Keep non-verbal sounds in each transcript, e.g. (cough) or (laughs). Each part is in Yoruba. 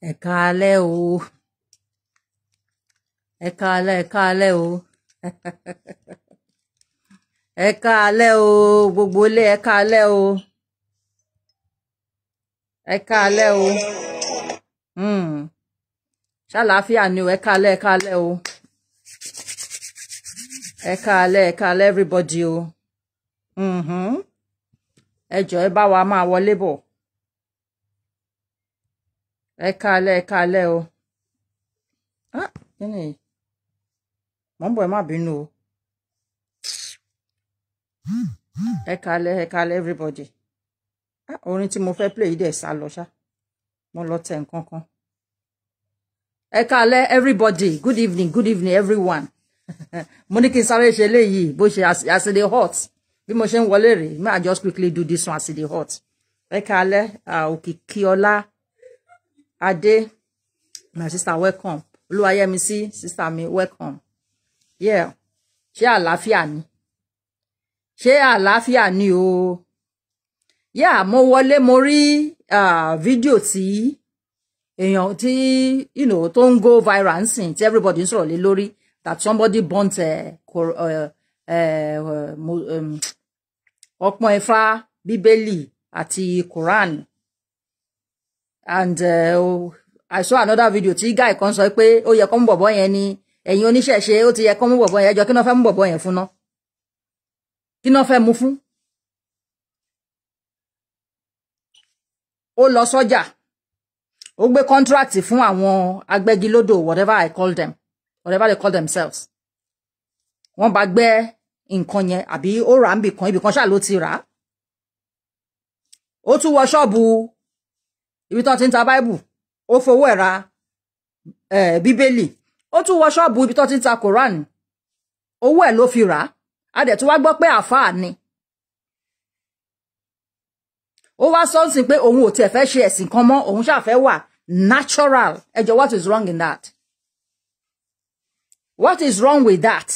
ẹ káalẹ́ o ẹ káalẹ́ ẹ o (laughs) ẹ o gbogbo ilé ẹ o ẹ o hmm. ṣàlàáfíà ni o o everybody o hmm. ẹ bá wa ẹ kalẹ̀ ẹ kalẹ̀ o kíni mọ̀ ń bọ̀ ẹ má bínú o ẹ kalẹ̀ ẹ kalẹ̀ everybody orin tí mo fẹ́ play yìí dẹ̀ sá lọ ṣá mo lọ tẹ nǹkan kan ẹ kalẹ̀ everybody good evening good evening everyone (laughs) mo ní kí n sáré ṣe eléyìí bó ṣe as hot bí mo ṣe ń wọlé rèé may I just quickly do this one as e hot ẹ kalẹ̀ òkìkí ọlá. Uh, Ade, my sister, welcome. Oluwayemisi, sister mi, welcome. Yeah. Ṣé àlàáfíà ni? Ṣé àlàáfíà ni o? Yeah, mo wọlé mo rí fídíò tí èèyàn tí you know, tó go viral nsìn everybody ń sọ̀rọ̀ lé lórí that somebody burnt Okmo efa Bibeli ati Quran and uh, oh, I saw another video tí guy kan sọ pé ó yẹ kó mú bọ̀bọ̀ yẹn ni ẹ̀yin oníṣẹ̀ṣe ó ti yẹ kó mú bọ̀bọ̀ yẹn ẹjọ́ kí náà fẹ́ mú bọ̀bọ̀ yẹn fún náà kí náà fẹ́ mú fún. ó lọ sọ́jà ó gbé contract fún àwọn agbẹ́gilódò whatever I call them whatever they call themselves wọ́n bá gbẹ́ nǹkan yẹn àbí ó rà á níbìkan ibìkan ṣáà ló ti rà á ó tún wọ ṣọ́ọ̀bù ibi tó ti ń ta báìbù ó fowó ẹ̀ ra bíbélì ó tún wọ ṣọ́ọ̀bù ibi tó ti ń ta koran owó ẹ̀ ló fi rà á a dẹ̀ tún wá gbọ́ pé àáfàá ni ó wá sọ́ọ̀sì pé òun ò tiẹ̀ fẹ́ ṣe ẹ̀sìn kan mọ́ òun ṣáà fẹ́ wà natural ẹ jọ what is wrong in that what is wrong with that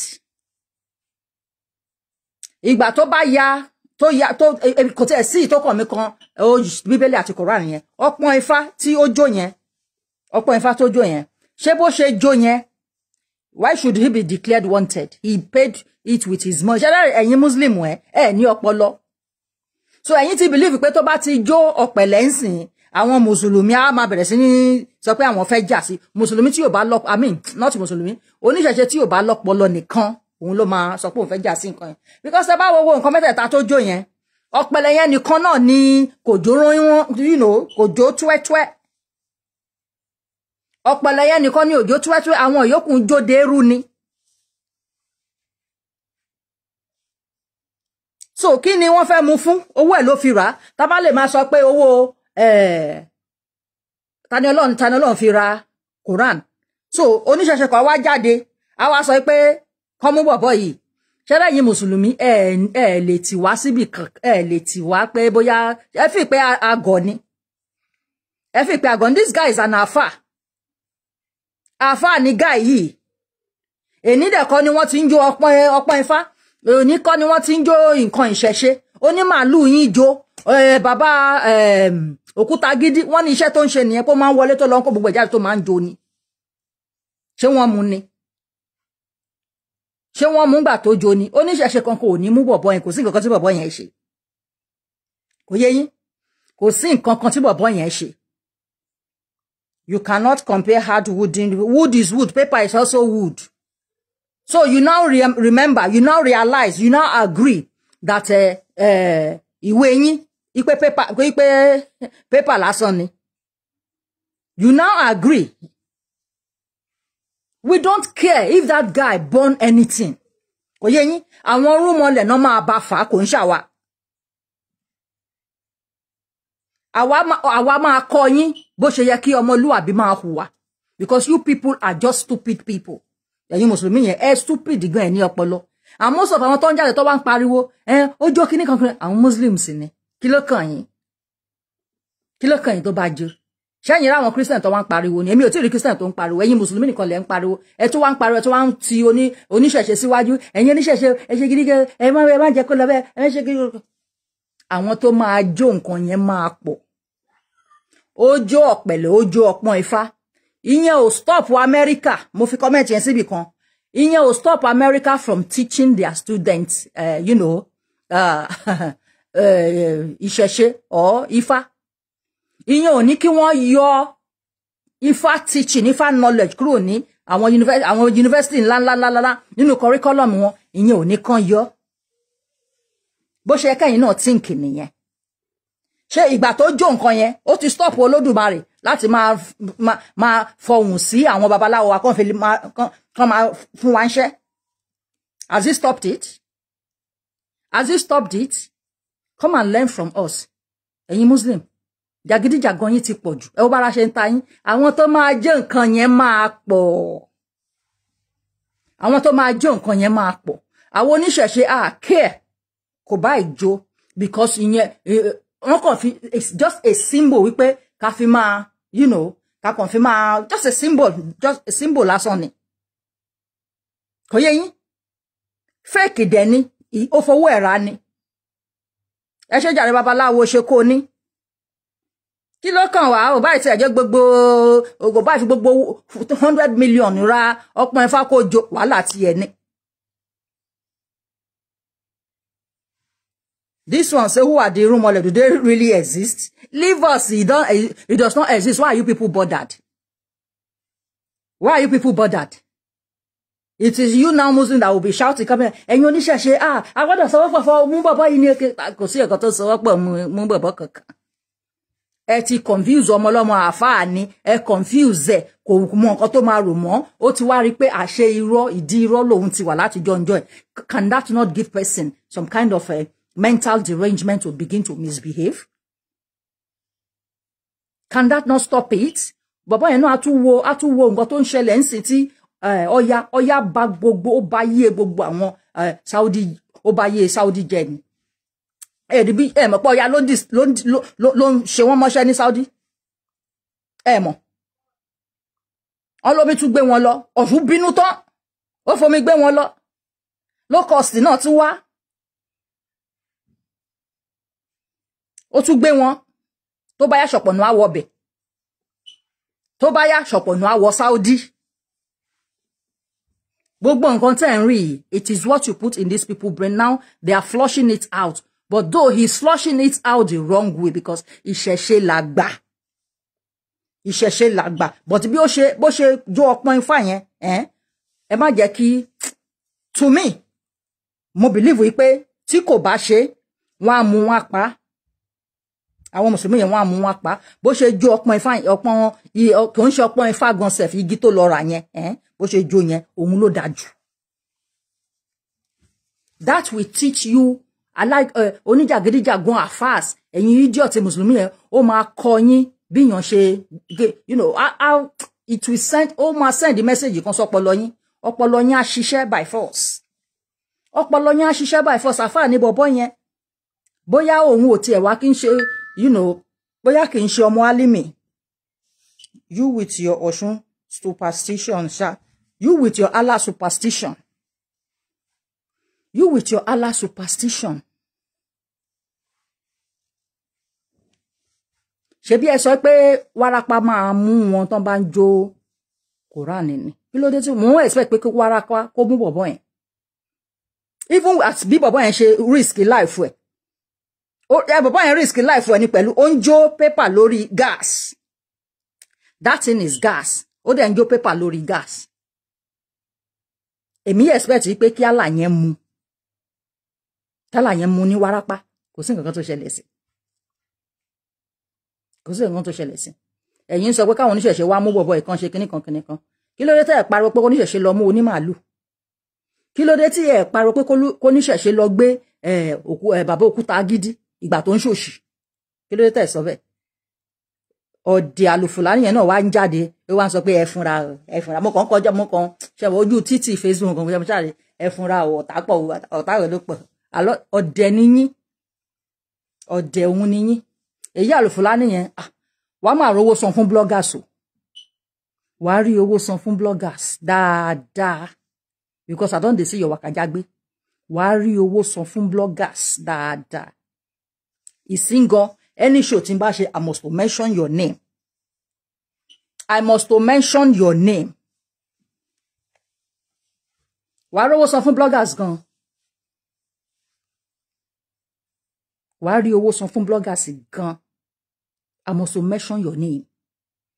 ìgbà tó bá ya tó ya tó e, e, kò tẹ̀ sí ìtókàn mi kan bíbélì àti koran yẹn ọpọ́n ifá tí ó jó yẹn ọpọ́n ifá tó jó yẹn ṣé bó ṣe jó yẹn why should he be declared wanted he paid it with his money ṣẹlẹ ẹ̀yin muslim ẹ Eh, ní ọpọlọ so ẹ̀yin ti believe pé to ba ti jó ọ̀pẹ̀lẹ̀ ń sìn àwọn mùsùlùmí ma máa si. sí ní sọ pé àwọn fẹ́ jà sí mùsùlùmí tí yóò bá i mean not mùsùlùmí oníṣẹ̀ṣe tí yóò bá lọ́pọlọ nìkan òun ló máa sọ pé òun fẹ́ jà sí nǹkan yẹn because ẹ bá wo wo nǹkan mẹ́tẹ̀ẹ̀ta tó jó yẹn ọ̀pẹ̀lẹ̀ yẹn nìkan náà ni kòjó rán you know kòjó túẹ́túẹ́ ọ̀pẹ̀lẹ̀ yẹn nìkan ni òjò túẹ́túẹ́ àwọn ìyókù ń jóde eru ni. so kí ni wọ́n fẹ́ mú fún owó ẹ̀ ló fi rà á tá bá lè máa sọ pé owó eh, tani ọlọ́run tani ọlọ́run fi ra Quran so oníṣẹ̀ṣẹ̀ kan wá jáde a wá sọ pé kọ́mú bọ̀bọ̀ yìí ṣẹ́rẹ́ yìí mùsùlùmí ẹ ẹ lè tì wá síbi kan ẹ lè tì wá pé bóyá ẹ fi pé agọ̀ ni ẹ fi pé agọ̀ this guy is an afa afa ni guy yìí èní dẹ̀ kọ́ ni wọ́n ti ń jó ọpọ́n ifá òní kọ́ ni wọ́n ti ń jó nǹkan ìṣẹ̀ṣe onímàálù yín jó bàbá òkúta gidi wọ́n ní iṣẹ́ tó ń ṣe nìyẹn pé ó máa ń wọlé tó lọ́nkọ́ gbogbo ìjáde tó máa ń ni ṣé wọ́n mu ni ṣé wọ́n mú gbà tó jo ni oníṣẹ̀ṣe kan kò ní mú bọ̀bọ̀ yẹn kò sí nǹkan kan tí bọ̀bọ̀ yẹn ṣe kò yé yín kò sí nǹkan kan tí bọ̀bọ̀ yẹn ṣe you cannot compare hard wood in wood is wood paper is also wood so you now re remember you now realize you now agree that eh, eh, ìwé yín ipe paper ipe paper lásán ni you now agree we don't care if that guy born anything kò yé yín àwọn rúmọlẹ̀ náà máa bá fà á kò ń ṣàwà àwa máa kọ́ yín bó ṣe yẹ kí ọmọlúwàbí máa hùwà because you people are just stupid people ẹ̀yin mùsùlùmí yẹn stupid gan ẹ̀ ní ọpọlọ àwọn most of àwọn tó ń jáde tó wá ń pariwo ẹ ó jó kíní kankan muslims ni kí ló kàn yín kí ló kàn yín tó ṣẹ́yìn ráwọn christian tó wá ń pariwo ni èmi ò tí ì rí christian tó ń pariwo ẹ̀yin mùsùlùmí nìkan lẹ̀ ń pariwo ẹ̀ tó wá ń pariwo ẹ̀ tó wá ń ti oníṣẹ̀ṣe síwájú ẹ̀yin oníṣẹ̀ṣe ẹ̀ ṣe gidi ẹ̀ má ẹ̀ má jẹ́ kó lọ bẹ́ẹ̀ ẹ̀ ṣe gidi. àwọn tó máa jó nǹkan yẹn máa pọ̀ ó jó ọ̀pẹ̀lẹ̀ ó jó ọpọ́n ifá ìyẹn ò stop America mo fi comment yẹn síbì kan ìyẹn ò stop America from teaching their students uh, you know, uh, (laughs) uh, ìṣẹ̀ṣe or ifá ìyẹn ò ní kí wọ́n yọ ifá teaching ifá knowledge kúrò ní àwọn yunifásitì ńláńláńláńlá nínú curriculum wọn ìyẹn ò ní kàn yọ bó ṣe kẹ́yìn náà think nìyẹn ṣé ìgbà tó jó nǹkan yẹn ó ti stop olódùmarè láti máa máa fọhùn sí àwọn babaláwo wa kàn fi kàn máa fún wa ń ṣẹ́ has he stopped it has he stopped it come and learn from us ẹ̀yin muslim jàgídíjàgan yín ti pọ̀ jù ẹ wọ́n bára ṣe ń ta yín àwọn tó máa jẹ́ nǹkan yẹn máa pọ̀ àwọn tó máa jẹ́ nǹkan yẹn máa pọ̀ àwọn oníṣẹ̀ṣe àáké ah, kò bá ìjó because ìyẹn wọ́n kàn fi it's just a symbol wípé ká fi máa you know ká kàn fi máa just a symbol just a symbol lásán ni kò yẹ yín fake dẹ̀ ni ó fowó ẹ̀ ra ni ẹ ṣe jàre babaláwo ṣe kó o kí ló kàn wá ò báyìí tiẹ̀ jẹ́ gbogbo ò báyìí fi gbogbo hundred million ra ọpọ́n ẹ̀fà kó jo wàhálà tiẹ̀ ni. This one say who are the Irúnmọlẹ̀ do they really exist? Leave us it don it does not exist why are you people bothered? Why are you people bothered? It is you now Muslim that will be shouting come here ẹ̀yin oníṣẹ̀ṣe ah agbọ́dọ̀ sọ wọ́pọ̀ fún mú bọ̀bọ̀ yìí ní èké kò sí ẹ̀kọ́ tó sọ wọ́pọ̀ mú bọ̀bọ̀ kankan ẹ ti confuse ọmọ ọlọ́mọ àáfàá ni ẹ confuse ẹ kò mọ nǹkan tó máa rò mọ́ ó ti wá rí i pé àṣẹ irọ́ ìdí irọ́ ti wà láti jọjọ can that not give person some kind of a mental derangement to begin to misbehave can that not stop it Baba yẹn náà a tún wo a tún wo nǹkan tó ń ṣẹlẹ̀ ń sìn tí ọya gbogbo ó bá yé gbogbo àwọn Saudi ó bá yé Saudi jẹ ẹ̀rí bí ẹ̀mọ̀ pọ̀ ya ló ń ṣe wọ́n mọ́ṣẹ́ ní Saudi ẹ̀mọ̀ ọlọ́mi tún gbé wọn lọ ọ̀ṣun bínú tán ó fomi gbé wọn lọ low cost náà tún wá ó tún gbé wọn tó bá yá ṣọ̀pọ̀nù àwọ̀ ọbẹ̀ tó bá yá ṣọ̀pọ̀nù àwọ̀ Saudi gbogbo nǹkan tẹ́ ń rí it is what you put in these people brain now they are flushing it out But though he's flushing it out the wrong way because ìṣẹ̀ṣe làgbà. Ìṣẹ̀ṣe làgbà. But bí ó ṣe bó ṣe jó ọpọ́n ifá yẹn eh? ẹ má jẹ́ kí to me mo believe wípé tí kò bá ṣe wọ́n á mú wọn pa àwọn mùsùlùmí yẹn wọ́n á mú wọn pa bó ṣe jó ọpọ́n ifá ọpọ́n kò ń ṣe ọpọ́n ifá gan sef igi tó lọ rà yẹn eh? bó ṣe jó yẹn òun ló dájú. That will teach you Eh, oníjàgídíjàgan àfáàs ẹ̀yin idiot mùsùlùmí yẹn ó máa kọ yín bí yàn ṣe you know how it will send ó ma send the message kan sọpọlọ yín ọpọlọ yín á ṣiṣẹ́ by force ọpọlọ yín á by force àfáà ni bọ̀bọ́ yẹn bóyá òun ò tiẹ̀ wá kí n ṣe you know bóyá kì í ṣe ọmọ alimi you with your Ọ̀ṣun superstition ṣá you with your Allah superstition. You with your Allah superstition. ṣebí ẹ sọ pé wárápá máa mú wọn tán bá ń jó Quran ni kí ló dé tí mò ń expect pé kí wárápá kó mú bọ̀bọ̀ yẹn even as bí bọ̀bọ̀ yẹn ṣe risk life ẹ̀ ẹ bọ̀bọ̀ yẹn risk life ẹ̀ ni pẹ̀lú ó ń jó pépà lórí gas that thing is gas ó dẹ̀ ń jó paper lórí gas èmi expect pé kí àlà yẹn mu tálà yẹn mu ní wárápá kò sí nǹkan tó ṣẹlẹ̀ sí kò sí nǹkan tó ṣẹlẹ̀ sí ẹ̀yin sọ pé káwọn oníṣẹ̀ṣe wá mú bọ̀bọ̀ ìkan ṣe kinní kan kinní kan kí ló dé tẹ́ ẹ̀ pariwo pé oníṣẹ̀ṣe lọ mú onímàálù kí ló dé tí ẹ̀ pariwo pé oníṣẹ̀ṣe lọ gbé bàbá òkúta gidi ìgbà tó ń ṣòṣì kí ló dé tẹ́ ẹ̀ sọ bẹ́ẹ̀ ọ̀dẹ̀ àlùfùlàní yẹn náà wá ń jáde ó wá ń sọ pé ẹ fúnra ẹ fúnra mo kàn kọjá mo kàn ṣe ojú títì Facebook kan mo ṣe ṣáà ẹ fúnra ọ̀tá pọ̀ ọ̀tá rẹ̀ ló pọ̀ àlọ́ ọ̀dẹ̀ ni yín òun ni yín èyí àlùfùlání yẹn ah, wàá máa rówó san fún bloggers o wàá rí owó san fún bloggers dáadáa because I don dey see your wakajagbe wàá rí owó san fún bloggers dáadáa ìsíngan any show tí n bá ṣe I must to mention your name I must to mention your name wàá rówó san fún bloggers gan-an. wàá rí owó san fún bloggers gan I must mention your name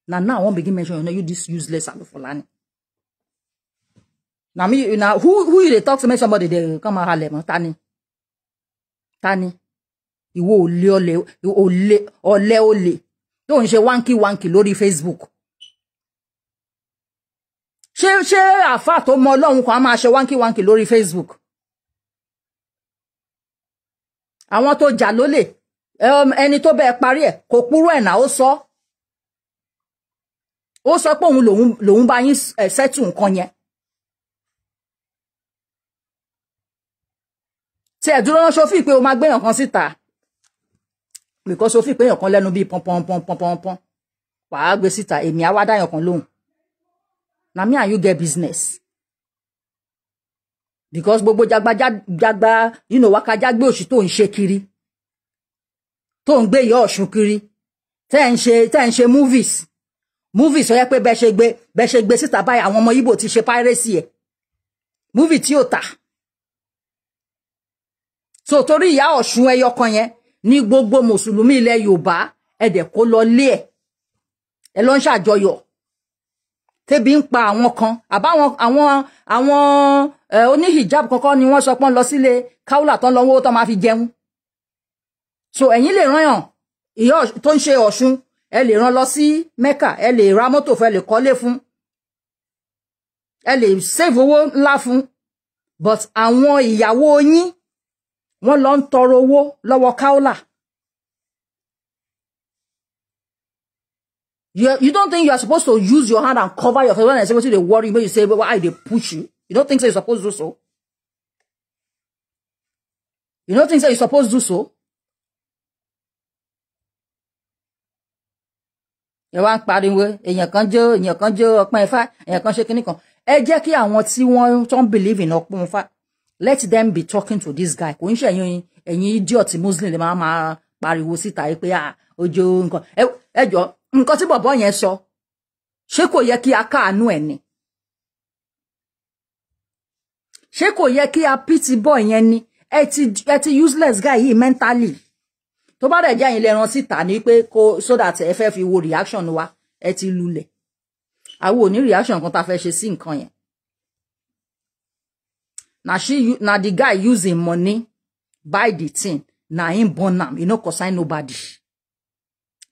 na now I wan begin mention your name you this useless alufolani na me na who who you dey talk to make somebody dey come out halẹ̀ mọ́ tani tani ìwọ olè olè olè olè olè tó ń ṣe wánkì wánkì lórí Facebook ṣé ṣé àáfàá tó mọ Ọlọ́run kan á máa ṣe wánkì wánkì lórí Facebook. àwọn tó jà lólè um, ẹni tó bẹ́ẹ̀ parí ẹ̀ kò purọ́ ẹ̀ náà ó sọ ó sọ pé òun lòun lòun bá yín ṣẹ́tù nǹkan yẹn. tí ẹ̀ dúró rán sófì pé o máa gbéyàn kan síta bìkọ́ sófì pé èèyàn kan lẹ́nu bíi pọ́npọ́npọ́npọ́npọ́n wàá gbé síta èmi á dáyàn kan lóhùn na me and you get business because gbogbo jagbajagba you know wakajagbe òṣì tó ń ṣe kiri tó ń gbé ìyá ọ̀ṣun kiri tẹ́ ń ṣe tẹ́ ń ṣe movies movies ó yẹ pé bẹ́ẹ̀ ṣe gbé bẹ́ẹ̀ ṣe gbé síta báyìí àwọn ọmọ Ìgbò ti ṣe piracy ẹ̀ e, movie tí ò tà so Tori ìyá ọ̀ṣun ẹyọ kan yẹn ní gbogbo mùsùlùmí ilẹ̀ Yorùbá ẹ̀dẹ̀ e kó lọ lé ẹ̀ e, ẹ lọ ń ṣàjọyọ̀ tẹ́bi ń pa àwọn kan àbáwọn àwọn àwọn oníhìjáàbù kankan ni wọ́n sọ pé ń lọ sílé káwùlà tán lọ́wọ́ tán máa fi jẹun so ẹ̀yin lè rányàn ìyá tó ń ṣe ọ̀ṣun ẹ lè rán lọ sí mẹ́kà ẹ lè ra mọ́tò fún ẹ lè kọ́lé fún ẹ lè save owó ńlá fún but àwọn ìyàwó yín wọ́n lọ ń tọrọ owó lọ́wọ́ káwùlà You, you don't think you are supposed to use your hand and cover your face when I say what they worry you, when you say well, why they push you. You don't think so you're supposed to do so. You don't think so you're supposed to do so. ẹ wá ń pariwo èèyàn kan jó èèyàn kan jó ọpọ́n ifá èèyàn kan ṣe kinní kan ẹ jẹ́ kí believe in ọpọ́n ifá let them be talking to this guy kò ń ṣe ẹ̀yin idiot muslim lè máa máa pariwo síta yìí pé ojo ah, nǹkan ẹ nǹkan tí bọ̀bọ́ yẹn sọ ṣé kò yẹ kí a káàánú ẹ̀ ni ṣé kò yẹ kí a pity boy yẹn ni ẹ ti ẹ ti useless guy yìí mentally tó bá dẹ̀ jẹ́ ẹ̀yin lẹ́ran síta ni pé kó so that ẹ fẹ́ fi wo reaction wa ẹ ti lulẹ̀ àwọn ò ní reaction kan ta fẹ́ ṣe sí nǹkan yẹn na she na the guy use him money buy the thing na him burn am He no consign nobody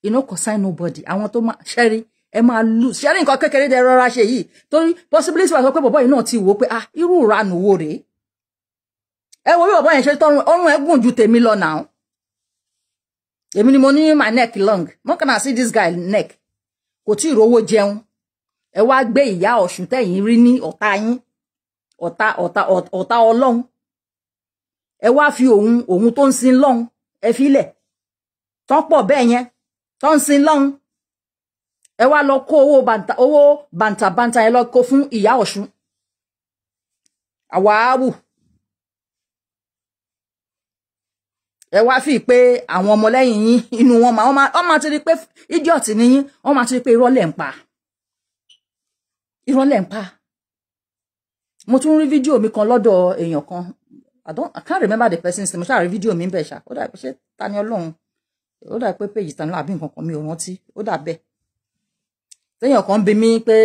you no concern nobody àwọn tó máa ṣẹ́rí ẹ máa lose ṣẹ́rí nǹkan kékeré dẹ rọra ṣe yìí torí possibility wà sọ pé bọ̀bọ̀ yìí náà ti wò ó pé ah irú ìranù wo rèé ẹ wo bí bọ̀bọ̀ yẹn ṣe tọrùn ọrùn ẹ gùn ju tèmi lọ náà èmi ni mo ní my neck long mo kàn sí this guy neck kò tí ì rówó jẹun ẹ wá gbé ìyá ọ̀ṣun tẹ̀yìn rí ní ọ̀tá yín ọ̀tá ọ̀tá ọ̀tá ọlọ́run ẹ wá fi òun òun tó ń sin lọ́hun ẹ fi lẹ̀ tán pọ̀ bẹ́ẹ̀ yẹn tó ń sin lọ́hún ẹ wá lọ kó owó bàǹtà owó bàǹtàbàǹtà ẹ lọ kó fún ìyá ọ̀ṣun àwáàwù ẹ wá fi pé àwọn ọmọlẹ́yìn yín inú wọn máa wọ́n máa ti rí pé idiot ni yín wọ́n máa ti rí pé irọ́ lẹ̀ ń pa irọ́ lẹ̀ mo tún rí fídíò mi kan lọ́dọ̀ èèyàn kan I don't I can't remember the person's name mo ṣáà rí fídíò mi ń bẹ̀ ṣá ó dàbí ṣé ta ni ọlọ́run ó dà pé péjì tán náà àbí nǹkan kan mi ò rántí ó dà bẹ́ẹ̀ téèyàn kan bi mí pé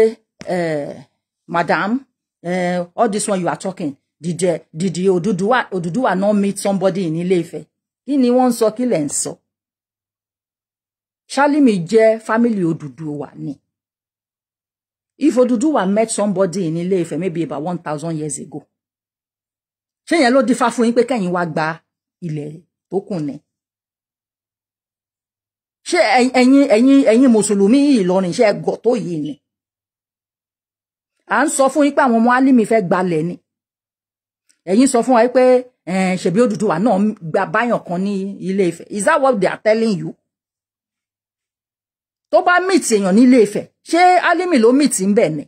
eh, madam eh, all this one you are talking did eh, did Odùduwà Odùduwà no meet somebody in Ilé-Ifẹ̀ kí ni wọ́n ń sọ kí lẹ̀ ń sọ Ṣálímì jẹ́ family Odùduwà ni if Odùduwà met somebody in Ilé-Ifẹ̀ maybe about one thousand years ago ṣé yẹn ló dífá fún yín pé kẹ́yìn wá gba ilẹ̀ tó kù ni ṣé ẹ̀yin ẹ̀yin ẹ̀yin mùsùlùmí yìí Ìlọrin ṣé ẹgọ̀ tó yìí ni à ń sọ fún yín pé àwọn ọmọ Álímì fẹ́ gbalẹ̀ ni ẹ̀yin sọ fún wa pé ṣèbí Odùduwà náà gba báyàn kan ní Ilé Ifẹ̀ is that what they are telling you tó bá mìtì èèyàn ní Ilé Ifẹ̀ ṣé Álímì ló mìtì ń bẹ̀ ni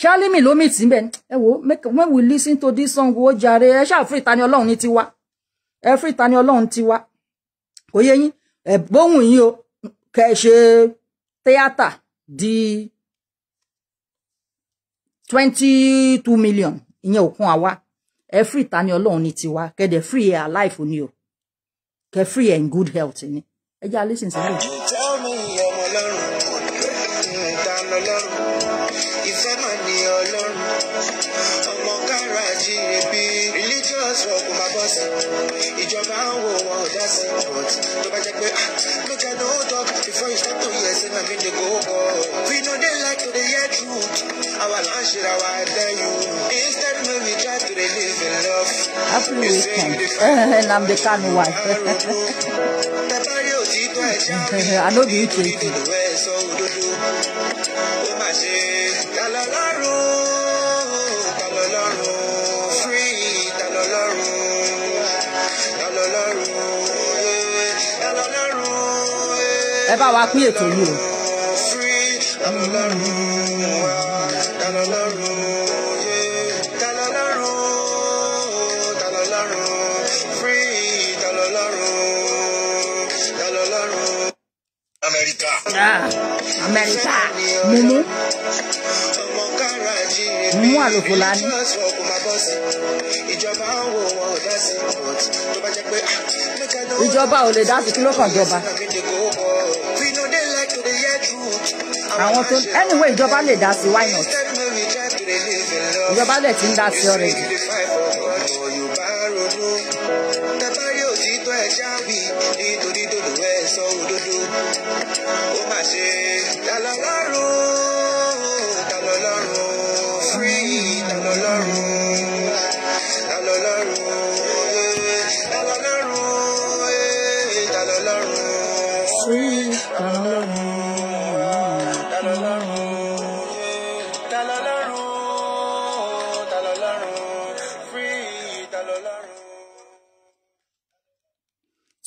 ṣé Álímì ló mìtì ń bẹ̀ ni ẹ wo when we listen to this song wo jàre ẹ ṣáà fún ìtani Ọlọ́run ní tiwa ẹ fún ìtani Ọlọ́run ní tiwa kò yẹ yín ẹ gbóhùn yín o kẹ ẹ ṣe tíátà di twenty two million ìyẹn òkun àwa ẹ free ta ni ọlọ́run ní tiwa kẹ́dẹ̀ free ẹ̀ alive ni o kẹ́ free ẹ̀ in good health ni ẹ jẹ́ alẹ́ sìn sílẹ̀. ọmọ ọlọ́run ìdáná ọlọ́run ìfẹ́ náà ni ọlọ́run. sọ kó máa bọ́ sí ìjọba ń wo wọn ọ̀dá sí tó bá jẹ́ pé ah, make no talk before you start to hear say na me dey go up we no dey like to dey hear truth our land ṣera wa tell you instead make we try to dey live in love. happy weekend na the kind wife. (laughs) I know the YouTube. ẹ bá wa pín ètò yìí o. Amẹ́ríkà. Ah, Amẹ́ríkà mímú. Mú àlòkù Ìjọba ò lè dá sí kí ló kàn jọba àwọn tó anyway ìjọba lè dá sí why not ìjọba lè ti ń dá sí already. nítorí ó mà ṣe lálọ́ wá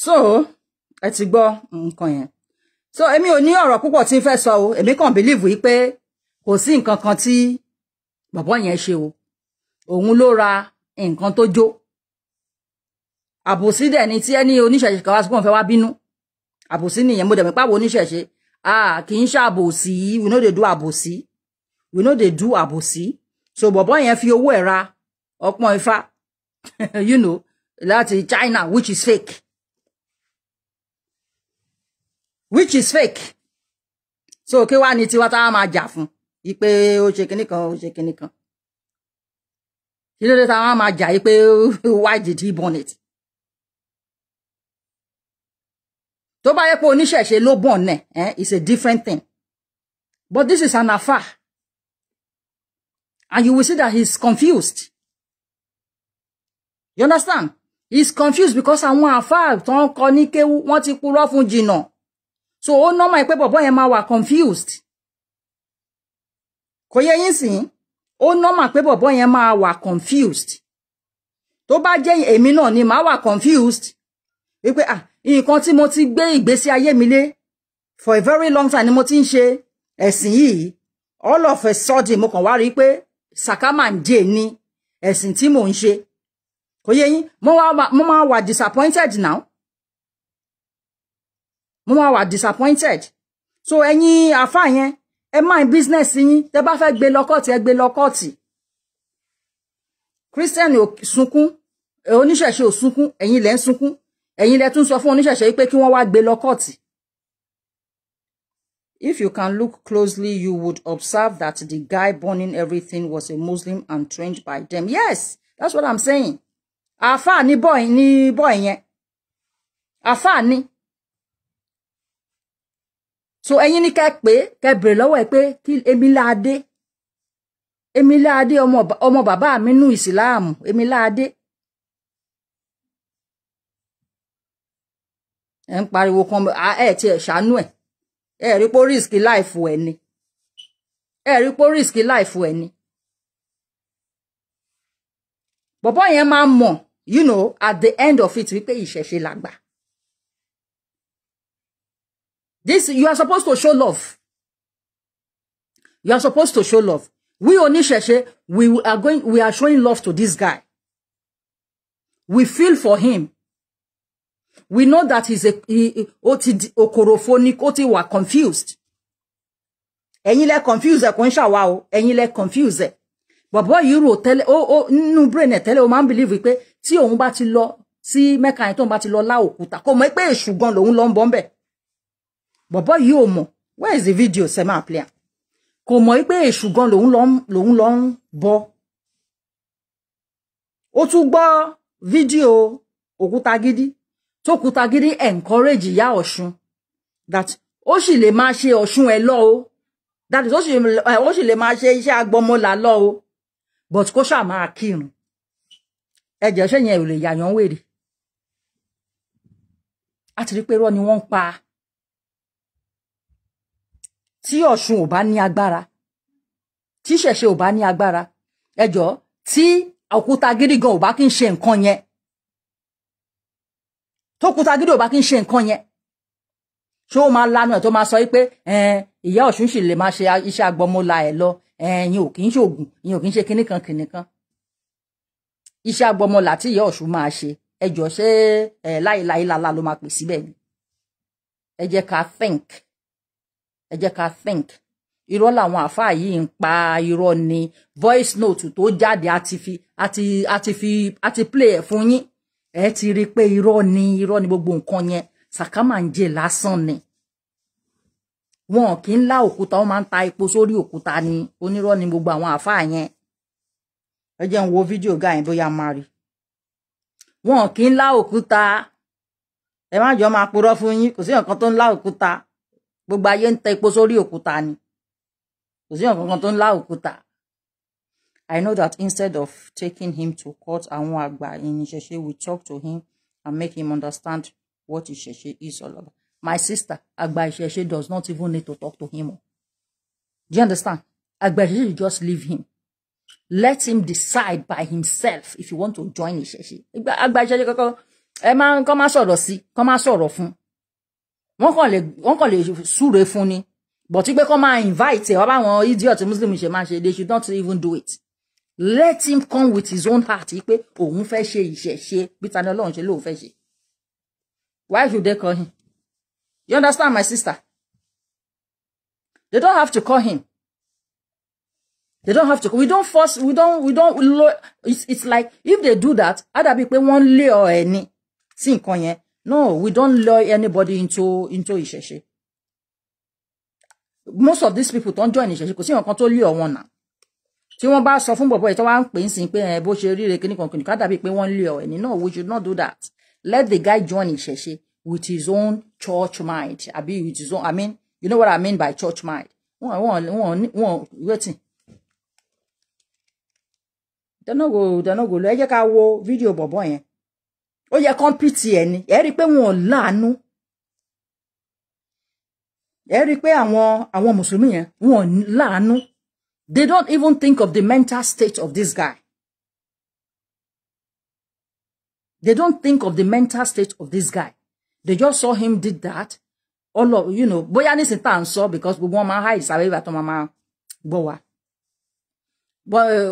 so ẹ ti gbọ́ nǹkan yẹn so èmi ò ní ọ̀rọ̀ púpọ̀ tí n fẹ́ sọ o èmi kàn believe yìí pé kò sí nǹkan kan tí bàbá yẹn ṣe o òun ló ra nǹkan tó jó àbòsí dẹ̀ ni tí ẹni oníṣẹ̀ṣe kan wá sí pọ́n fẹ́ wá bínú àbòsí nìyẹn mo dẹ̀ mí pàwọ́ oníṣẹ̀ṣe a kì í ṣàbòsí we no dey do àbòsí we no dey do àbòsí so bàbá yẹn fi owó ẹ̀ ra ọpọ́n ifá (laughs) you know láti China which is fake which is fake so kí wàá ní tiwa tá a máa jà fún yí pé ó ṣe kinní kan ó ṣe kinní kan kí ló dé tá a máa jà (laughs) why did he burn it tó bá yẹ pé oníṣẹ̀ṣe lo burn ẹ̀ eh, it's a different thing but this is an affair and you will see that he's confused you understand he's confused because àwọn àfáà tó ń kọ ní kéwú wọ́n ti purọ́ fún jìnnà so ó nọ́mọ̀ ẹ pé bọ̀bọ́ yẹn máa wà confused kò yẹ yín sìn ó nọ́mọ̀ pé bọ̀bọ́ yẹn máa wà confused tó bá jẹ́ èmi náà ni ma wà confused wípé ah nǹkan tí mo ti gbé ìgbésí ayé mi lé for a very long time ni mo ti ń ṣe ẹ̀sìn all of a sudden mo kàn wá rí i pé sàkámàǹdè ni ẹ̀sìn tí mò ń ṣe kò yẹ yín mo máa wà disappointed now mo máa wà disappointed so ẹ̀yin àfáà yẹn ẹ máa business yín tẹ́ bá fẹ́ gbé lọ́kọ̀tì ẹ gbé lọ́kọ̀tì christian ò sunkún eh, oníṣẹ̀ṣe ò sunkún ẹ̀yin lẹ́ ń sunkún ẹ̀yin lẹ́ tún so fún oníṣẹ̀ṣe pé kí wọ́n wá gbé lọ́kọ̀tì. If you can look closely, you would observe that the guy burning everything was a Muslim and trained by them. Yes, that's what I'm saying. Àfáà ni boy ni boy yẹn. Àfáà ni so ẹ̀yin ni kẹ́ pé kẹ́ bèrè lọ́wọ́ ẹ pé kí èmi láadé èmi láadé ọmọ bàbá mi nú ìsìláàmù èmi láadé ẹ ń pariwo kan ẹ ti ẹ ṣàánú ẹ ẹ rí pó risk life ẹ ni ẹ rí pó risk life ẹ ni bọ̀bọ́ yẹn máa mọ̀ you know at the end of it wípé ìṣẹ̀ṣe làgbà This you are supposed to show love. You are supposed to show love. We only, we are going, we are showing love to this guy. We feel for him. We know that he's a he, okorophonic, ó ti wà confused. Ẹ̀yin lẹ confuse ẹ kò ń ṣàwa o, ẹ̀yin lẹ confuse ẹ. Bọ̀bọ̀ yìí rò tẹ́lẹ̀ ó ó nínú brain tell tẹ́lẹ̀ man believe pé tí òun bá ti lọ sí Mẹ́ka yẹn lao bá ti lọ lá òkúta kò mọ̀ bọ̀bọ́ yìí ò mọ̀ where is the video ṣe máa play am kò mọ̀ pé èṣù gan lòun lọ lòun lọ ń bọ ó tún gbọ́ fídíò òkúta gidi tó kúta gidi encourage ìyá ọ̀ṣun that ó sì lè máa ṣe ọ̀ṣun ẹ̀ lọ o that is ó sì lè máa ṣe iṣẹ́ agbọmọlà lọ o but kó ṣáà máa kírun ẹ̀jẹ̀ ṣẹ́yìn ẹ̀ ò lè yàyàn wèrè a ti rí pé irọ́ ni wọ́n ń pa tí ọ̀ṣun ò bá ní agbára tí ṣẹ̀ṣẹ̀ ò bá ní agbára ẹjọ́ tí òkúta gidi gan ò bá kí ń ṣe nǹkan yẹn tó kúta gidi ò bá kí ń ṣe nǹkan yẹn ṣé ó máa lanu ẹ̀ tó máa sọ yìí pé ìyá ọ̀ṣun sì lè máa ṣe iṣẹ́ agbọmọla ẹ̀ lọ ìyẹn ò kì í ṣoògùn ìyẹn ò kì í ṣe kinní kan kinní kan iṣẹ́ agbọmọla tí ìyá ọ̀ṣun máa ṣe ẹjọ́ ṣé láìláìlá ló máa pè síbẹ̀ ni ẹ jẹ́ ká think ẹ jẹ́ ká think irọ́ làwọn àáfàá yìí ń pa irọ́ ni voice note tó jáde àti fi àti àti fi àti play ẹ̀ fún yín ẹ ti rí i pé irọ́ ni irọ́ ni gbogbo nǹkan yẹn sàkámà ń jẹ lásán ni wọn kì í lá òkúta wọn máa ń ta epo sórí òkúta ni onírọ́ ni gbogbo àwọn àáfàá yẹn ẹ jẹ́ ń wo fídíò gáà bóyá máa rí wọn kì í lá òkúta ẹ má jọ máa purọ́ fún yín kò sí nǹkan tó ń lá òkúta gbogbo ayé ń tẹ epo sórí òkúta ni kò sí ọ̀kankan tó ń lá òkúta. I know that instead of taking him to court àwọn àgbà in Ìṣẹ̀ṣe we talk to him and make him understand what Ìṣẹ̀ṣe is all about. My sister àgbà Ìṣẹ̀ṣe does not even need to talk to him o. Do you understand? Àgbà Ìṣẹ̀ṣe you just leave him. Let him decide by himself if he want to join Ìṣẹ̀ṣe. Àgbà Ìṣẹ̀ṣe kankan ẹ máa ń kọ́ máa sọ̀rọ̀ sí kọ́ máa sọ̀rọ̀ fún un wọ́n kàn lè wọ́n kàn lè súre fún ni but pé kọ́ máa invite ẹ̀ wá báwọn idiot muslim ṣe máa ṣe they should not even do it let him come with his own heart pé òun fẹ́ ṣe ìṣẹ̀ṣe bí Tani Olohun ṣe lóun fẹ́ ṣe why should they call him you understand my sister they don't have to call him they don't have to we don't force we don't we don't it's, it's like if they do that á dàbí pé wọ́n lé ọ ẹ̀ ni sí nǹkan No, we don't lure anybody into into ìṣẹ̀ṣe. Most of these people don't join ìṣẹ̀ṣe because you nǹkan tó you wọn náà. Tí wọ́n bá sọ fún bọ̀bọ̀ ẹ̀ tó wá ń pè é sí pé ẹ̀ bó ṣe ríre kíní kan kìnìkan dàbí pé wọ́n lure ẹ̀ no, we should not do that. Let the guy join ìṣẹ̀ṣe with his own church mind. Àbí with his own, I mean, you know what I mean by church mind. Wọ́n wọ́n wọ́n wọ́n wetin. Dáná go dáná go lọ ẹ jẹ́ ká wo fídíò bọ̀bọ̀ yẹn ó yẹ kọ́ńpìtì ẹ̀ ni ẹ rí i pé wọn ò láàánú ẹ rí i pé àwọn àwọn mùsùlùmí yẹn wọn ò láàánú they don't even think of the mental state of this guy they don't think of the mental state of this guy they just saw him did that all of you know bóyá nísìnyí tá à ń sọ because gbogbo wọn máa ń hide ìsàlẹ̀ ìgbà tó máa máa gbọ́ wa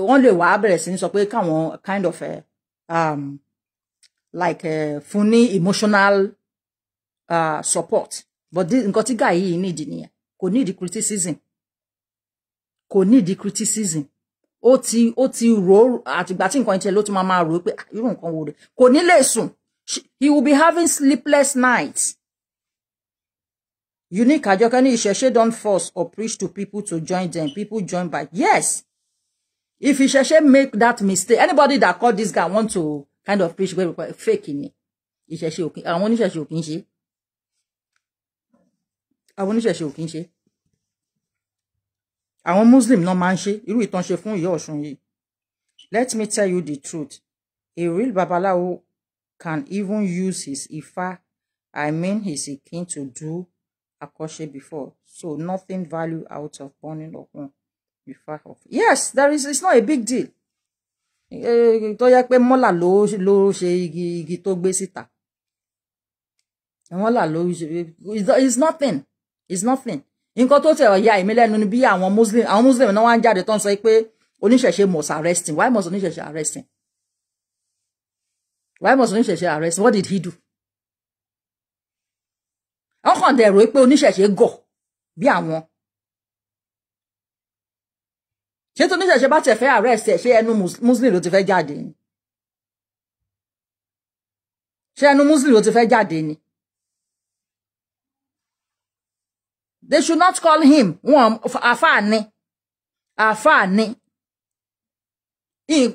wọ́n lè wàá bẹ̀rẹ̀ sí ní sọ pé káwọn kind of uh, um, like uh, fún emotional uh, support but this nǹkan tí guy yìí need nìyẹn kò need the criticism kò need the criticism ó ti ó ti rò ó àtìgbà tí nǹkan ìtẹ̀ ló tún máa máa rò ó pé ah, wo rè kò ní lè he will be having sleepless nights unique àjọkẹ́ ní ìṣẹ̀ṣe don't force or preach to people to join them people join by yes if ìṣẹ̀ṣe make that mistake anybody that call this guy want to kind of preach gbẹ́rù fake ni ìṣẹ̀ṣe òkín àwọn oníṣẹ̀ṣe òkín ṣe àwọn oníṣẹ̀ṣe òkín ṣe àwọn muslim náà máa ń ṣe irú ìtàn ṣe fún ìyá ọ̀ṣun yìí let me tell you the truth a real babaláwo can even use his ifa i mean his ikin to do akọ́ṣe before so nothing value out of burning of one ifa yes there is it's not a big deal tó yẹ pé mọ́là ló ló ṣe igi igi tó gbé síta mọ́là ló ṣe it's nothing it's nothing nǹkan tó tẹ̀ ọ́ ya èmi lẹ́nu ni bí àwọn muslim àwọn muslim náà wá ń jáde tó ń sọ pé oníṣẹ̀ṣe must arresting why must oníṣẹ̀ṣe arresting why must oníṣẹ̀ṣe arresting what did he do wọ́n kàn dẹ̀ rò pé oníṣẹ̀ṣe gọ̀ bí àwọn ṣé tó níṣẹ̀ṣẹ̀ bá tẹ̀ fẹ́ arrest ẹ̀ ṣé ẹnu muslim ló ti fẹ́ jáde ni ṣé ẹnu muslim ló ti fẹ́ jáde ni they should not call him wọn àfààní àfààní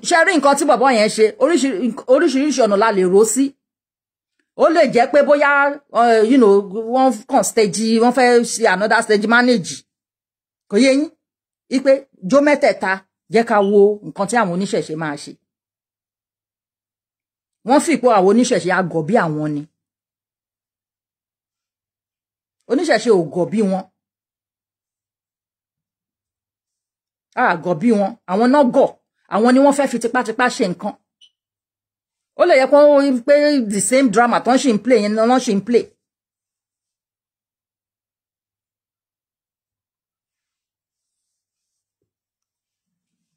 ṣe rí nǹkan tí bọ̀bọ̀ yẹn ṣe oríṣiríṣi ọ̀nà la lè rò sí ó lè jẹ́ pé bóyá uh, wọ́n kàn stage wọ́n fẹ́ ṣe another stage manage kò yé yín ipe jó mẹ́tẹ̀ẹ̀ta jẹ́ ká wo nǹkan tí àwọn oníṣẹ̀ṣe máa ṣe wọ́n fi pé àwọn oníṣẹ̀ṣe àgọ̀ bí àwọn ni oníṣẹ̀ṣe ò gọ̀ bí wọn àgọ̀ bí wọn àwọn náà gọ̀ àwọn ni wọ́n fẹ́ fi tipátipá ṣe nǹkan ó lè yẹ kó pé the same drama tó ń ṣe play yẹn no, ṣe ń play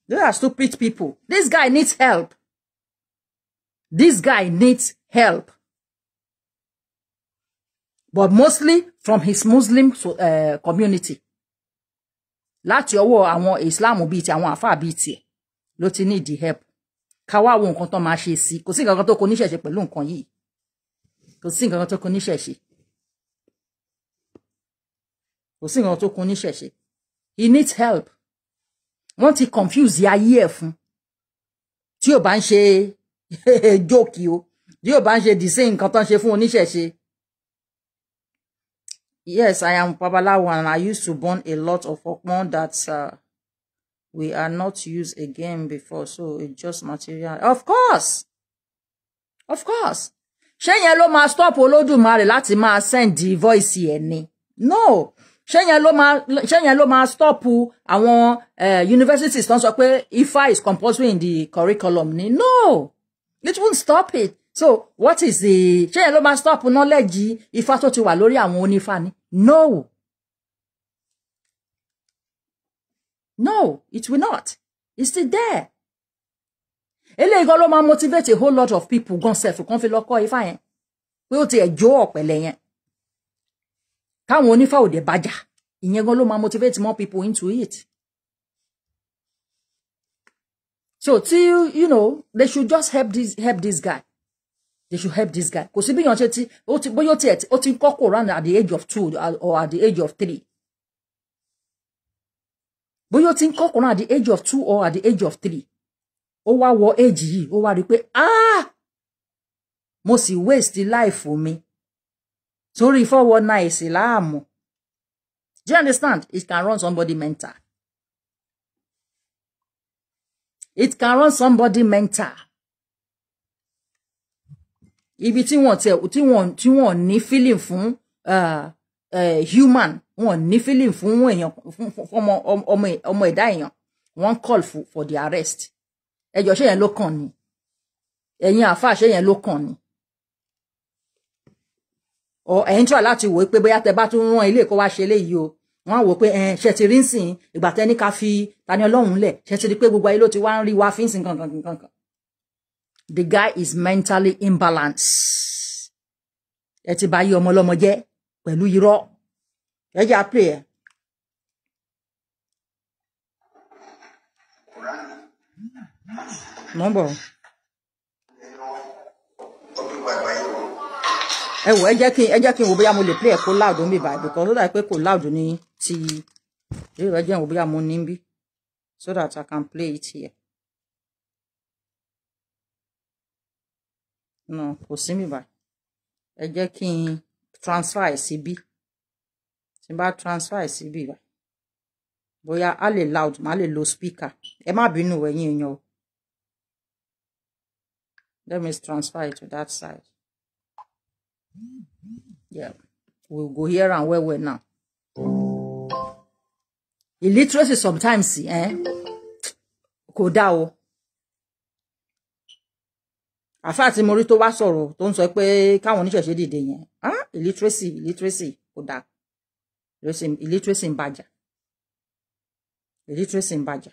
Those are stupid people. This guy needs help. This guy needs help. But mostly from his Muslim uh, community. Láti ọwọ́ àwọn Islam bíi ti àwọn àfáà bíi tiẹ̀ ló ti need the help. Ká wá wo nǹkan tó máa ṣe sí. Kò sí nǹkan tó kò níṣẹ̀ṣe pẹ̀lú nǹkan yìí. Kò sí nǹkan tó kò níṣẹ̀ṣe. Kò sí nǹkan tó kò níṣẹ̀ṣe. He needs help wọ́n ti confuse ayé ẹ̀ fún tí ò bá ń ṣe (laughs) jókì o tí ò bá ń ṣe the same nǹkan tó ń ṣe fún oníṣẹ̀ṣe. Yes, I am Babalawo and I used to burn a lot of okpon that uh, we are not used again before, so it just material. Of course, of course. Ṣé yẹn ló máa stop Olódùmarè láti máa send the voice yẹn ni? No ṣé yẹn ló máa ṣé yẹn ló máa stop àwọn uh, universities tó ń sọ pé IFA is compulsory in the curriculum ni no it won't stop it so what is the ṣé yẹn ló máa stop knowledge Ifá tó ti wà lórí àwọn onífá ni no no it will not it's still there eléyìí gan ló máa motivate a whole lot of people gan sef kan fi lọ kọ́ Ifá yẹn pé ó ti ẹ̀ jó ọ̀pẹ̀lẹ̀ yẹn káwọn onífà òde bá jà ìyẹn gan ló máa motivate more people into it so tí you know they should just help this help this guy they should help this guy kò sí bí yàn ṣe ti ó ti bóyá ó ti ẹ̀ ó ti ń kọ́kọ́ round at the age of two or at the age of three bóyá ó ti ń kọ́kọ́ round at the age of two or at the age of three ó wá wọ age yìí ó wá rí i pé ah mo sì waste life mi torí four one nine ìsìláàmù do you understand it can run somebody mental it can run somebody mental ibi tí wọ́n tẹ tí wọ́n tí wọ́n ní feeling fún uh, uh, human wọ́n ní feeling fún èèyàn fún ọmọ ọmọ ọmọ ẹ̀dá èèyàn wọ́n call for for the arrest ẹjọ́ ṣé yẹn ló kàn ni ẹ̀yin àáfàá ṣé yẹn ló kàn ni ọ ẹ ń tọ́ láti wò pé bóyá tẹ bá tún rán ilé kó wá ṣe eléyìí o wọn wò pé ẹ ṣe ti rí nsìn ìgbà tẹ ká fi Tani Olohun lẹ ṣe ti rí pé gbogbo ayé ló ti wá ń rí wa fi ń sìn kankan kankan. The guy is mentally imbalanced. ẹ ti bá yí ọmọ ọlọ́mọ jẹ́ pẹ̀lú irọ́ ẹ jẹ́ àpè ẹ. mọ̀ ẹ wò ẹ jẹ́ kí ẹ jẹ́ kí n wò bóyá mo lè play ẹ̀ kó loud mi báyìí because ó dà pé kò loud ní ti eré ẹ jẹ́ n wò bóyá mo ní bí so that I can play it here. no kò sí mi báyìí ẹ jẹ́ kí n transfer ẹ̀ sí bí tí n bá transfer ẹ̀ sí bí báyìí bóyá a lè loud má lè lo speaker ẹ má bínú ẹ̀yin èèyàn o let me transfer it to that side. Yeah. We'll go here and where we're now. Illiteracy sometimes, eh? Kò dá o. Àfáà tí mo rí tó wá sọ̀rọ̀ tó ń sọ pé káwọn oníṣẹ̀ṣe dìde yẹn. Ah, illiteracy, illiteracy kò dá. Illiteracy in bàjà. Illiteracy in bàjà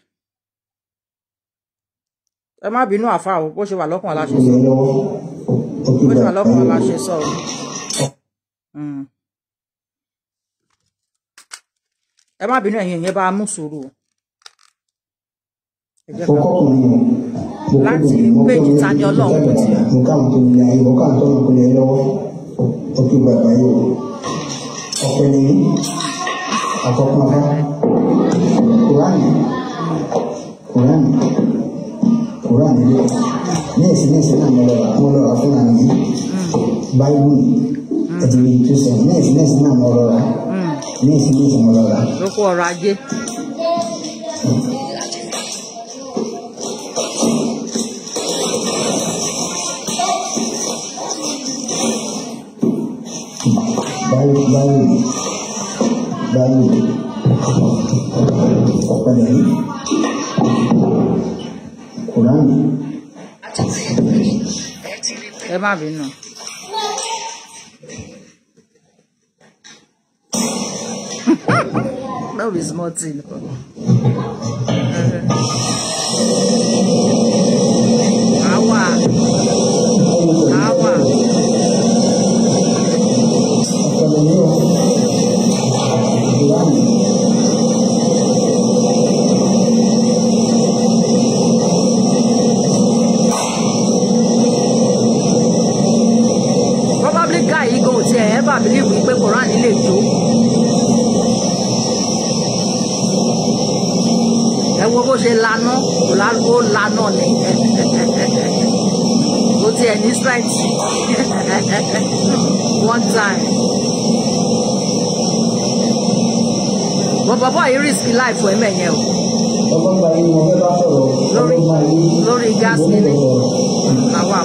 ẹ má bínú àfa o bó ṣe wà lọ́kàn aláṣẹ sọ bó ṣe wà lọ́kàn ẹ má bínú ẹ̀yin ìyẹn bá mú sùúrù o ẹ jẹ́ ká láti péjì tani ọlọ́run kò tí. òkè bàbá yìí ni àtọkùnfà kùránì kùránì kùránì ní èsì ní èsì náà mo lọ rà fún àná báyìí ẹ̀dì méjì tó sẹ̀ nẹ́ẹ̀sì nẹ́ẹ̀sì náà mo rọra nẹ́ẹ̀sì nẹ́ẹ̀sì mo rọra. ló kó ọrọ̀ ajé. báwo báwo báwo ọ̀pẹ̀lẹ̀ yìí kùránì. ẹ má bínú. love is more thing. Life ẹ̀mẹ̀ yẹn o. lórí lórí gas nílẹ̀ eh. làwa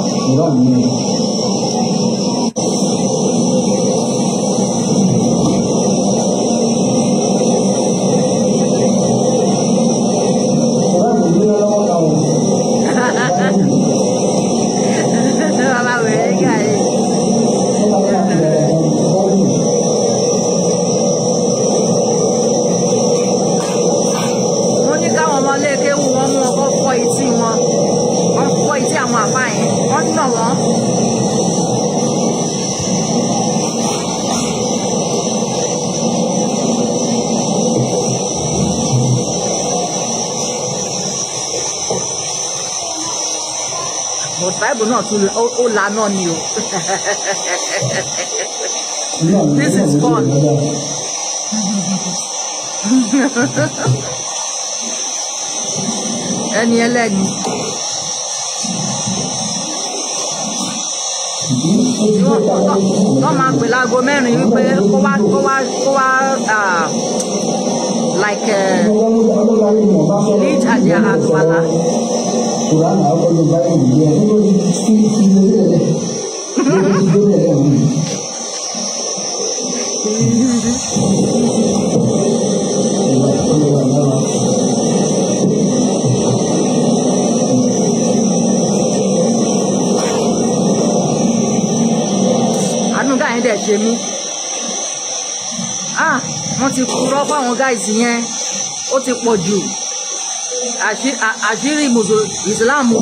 Oh, land on you! this is fun. ẹni ẹlẹ́ni. wọ́n máa man? láago mẹ́rin wípé kó go kó go kó wá like uh, lead at their àtúwàlà. Kurang apa juga dia itu skip skip dulu deh. Dulu deh. àánú gáà ah wọ́n ti purọ́ fáwọn gáàsì yẹn ó ti pọ̀ Agir, agir, àṣírí ìsìláàmù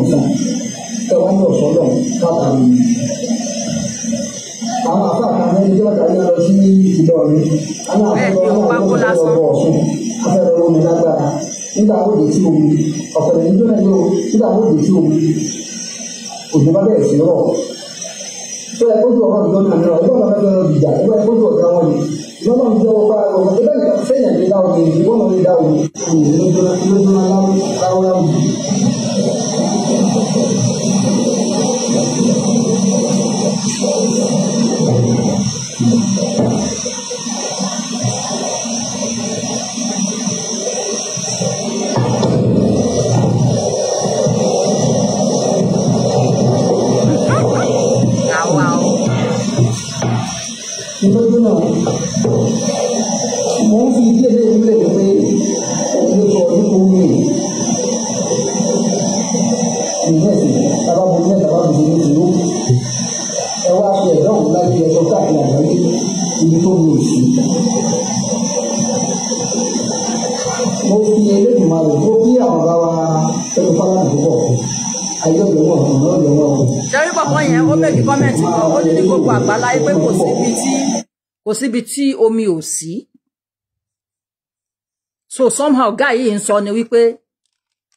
nǹkan tẹ wọ́n lọ sọ́dọ̀ bàbá mi. àwọn àfààní àwọn ẹni tí wọ́n tàbí lọ sí Ìlọrin àwọn àfẹ́lọ́ wọn lọ sí ọ̀bọ̀ ọ̀sùn afẹ́lọ́ wọn ní lágbára nígbà tó dé tí omi ọ̀pẹ̀lẹ̀ nígbà tó dé tí omi òjò bá bẹ̀rẹ̀ sí rọ̀ síbi tí omi ò sí so somehow guy yìí ń sọ ni wípé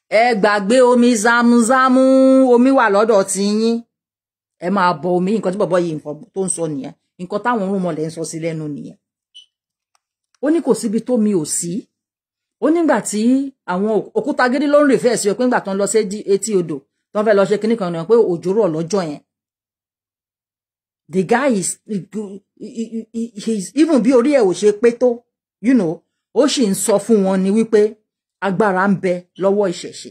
ẹ gbàgbé omi zámúzámú omi wà lọ́dọ̀ tí yín ẹ máa bọ omi nǹkan tí bọ̀bọ̀ yìí nǹkan tó ń sọ nìyẹn nǹkan táwọn rúmọlẹ̀ ń sọ sí lẹ́nu nìyẹn ó ní kò síbi tó mi ò sí ó nígbà tí àwọn òkúta gidi ló ń rèfẹ́ sí ọ pé ńgbà tó ń lọ sí etí odò tó ń fẹ́ lọ ṣe kinní kan náà pé òjò rọ̀ lọ́jọ́ yẹn the guy is he's even bí orí ẹ̀ ò ṣe pé tó you know ó sì ń sọ fún wọn ni wípé agbára ń bẹ lọ́wọ́ ìṣẹ̀ṣe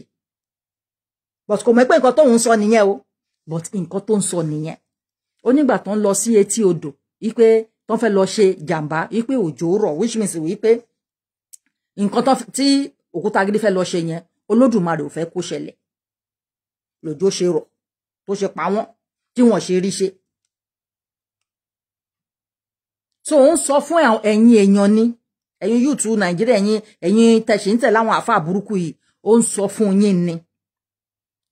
but kò mọ̀ pé nǹkan tóun sọ nìyẹn o but nǹkan tó ń sọ nìyẹn ó nígbà tó ń lọ sí etí odò wípé tó ń fẹ́ lọ ṣe jàǹbá which means wípé nǹkan tí òkúta gidi fẹ́ lọ ṣe yẹn olódùmarè ò fẹ́ kó ṣẹlẹ̀ lòjó ṣe rọ̀ tó ṣe pa wọ́n Ti wọ́n ṣe rí ṣe so ó so sọ fún eyan èèyàn ni ẹ̀yin yúùtù nàìjíríà ẹ̀yin ẹ̀yin tẹ̀sí ń tẹ̀ burúkú yìí ó sọ fún ni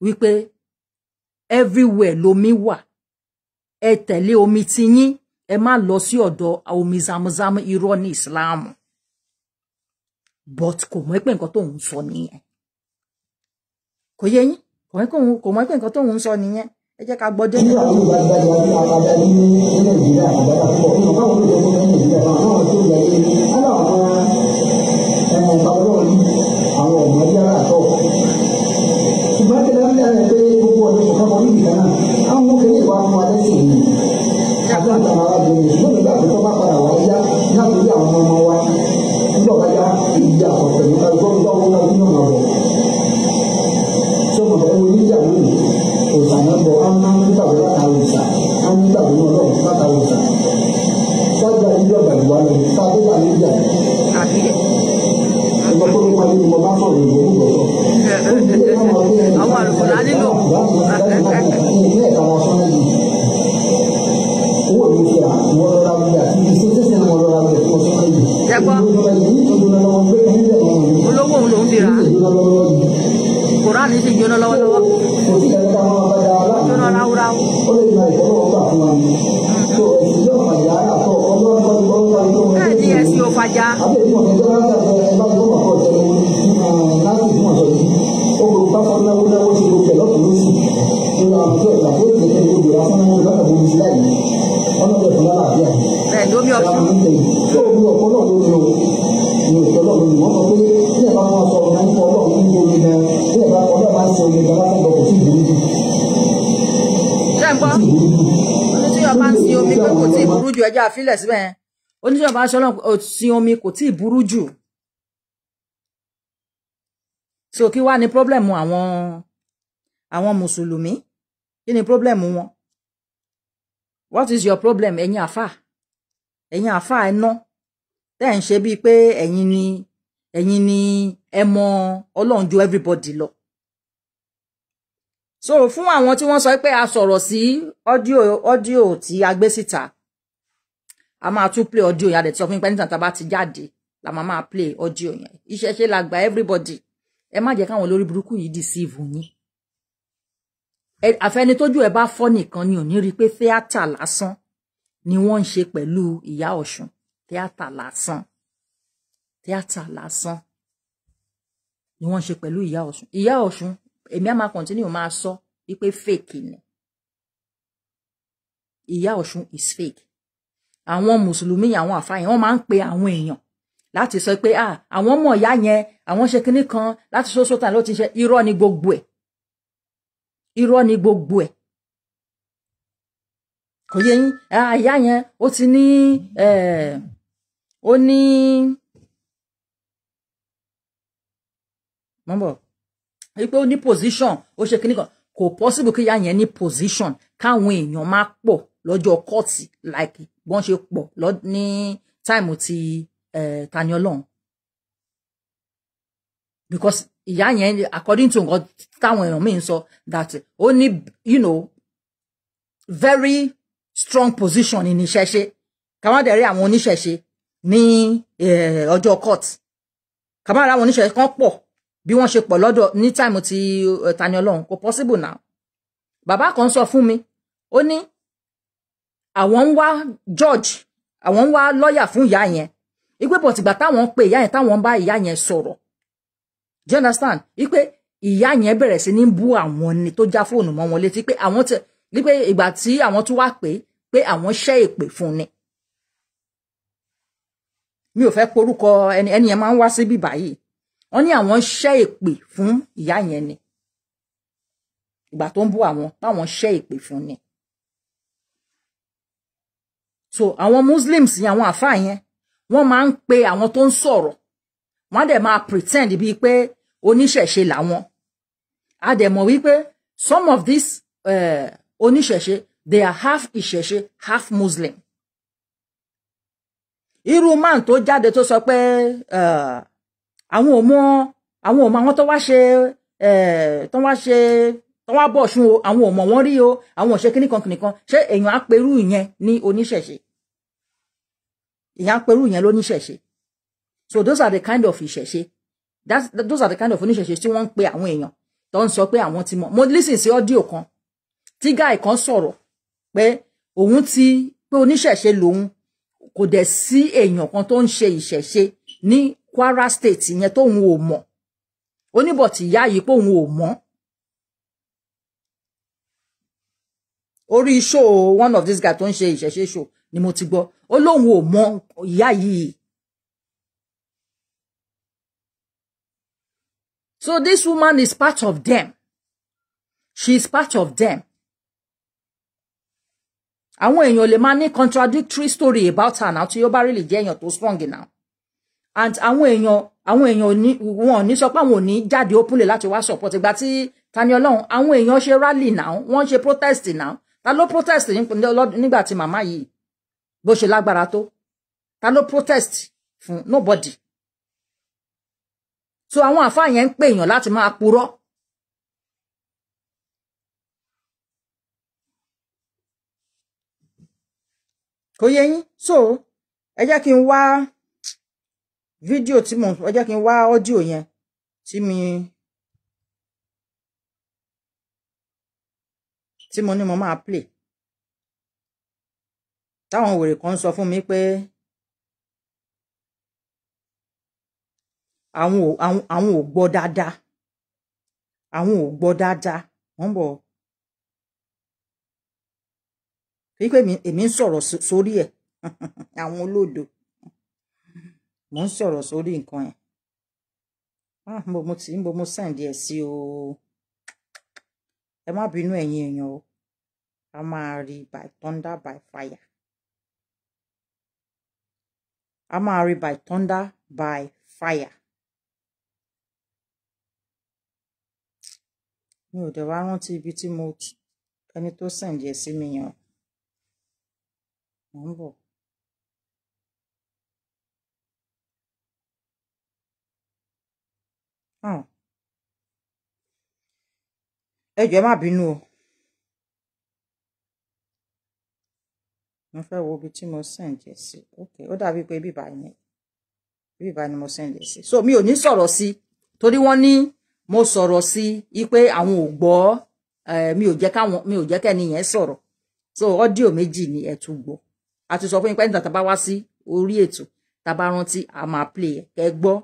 wípé everywhere lomi wà ẹ tẹ̀lé omi ti yín ẹ má lọ sí ọ̀dọ̀ omi zamzamu irọ́ ni islam but kò mọ̀ pé nǹkan tó sọ nìyẹn ẹ jẹ́ ká gbọ́ dé. nígbà tí ìgbà tí wọ́n ti àpàdé ní nàìjíríà àgbàdo púpọ̀ nínú báwo ló yẹ kó ní nàìjíríà náà wọ́n ti yẹ kí ẹ̀rọ àwọn ẹ̀rọ ìbáwọ̀ ní àwọn ọ̀nà bí ara àtọ̀. ṣùgbọ́n ṣẹgbọ́ olówó òun lòún fi rà á koran sì jóná lọ́wọ́lọ́wọ́ jóná ráúráú. bẹ́ẹ̀ ni ẹ̀sìn ò fàjà. Ọlọ́dẹ̀ fún lálàáfíà lómi ọ̀fun. ṣé omi ọ̀fun náà ló ń lò ní òṣèlú ọ̀gbìn wọ́n tí ì ń sin omi pé kò tí ì burú jù ẹjẹ́ àfilẹ̀ síbẹ̀ yẹn oníṣòyàn bá ń sin omi kò tí ì burú jù tí o kí wá ní pọ́blẹ́mù àwọn àwọn mùsùlùmí kí ni pọ́blẹ́mù wọn what is your problem ẹ̀yin àfáà ẹ̀yin àáfàá iná tẹ́ ẹ̀ ń ṣe bíi pé ẹ̀yin ni ẹ̀yin ni ẹ mọ ọlọ́run ju everybody lọ. so fún àwọn tí wọ́n sọ pé a sọ̀rọ̀ sí ọ́díò ọ́díò tí a gbé síta a máa tún play ọ́díò yẹn a dẹ̀ ti sọ fún yín ti jáde la máa máa play ọ́díò yẹn iṣẹ́ ṣe la gba everybody ẹ má jẹ́ káwọn olórí burúkú yìí deceive yín àfẹnitójú ẹ bá fọ́ nìkan ni ò ní rí i pé theatre lásán ni wọ́n ń ṣe pẹ̀lú ìyá ọ̀ṣun tíátà lásán tíátà lásán ni wọ́n ń ṣe pẹ̀lú ìyá ọ̀ṣun ìyá ọ̀ṣun èmi á máa continue máa sọ wípé fake ni ìyá ọ̀ṣun is fake àwọn mùsùlùmí àwọn àfàyàn wọ́n máa ń pe àwọn èèyàn láti sọ pé ah àwọn ọmọ ìyá yẹn àwọn ṣe kinní kan láti ṣoṣo tán ló ti ṣe irọ́ ni gbogbo ẹ̀ irọ́ ni gbogbo ẹ̀ kò yẹ yín ìyá yẹn ó ti ní ó ní mọ́bọ̀ wípé ó ní position ó ṣe kíní kan kò possible kí ìyá yẹn ní position káwọn èèyàn máa pọ̀ lọ́jọ́ kọ́ọ̀tì like wọ́n ṣe pọ̀ ní táìmù ti Tani Olohun because ìyá yẹn according to nǹkan táwọn èèyàn mi ń sọ that ó ní you know very strong position ní ìṣẹ̀ṣe káwọn dẹ̀ rí àwọn oníṣẹ̀ṣe ní eh, ọjọ́ court káwọn ará àwọn oníṣẹ̀ṣe kan pọ̀ bí wọ́n ṣe pọ̀ lọ́dọ̀ ní táìmù ti eh, Tani Olohun kò possible now bàbá kan sọ fún mi ó ní àwọn ń wá judge àwọn ń wá lọ́ọ̀yà fún ìyá yẹn ipe bọ̀ tìgbà táwọn ń pe ìyá yẹn táwọn ń bá ìyá yẹn sọ̀rọ̀ do you understand ipe ìyá yẹn bẹ̀rẹ̀ sí ní bú àwọn ni tó já fóònù mọ́ wọn létí pé àwọn ti wípé ìgbà tí àwọn tún wá pé pé àwọn ṣẹ́ èpè fún ni mi ò fẹ́ porúkọ ẹni ẹni yẹn máa ń wá síbí báyìí wọ́n ní àwọn ṣẹ́ èpè fún ìyá yẹn ni ìgbà tó ń bú àwọn báwọn ṣẹ́ èpè fún ni so àwọn muslims yẹn àwọn àfáà yẹn wọ́n máa ń pe àwọn tó ń sọ̀rọ̀ wọ́n á dẹ̀ máa pretend bíi pé oníṣẹ̀ṣe làwọn a dẹ̀ mọ̀ wípé some of these uh, oníṣẹ̀ṣe they are half ìṣẹ̀ṣe half muslim irú man tó jáde to sọ pé eh, àwọn ò mọ àwọn ò mọ àwọn tó wá ṣe eh, tó wá ṣe tó wá bọ̀ ṣun o àwọn ò mọ̀ o àwọn ò kini kíní kan kíní kan ṣé èèyàn á perú ni ní oníṣẹ̀ṣe èèyàn á lo ìyẹn lóníṣẹ̀ṣe so those are the kind of ìṣẹ̀ṣe that's those are the kind of oníṣẹ̀ṣe tí wọ́n ń pe àwọn èèyàn tó ń sọ pé àwọn ti mọ̀ mo listen sí ọ́díò kan tí guy kan sọ̀rọ̀ pé òun ti pé oníṣẹ̀ṣe lòun kò dẹ̀ sí èèyàn kan tó ń ṣe ìṣẹ̀ṣe ní Kwara State yẹn tóun ò mọ̀ oníbọ̀tì ìyá yìí pé òun ò mọ̀ orí show one of these guys tó ń ṣe ìṣẹ̀ṣe show ni mo ti gbọ́ ó lóun ò mọ̀ ìyá yìí so this woman is part of them she is part of them àwọn èèyàn lè máa ní contradictory story about her now tí ó bá really jẹ́ èèyàn tó strong now and àwọn èèyàn àwọn èèyàn ní wọn ò ní sọ pé àwọn ò ní jáde openly láti wá support ìgbà tí Tani Olohun àwọn èèyàn ṣe rally now wọ́n ṣe protest now ta ló protest nígbà tí màmá yìí bó ṣe lágbára tó ta ló protest fún nobody so àwọn àfáà yẹn ń pè èèyàn láti máa purọ́ kò yẹ yín so ẹ jẹ́ kí n wá fídíò tí mo ẹ jẹ́ kí n wá ọ́díò yẹn tí mi tí mo ní mo máa play táwọn wèrè kan sọ fún mi pé àwọn ò gbọ́ dáadáa àwọn ò gbọ́ dáadáa wọ́n bọ̀. kì í pé èmi ń sọ̀rọ̀ sórí ẹ̀ (laughs) àwọn olódo mo ń sọ̀rọ̀ sórí nǹkan yẹn ah mo mo ti mo mo send ẹ sí o ẹ má bínú ẹ̀yin èèyàn o a máa rí by thunder by fire a máa rí by thunder by fire mi ò dẹ̀ wá rántí ibi tí mo ẹni tó send ẹ sí mi yẹn Mò ń bọ̀. Ah. Ẹ jọ̀ọ́ ẹ má bínú o. Mo fẹ́ wo ibi tí mo send ẹ̀ sí. Okay, ó dàbí pé bíbá ni bíbá ni mo send ẹ̀ sí. So mi ò ní sọ̀rọ̀ sí torí wọ́n ní mo sọ̀rọ̀ sí i pé àwọn ò gbọ́ eh, mi ò jẹ́ káwọn mi ò jẹ́ kẹ́ni yẹn sọ̀rọ̀. So ọ́díò méjì ni ẹ tún gbọ́ a ti sọ fún yín pé nígbà tá a bá wá sí orí ètò tá rántí a máa play ẹ kẹ́ gbọ́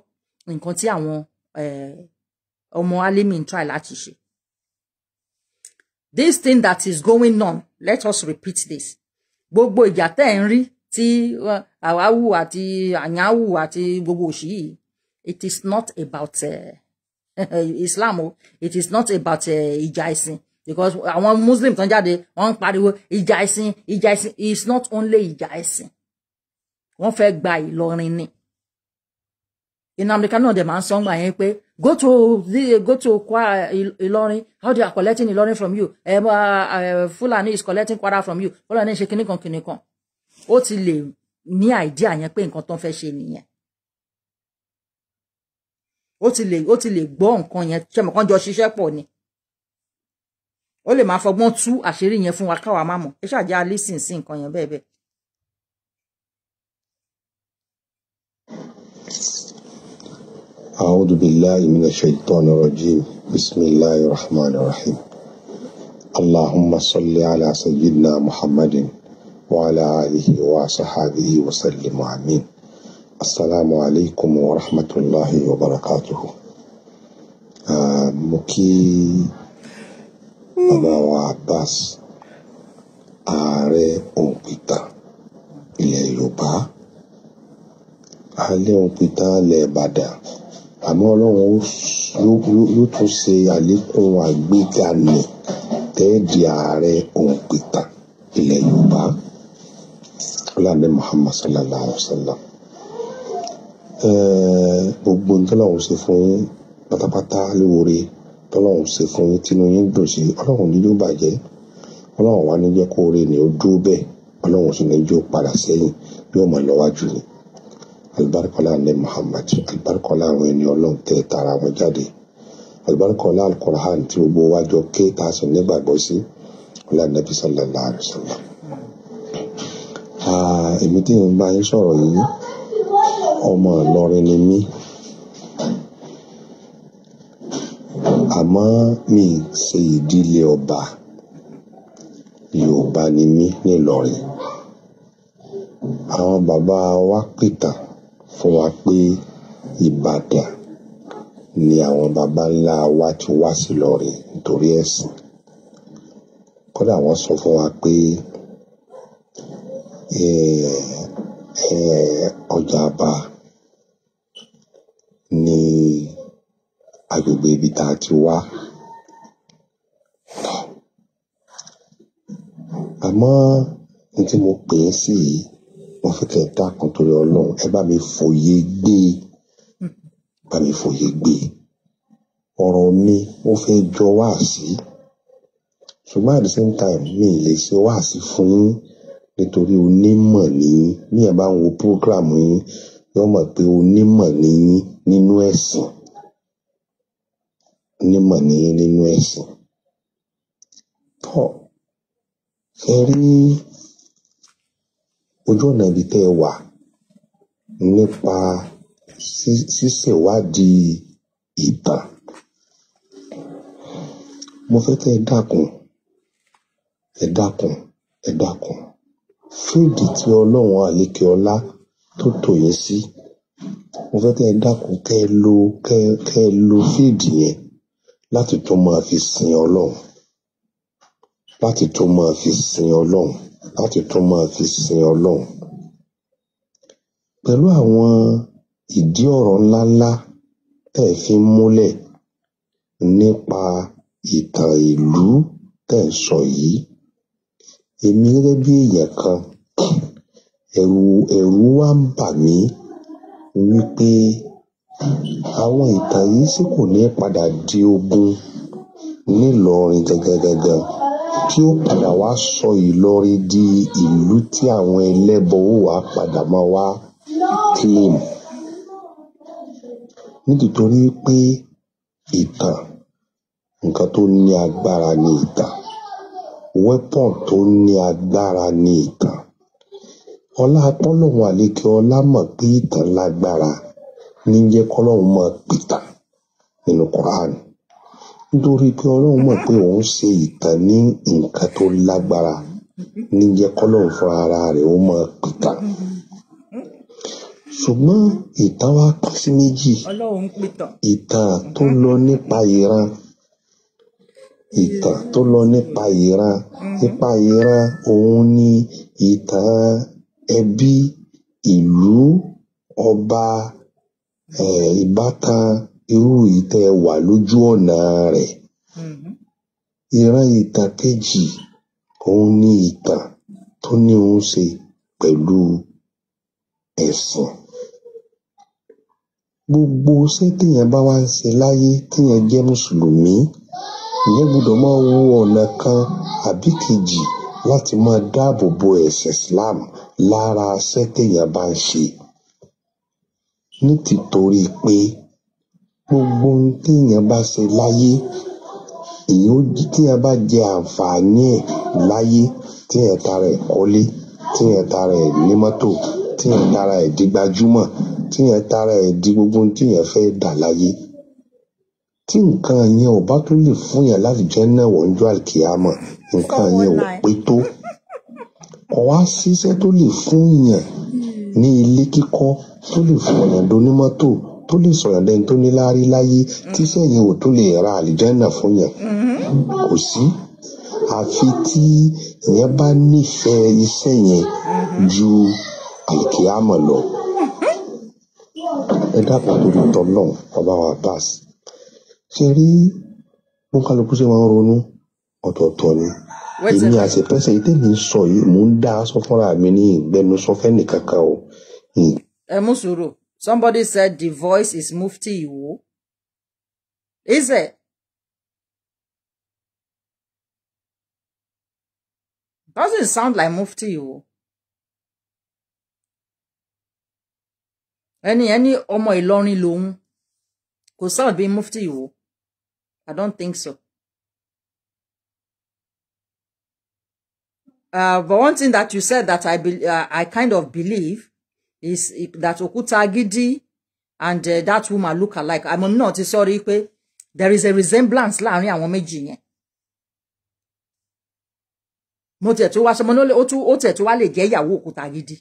nǹkan tí àwọn ọmọ alimi ń try láti ṣe. this thing that is going on let us repeat this gbogbo ìjà tẹ́ ẹ̀ ń rí tí àwáwù àti àyàwù àti gbogbo òṣì yìí it is not about uh, (laughs) Islam o it is not about ìjà uh, ẹ̀sìn because àwọn muslim tán jáde wọ́n ń pariwo ìjà ẹ̀sìn ìjà ẹ̀sìn is not only ìjà ẹ̀sìn wọ́n fẹ́ gba Ìlọrin ni ìnàmìkan náà dẹ̀ máa ń sọ ń gbà yẹn pé go to the go to Kwara Ìlọrin how they are collecting Ìlọrin from you ẹ bá Fulani is collecting Kwara from you Fulani ṣe kìnnìkan kìnnìkan ó ti lè ní àìdíà yẹn pé nǹkan tó ń fẹ́ ṣe nìyẹn ó ti lè ó ti lè gbọ́ nǹkan yẹn ṣe mọ̀ jọ ṣiṣẹ́ pọ̀ ni ó lè máa fọgbọ́n tú àṣírí yẹn fún wa káwa má mọ̀ ẹ ṣáà jẹ́ a listen sí nǹkan yẹn bẹ́ẹ̀ bẹ́ẹ̀. بالله من الشيطان الرجيم بسم الله الرحمن الرحيم اللهم صل على سيدنا محمد وعلى آله وصحبه وسلم آمين السلام عليكم ورحمة الله وبركاته آه مكي bàbá wa Abbas ààrẹ òǹpìtàn ilẹ̀ Yorùbá alẹ́ òǹpìtàn ilẹ̀ Ìbàdàn àmọ́ Ọlọ́run yóò tún ṣe àlékún àgbéga nì tẹ́ẹ̀dì ààrẹ òǹpìtàn ilẹ̀ Yorùbá ọlọ́ọ̀dẹ Muhammad sallallahu alayhi wa sallam gbogbo nǹkan lọ́hùn ṣe fún pátápátá lóore tọ́lọ́run ṣe fún yín tínú yín dùn sí ọlọ́run ní yóò bàjẹ́ ọlọ́run wà ní jẹ́ kó rí ni o dúró bẹ́ẹ̀ ọlọ́run sì ní jó padà sẹ́yìn yóò mọ̀ lọ́wájú ni alibarikọla ní Muhammad alibarikọla àwọn ẹni ọlọ́run tẹ́ tara wọn jáde alibarikọla alukọrọhan tí gbogbo wájọ ké tá a sì nígbàgbọ́ sí ọlá nàbí sallallahu alaihi wasallam. Ah, èmi tí mo bá yín sọ̀rọ̀ yìí ọmọ Ìlọrin ni mí. àmọ́ mi ṣe ìdílé ọba Yorùbá ni mí nìlọrin àwọn bàbá wa pìtàn fún wa pé Ìbàdàn ni àwọn baba ńlá wa ti wá sí Ìlọrin nítorí ẹ̀sìn kódà wọ́n sọ fún wa pé ọjà ọba ni agbègbè ibi tá a ti wá. àmọ́ ní tí mo pè é sí yìí mo fẹ́ kẹ́ ẹ dákun torí ọlọ́run ẹ bá mi fòye gbé e bá mi fòye gbé e ọ̀rọ̀ mi ó fẹ́ jọ wáàsí ṣùgbọ́n at the same time mi ì lè ṣe wáàsí fún yín nítorí onímọ̀ ní ní ẹ̀ bá ń wo program yín yọ mọ̀ pé onímọ̀ ní nínú ẹ̀sìn onímọ̀ ní nínú ẹ̀sìn tọ́ ṣẹ rí ojú ọ̀nà ibi tẹ́ ẹ wà nípa sísèwádìí ìtàn mo fẹ́ kẹ́ ẹ dákun ẹ dákun ẹ dákun fíídì tí ọlọ́run àlékè ọlá tó tò yín sí mo fẹ́ kẹ́ ẹ dákun kẹ́ ẹ lo kẹ́ ẹ lo fíídì yẹn láti tún máa fi sin ọlọ́run láti tún máa fi sin ọlọ́run láti tún máa fi sin ọlọ́run pẹ̀lú àwọn ìdí ọ̀rọ̀ ńláńlá tẹ́ ẹ̀ fi ń múlẹ̀ nípa ìtàn ìlú tẹ́ ẹ̀ sọ yìí èmi gẹ́gẹ́ bí èèyàn kan ẹ̀rù ẹ̀rù wá ń bà mí wípé àwọn ìtàn yìí sì kò ní padà di ogun nílọrin gangan kí ó padà wá sọ ìlọrin di ìlú tí àwọn ẹlẹ́bọ ó padà máa wá claim nítorí pé ìtàn nǹkan tó ní agbára ní ìtàn weapon tó ní agbára ní ìtàn ọlá pọlọrun àlekè ọlá mọ̀ pé ìtàn lágbára ní ń jẹ́ kọ́lọ́run máa pìtàn nínú Quran nítorí pé Ọlọ́run mọ̀ pé òun ṣe ìtàn ní nǹkan tó lágbára ní jẹ́ kọ́lọ́run fúnra ara rẹ̀ ó máa pìtàn ṣùgbọ́n ìtàn wa pín sí méjì ìtàn tó lọ nípa ìran ìtàn tó lọ nípa ìran nípa ìran òun ni ìtàn ẹbí ìlú ọba um ìbátan irú èyí tẹ́ ẹ wà lójú ọ̀nà rẹ̀ mm-hmm. ìran ìtàn kejì òun ni ìtàn tó ní òun ṣe pẹ̀lú ẹ̀sìn gbogbo iṣẹ́ téèyàn bá wá ń ṣe láyé téèyàn jẹ́ mùsùlùmí ìyẹn gbọ́dọ̀ máa wo ọ̀nà kan àbí kejì láti máa dáàbò bo ẹ̀sìn islam lára iṣẹ́ téèyàn bá ń ṣe nítìtorí pé gbogbo ohun téèyàn bá ṣe láyé èèyàn ó téèyàn bá jẹ àǹfààní ẹ̀ láyé téèyàn tara ẹ̀ kọ́lé téèyàn tara ẹ̀ ní mọ́tò téèyàn tara ẹ̀ di gbajúmọ̀ téèyàn tara ẹ̀ di gbogbo ohun téèyàn fẹ́ dà láyé tí nǹkan yẹn ò bá tún lè fún yàn lálùjẹ náà wọ̀ níjọ́ àkìyàmọ̀ nǹkan yẹn ò pé tó kò wá síṣẹ́ tó lè fún yàn ní ilé kíkọ́ tó lè fòyàn donímọ́tò tó lè sọ̀rọ̀ lẹ́ni tó ní láárí láyé tíṣẹ́ yẹn ò tó lè ra àlìjẹ́nà fún yàn mm-hmm. kò sí àfi tí èèyàn bá nífẹ̀ẹ́ iṣẹ́ yẹn mm-hmm. ju àìkíámọ̀ lọ. Mm-hmm. ẹ dábàá lórí tọ́lọ́n bàbá wa Abbas ṣe rí mú kálukú ṣe máa ń ronú ọ̀tọ̀ọ̀tọ̀ ni èmi àṣepẹ́sẹ̀ yìí tèmi ń sọ yìí mò ń dá aṣọ mi ní ìgbẹnusọ nìkankan o ẹ mú somebody said the voice is Mufti Iwo is it. Doesn't sound like Mufti Iwo. Any any omo iloni lòun Could sound be Mufti Iwo. I don't think so. Uh, but one thing that you said that I be, uh, I kind of believe is that Gidi, and uh, that woman look alike I'm not sorry. sọ there is a resemblance láàrin àwọn méjì yẹn mo tẹ̀ tó wá sọmọ náà ó tẹ̀ tó wá lè jẹ́ ìyàwó Okutagidi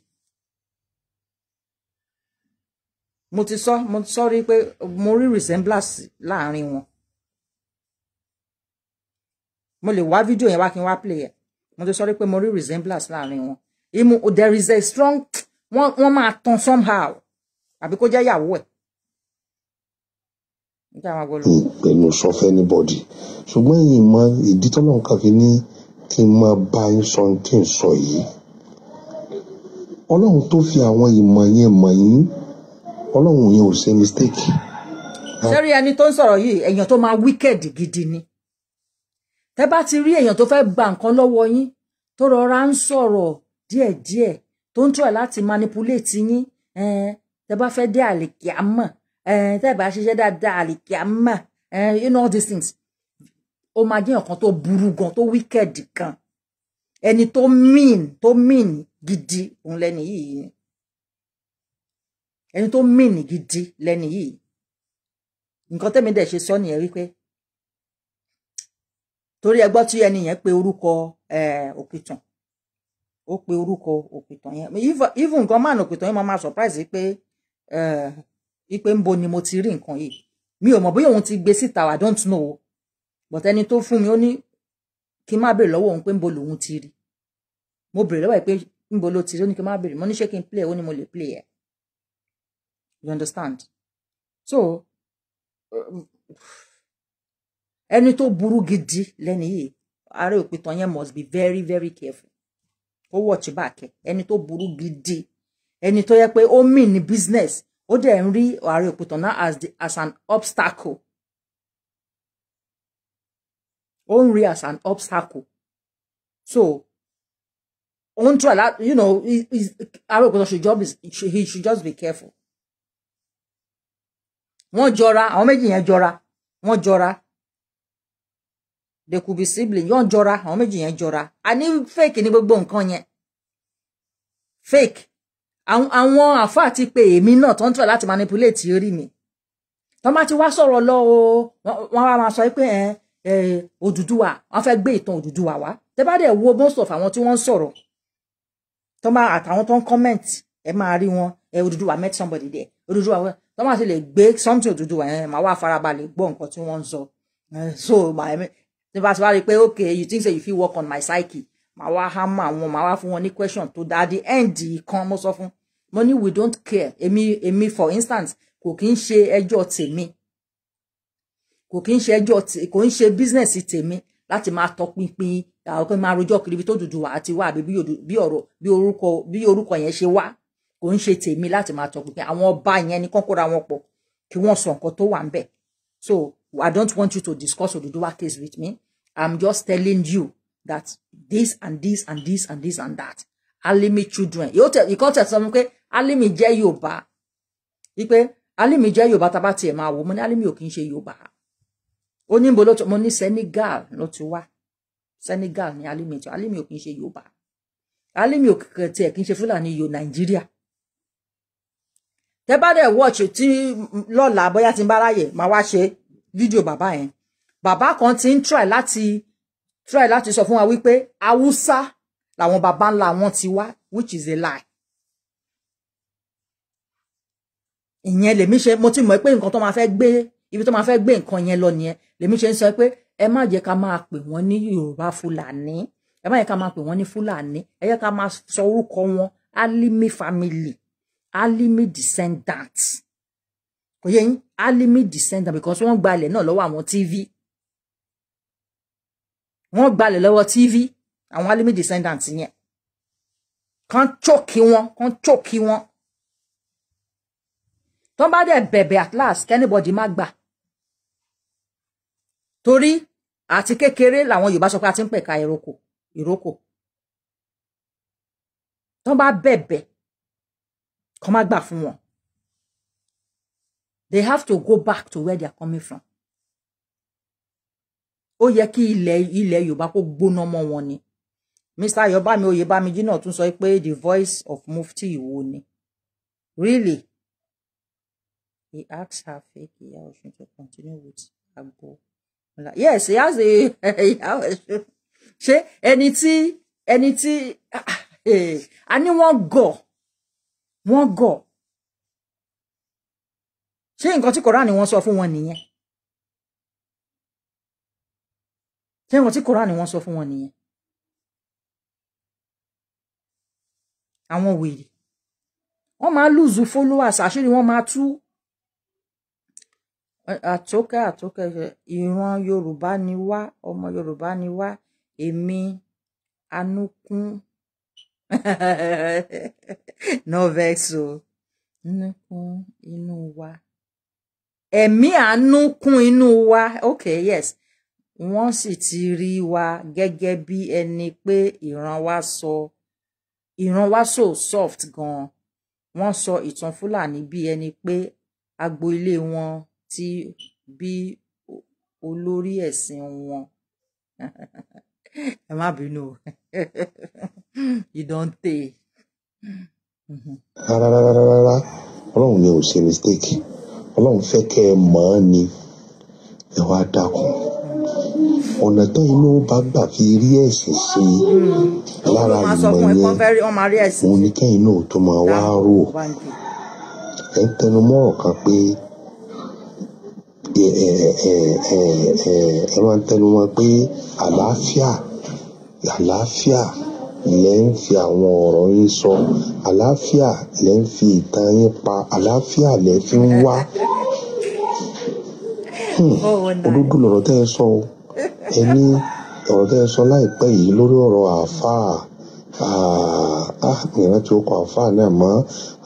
mo ti sọ mo ti sọ rí pé mo rí resemblance láàrin wọn mo lè wá fídíò yẹn wá kí n wá play ẹ mo ti sọ rí mo rí resemblance láàrin wọn imu there is a strong wọ́n wọ́n máa tan somehow àbí kó jẹ́ ìyàwó ẹ̀. ìpẹ̀lú sọ fẹ́ ní bọ́dì ṣùgbọ́n ẹ̀yin mọ ìdí tọ́lọ́ kan fi ní kí n máa bá yín sọ tí n sọ yìí ọlọ́run tó fi àwọn ìmọ̀ yẹn mọ̀ yín ọlọ́run yẹn ò ṣe mistake. sẹ́rí ani tó ń sọ̀rọ̀ yìí èèyàn tó máa gidi ni Te ba ti rí èèyàn to fẹ́ gba nǹkan lọ́wọ́ yín tó rọra ń sọ̀rọ̀ díẹ̀díẹ̀ tó ń try láti manipulate yín eh, tẹ bá fẹ́ dé àlìkíámà eh, tẹ bá ṣiṣẹ́ dáadáa àlìkíámà eh, you know all these things ó máa jẹ́ ọ̀kan tó burú gan tó wicked gan ẹni tó mean tó mean gidi òun lẹ́ni yìí ni ẹni tó mean gidi lẹ́ni yìí nǹkan tẹ́mi dẹ̀ ṣe sọ nìyẹn wípé torí ẹgbọ́ tí ẹni yẹn pe orúkọ òpìtàn ó pe orúkọ òpìtàn yẹn even nǹkan máa nà òpìtàn yẹn máa máa surprise pé ipe ń bo ni mo ti rí nǹkan yìí mi ò mọ̀ bóyá òun ti gbé síta I don't know but ẹni tó fún mi ó ní kí n má béèrè lọ́wọ́ òun pé ń bo lòun ti rí mo béèrè lọ́wọ́ ẹ̀ pé ń ti rí ó ní kí n má mo ní ṣé play ó ní mo lè play you understand so eh, ẹni tó buru gidi lẹ́ni yìí ààrẹ òpìtàn yẹn must be very very careful ó wọ̀chí bàkẹ́ ẹni tó burú gidi ẹni tó yẹ pé ó mìn ní business ó dẹ̀ ń rí Ààrẹ Òpótọ́nà náà as, the, as an obstacle ó ń rí as an obstacle so òun try that you know Ààrẹ Òpótọ́nà should, job is, he should just be careful wọ́n jọra àwọn méjì yẹn jọra wọ́n jọra they could be siblings. sibling yọ̀n jọra àwọn méjì Jora? jọra àní fake ni gbogbo nǹkan yẹn fake àwọn àfáà ti pe èmi náà tó ń tọ̀ láti manipulate orí mi wọ́n bá ti wá sọ̀rọ̀ lọ o wọ́n wá máa sọ pé Odùduwà wọ́n fẹ́ gbé ìtàn Odùduwà wá tẹ́ bá dẹ̀ wo most of àwọn want wọ́n ń sọ̀rọ̀ tó máa àtàwọn tó ń comment ẹ máa rí wọn met somebody there Odùduwà tó máa ti lè gbé something Odùduwà yẹn máa wá farabalẹ̀ gbọ́ nǹkan tí wọ́n ń sọ so my nípa tí wàá rí i pé okay you think say you fit work on my psyche màá wá hammer àwọn màá wá fún wọn ní question tó dáa the end kan mo sọ fún mo ní we don't care èmi èmi for instance kò kí ń ṣe ẹjọ́ tèmi kò kí ń ṣe ẹjọ́ kò ń ṣe business tèmi láti máa tọpinpin àwọn kan máa rojọ́ kiri ibi tó dùdù wà àti wà àbí bí ọ̀rọ̀ bí orúkọ bí orúkọ yẹn ṣe wá kò ń ṣe tèmi láti máa tọpinpin àwọn ọba yẹn ni kán kóra wọn pọ̀ kí wọ́n sọ nǹkan tó wà ń bẹ̀ so I don't want you to discuss Oduduwa case with me I'm just telling you that this and this and this and this and that. me, children. You tell you can't tell someone Okay. Alimi me, Yorùbá. Ipe Alimi jẹ́ Yorùbá me, bá ti ẹ máa wò mo ní Alimi ò kìí ṣe Yorùbá. Ó ní bo ló mo ní Senegal ló ti wá. Senegal ni Alimi me, Alimi ò kìí ṣe Yorùbá. Alimi ò ti ẹ kìí ṣe Fúlàní yo Nigeria. Tẹ́ bá dé watch tí lọ́la bóyá tin bá ráyè máa wá video Baba. yẹn bàbá kan ti ń try láti try láti sọ fún wa wípé haúsá làwọn bàbá ńlá wọn ti wá which is a lie ìyẹn lèmi ṣe mo ti mọ̀ pé nǹkan tó máa fẹ́ gbé ibi tó máa fẹ́ gbé nǹkan yẹn lọ nìyẹn lèmi ṣe ń sọ pé ẹ má jẹ́ ká máa pè wọ́n ní yorùbá fúlàní ẹ má jẹ́ ká máa pè wọ́n ní fúlàní ẹ jẹ́ ká máa sọ orúkọ wọn alimi family alimi descendant kò yẹ yín alimi descendant because wọ́n gba ilẹ̀ náà lọ́wọ́ àwọn tv wọ́n gbalẹ̀ lọ́wọ́ TV àwọn alimi descendant yẹn kan chókì wọn kan chókì wọn tó bá dẹ̀ bẹ̀bẹ̀ at last kẹ́nìbọ̀dì má gbà torí àti kékeré làwọn Yorùbá sọ pé a ti ń pẹ̀ka ìrókò ìrókò tó bá bẹ̀bẹ̀ kó má gbà fún wọn they have to go back to where they are coming from ó yẹ kí ilẹ̀ ilẹ̀ Yorùbá kó gbóná mọ́ wọn ni Mr Ayọ̀bámi Oyèbámijì náà tún sọ pé the voice of Mufti Ìwó ni really he asked her fake Ìyá Ọ̀ṣun to continue with agbo yes he has a Ìyá (laughs) Ọ̀ṣun ṣé ẹni tí ẹni tí (laughs) a ní wọ́n gọ̀ wọ́n gọ̀ ṣé nǹkan tí Kọ́ránì wọ́n sọ fún wọn nìyẹn. tẹ́wọ̀n tí koran ni wọ́n sọ fún wọn nìyẹn àwọn wèrè wọ́n máa lùzù followers àṣírí wọ́n máa tú àtòkè àtòkè ìran yorùbá ni wá ọmọ yorùbá ni wá èmi anukun (laughs) novex nukun inú wa ẹ̀mí àánú inú wa okay yes wọ́n sì ti rí wa gẹ́gẹ́ bí ẹni pé ìran wa sọ ìran wa so soft gan-an wọ́n sọ ìtàn fúlàní bí ẹni pé agbo ilé wọn ti bí olórí ẹ̀sìn wọn (laughs) ẹ má bínú o you (laughs) don tey. rárá rárá rárá ọlọ́run ni ò ṣe mistake ọlọ́run fẹ́ kẹ́ ẹ mọ̀ ọ́ ni ẹ wá dákun ọ̀nà tó inú bá gbà fi rí ẹ̀sìn ṣe hmm. lára ìmọ̀ yẹn òun ni kẹ́yìn náà tó máa wá rò ẹ̀ ń tẹnumọ́ ọ̀kan pé ẹ máa ń tẹnumọ́ pé àlàáfíà àlàáfíà lẹ́ ń fi àwọn ọ̀rọ̀ yín sọ àlàáfíà lẹ́ ń fi ìtàn yín pa àlàáfíà lẹ́ fi ń wá Hmm. olódù lọ̀rọ̀ tẹ́ ẹ sọ o ẹ ní ọ̀rọ̀ tẹ́ ẹ sọ láìpẹ́ yìí lórí ọ̀rọ̀ àáfàá ìran tí ó kọ àáfàá náà mọ́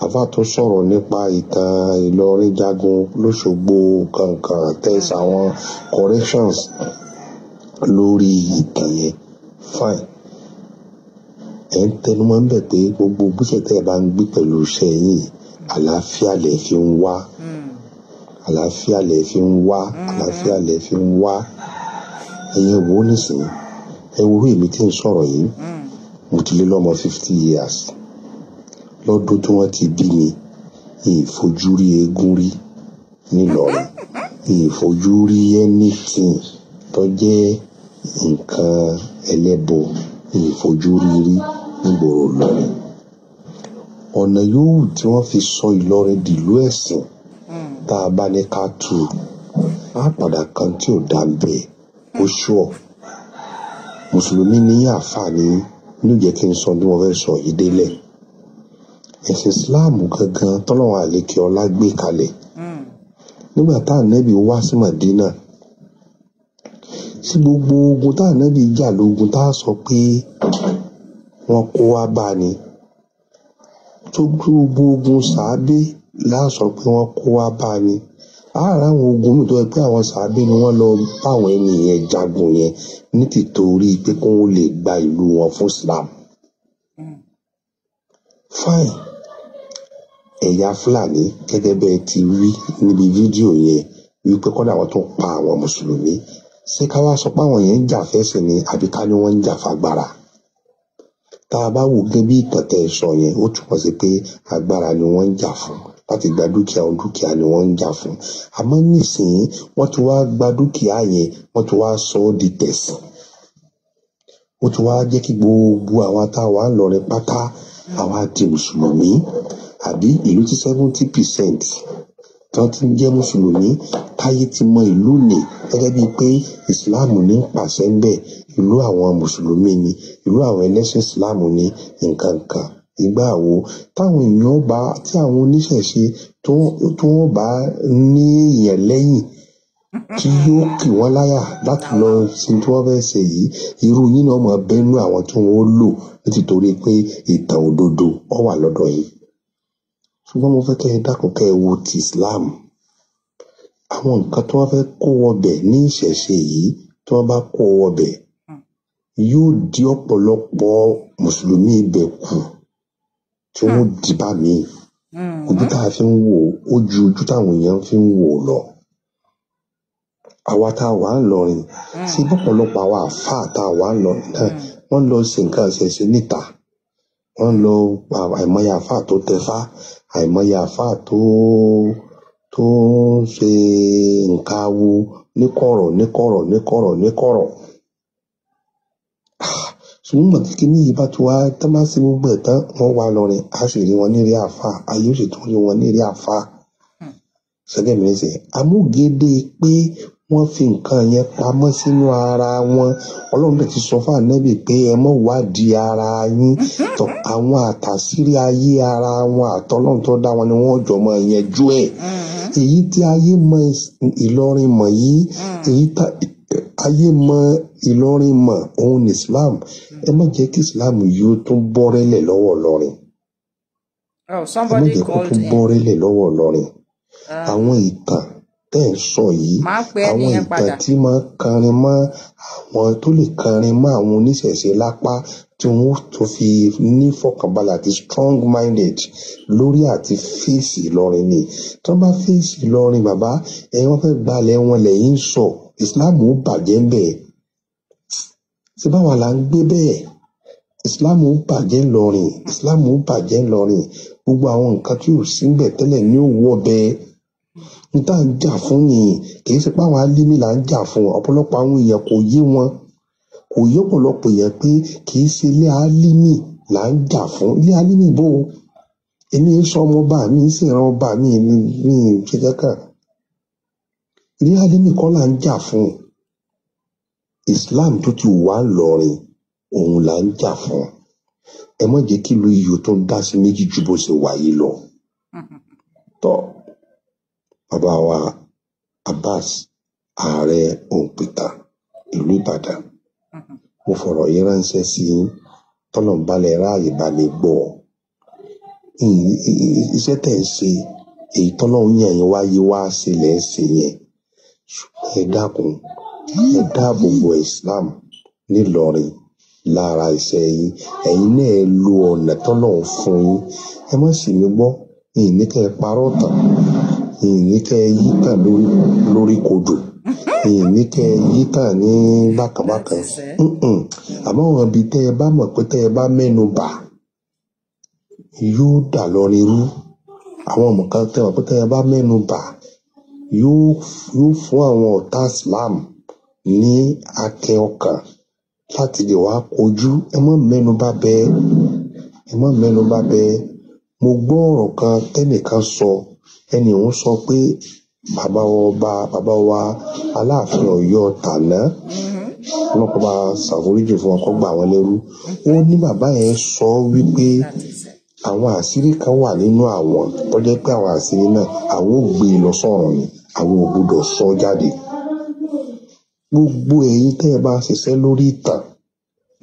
àáfàá tó sọ̀rọ̀ nípa ìtàn Ìlọrin jagun lóṣogbo kankan tẹ́sí àwọn corrections lórí ìtàn yẹn fine ẹ ń tẹnu mọ́ bẹ̀ pé gbogbo gbèsè tẹ́ ẹ bá ń gbé pẹ̀lú iṣẹ́ yìí àlàáfíà lè fi ń wá hmm àlàáfíà lè fi ń wá mm-hmm. àlàáfíà lè fi ń wá ẹ̀yin wo nísìnyí ẹ wo orí mi tí ń sọ̀rọ̀ yìí mm. mo ti lé lọ́mọ fifty years lọ́dún tí wọ́n ti bí mi ìfojú rí eégún rí nílọrin (laughs) ìfojú rí anything tó jẹ́ nǹkan ẹlẹ́bọ ìfojú rí rí nígboro lọ́rin ọ̀nà yòówù tí wọ́n fi sọ Ìlọrin dìlú ẹ̀sìn tá a bá ní ká tù á padà kan tí ò dá bẹ́ẹ̀ ó ṣùọ́ mùsùlùmí ní àǹfààní ló jẹ́ kí n sọ bí wọ́n fẹ́ sọ yìí délẹ̀ Islam gangan tọ́lọ́wọ́n àlékè ọlá gbé kalẹ̀ hmm. nígbà tá ànábì wá sí Madina sí gbogbo ogun tá ànábì jà lógun tá a sọ pé wọ́n kó wá bá ni tó gbogbo ogun sàábé láàsọ pé wọ́n kó wá bá ni ara àwọn ogun mi tó yẹ pé àwọn sàábé ni wọ́n lọ báwọn ènìyàn jagun yẹn ní pé kó wọn lè gba ìlú wọn fún Islam. fine ẹ̀yà Fúlàní gẹ́gẹ́ bẹ́ẹ̀ ti rí níbi fídíò yẹn wípé kọ́dà wọn tún pa àwọn mùsùlùmí ṣé ká wá sọ pé àwọn yẹn ń jà fẹ́sẹ̀ ni àbí ká ní wọ́n ń jà fagbára tá a bá wò gẹ́gẹ́ bí ìtàn sọ yẹn ó túmọ̀ sí pé agbára ni wọ́n ń jà fún un láti gba dúkìá òun dúkìá ni wọ́n ń jà fún àmọ́ nísìnyí wọ́n ti wá gba dúkìá yẹn wọ́n ti wá sọ ọ́ di tẹ̀sìn wọ́n ti wá jẹ́ kí gbogbo àwa tá ń lọrin pátá àwa di mùsùlùmí àbí ìlú tí seventy percent tí wọ́n ti ń jẹ́ mùsùlùmí táyé ti mọ ìlú ni gẹ́gẹ́ bíi pé islam ní pàṣẹ ń bẹ̀ ìlú àwọn mùsùlùmí ni ìlú àwọn ẹlẹ́sìn islam ní nǹkan kan ìgbà wo táwọn èèyàn bá tí àwọn oníṣẹ̀ṣe tí wọ́n bá ní èèyàn lẹ́yìn tí yóò kì wọ́n láyà láti lọ sí tí wọ́n fẹ́ẹ́ ṣe yìí irú yín náà mọ̀ bẹ́nu àwọn tí wọ́n lò nítorí pé ìtàn òdodo ó wà lọ́dọ̀ yìí ṣùgbọ́n mo fẹ́ kẹ́ ẹ dákun kẹ́ ẹ wo ti Islam àwọn nǹkan tí wọ́n fẹ́ kó wọbẹ̀ ní ìṣẹ̀ṣe yìí tí wọ́n bá kó wọbẹ̀ hmm. yóò di ọ̀pọ̀lọpọ̀ mùsùlùmí ibẹ̀ kù tí wọ́n hmm. dì bá mi hmm. ojú fi ń wò ojú táwọn èèyàn fi ń wò lọ àwa tá a wà ń lọrin sí hmm. bọ́pọ̀lọpọ̀ àwa àfáà tá a wà ń lọrin náà wọ́n lọ sí nǹkan ṣẹ̀ṣẹ̀ níta wọ́n lọ àìmọye àfáà tó tẹfá àìmọye ṣùgbọ́n gbàtí kíní yìí bá ti wá tán bá ṣe gbogbo ẹ̀ tán wọ́n wá lọ rẹ̀ á sì rí wọn ní rí àfa ayé ó sì tún rí wọn ní rí àfa sẹ́gẹ̀ mi ṣe amúgédé pé wọ́n fi nǹkan yẹn pamọ́ sínú ara wọn ọlọ́run bẹ̀ ti sọ fún ànábì pé ẹ mọ̀ wádìí ara yín mm-hmm. tó àwọn àtàsírí ayé ara wọn àtọ́lọ́run tó dá wọn ni wọ́n jọ mọ ìyẹnjú ẹ̀ mm-hmm. èyí tí ayé mọ Ìlọrin mọ̀ yìí mm. èyí tá ayé mọ Ìlọrin mọ̀ òun ní Islam ẹ má jẹ́ kí islam yóò tún bọ́rẹ́lẹ̀ lọ́wọ́ Ìlọrin oh, ẹ má jẹ́ kó tún bọ́rẹ́lẹ̀ lọ́wọ́ Ìlọrin ah. àwọn ìtàn tẹ́ ń sọ yìí àwọn ìtàn tí máa kanrin mọ́ àwọn tó lè kanrin mọ́ àwọn oníṣẹ̀ṣe lápá tí wọ́n tó fi ní fọkànbalẹ̀ àti strong minded lórí àti fèsì Ìlọrin ni tí wọ́n bá fèsì Ìlọrin bàbá ẹ wọ́n fẹ́ gbalẹ̀ wọn lẹ́yìn sọ Islam ó bàjẹ́ bẹ́ẹ̀ ṣe báwa là ń gbé bẹ́ẹ̀ islam ó bàjẹ́ ńlọrin islam ó bàjẹ́ ńlọrin gbogbo àwọn nǹkan tí ò síbẹ̀ tẹ́lẹ̀ ní òwú ọbẹ̀ n tá ń jà fún yìí kì í ṣe pé àwọn là ń jà fún ọ̀pọ̀lọpọ̀ àwọn èèyàn kò yé wọn kò yé ọ̀pọ̀lọpọ̀ èèyàn pé kì í ṣe ilé alímì là ń jà fún ilé alímì bò ó èmi ń sọ ọmọ bá mi ń ṣèrànwọ́ ọba mi ní ìṣẹ́jẹ́ kan ilé alímì kọ́ là ń jà fún un islam tó ti wà lọrin òun là ń jà fún ẹ má jẹ́ kí ìlú yìí tó dá sí méjì ju bó ṣe wáyé lọ (laughs) tọ bàbá wa abbas ààrẹ òǹpìtà ìlú ìbàdàn (laughs) mo fọ̀rọ̀ yìí ránṣẹ́ sí tọlọmbalẹ ráàyè bá mi gbọ́ iṣẹ́ tẹ́ ń ṣe èyí tọlọ́run yàn yín wáyé wá ṣe lẹ ń ṣe yẹn ṣùgbọ́n ẹ dákun ẹ dáàbò bo islam nílọrin lára iṣẹ́ yín ẹ̀yin náà ẹ lo ọ̀nà tọ́lọ́run fún yín ẹ má sì mí gbọ́ ìyìn ní kẹ́ ẹ parọ́ tán ìyìn ní kẹ́ ẹ yí tàn lórí kodò ìyìn ní kẹ́ ẹ yí tàn ní bákàbákan àmọ́ àwọn ibi tẹ́ ẹ bá mọ̀ pé tẹ́ ẹ bá mẹ́nu bà yóò dà lọ́rin rú àwọn nǹkan tẹ́ ẹ pé tẹ́ ẹ bá mẹ́nu bà yóò fún àwọn ọ̀tá islam ní akẹ ọkàn láti lè wá kojú ẹ má mẹ́nubà bẹ ẹ má mẹ́nubà bẹ mo gbọ́ ọ̀rọ̀ kan tẹ́nìkan sọ ẹni òun sọ pé bàbá ọba bàbá wa aláàfin Ọ̀yọ́ tàná ọlọ́pàá bá ṣàforíjì fún ọkọ gbà wọn lẹ́rú ó ní bàbá yẹn sọ wípé àwọn àṣírí kan wà nínú àwọn tó jẹ́ pé àwọn àṣírí náà àwọn ò gbé e lọ sọ́run ni àwọn ò gbọ́dọ̀ sọ jáde. gbogbo ẹ̀yin tẹ́ ẹ bá lórí ìtàn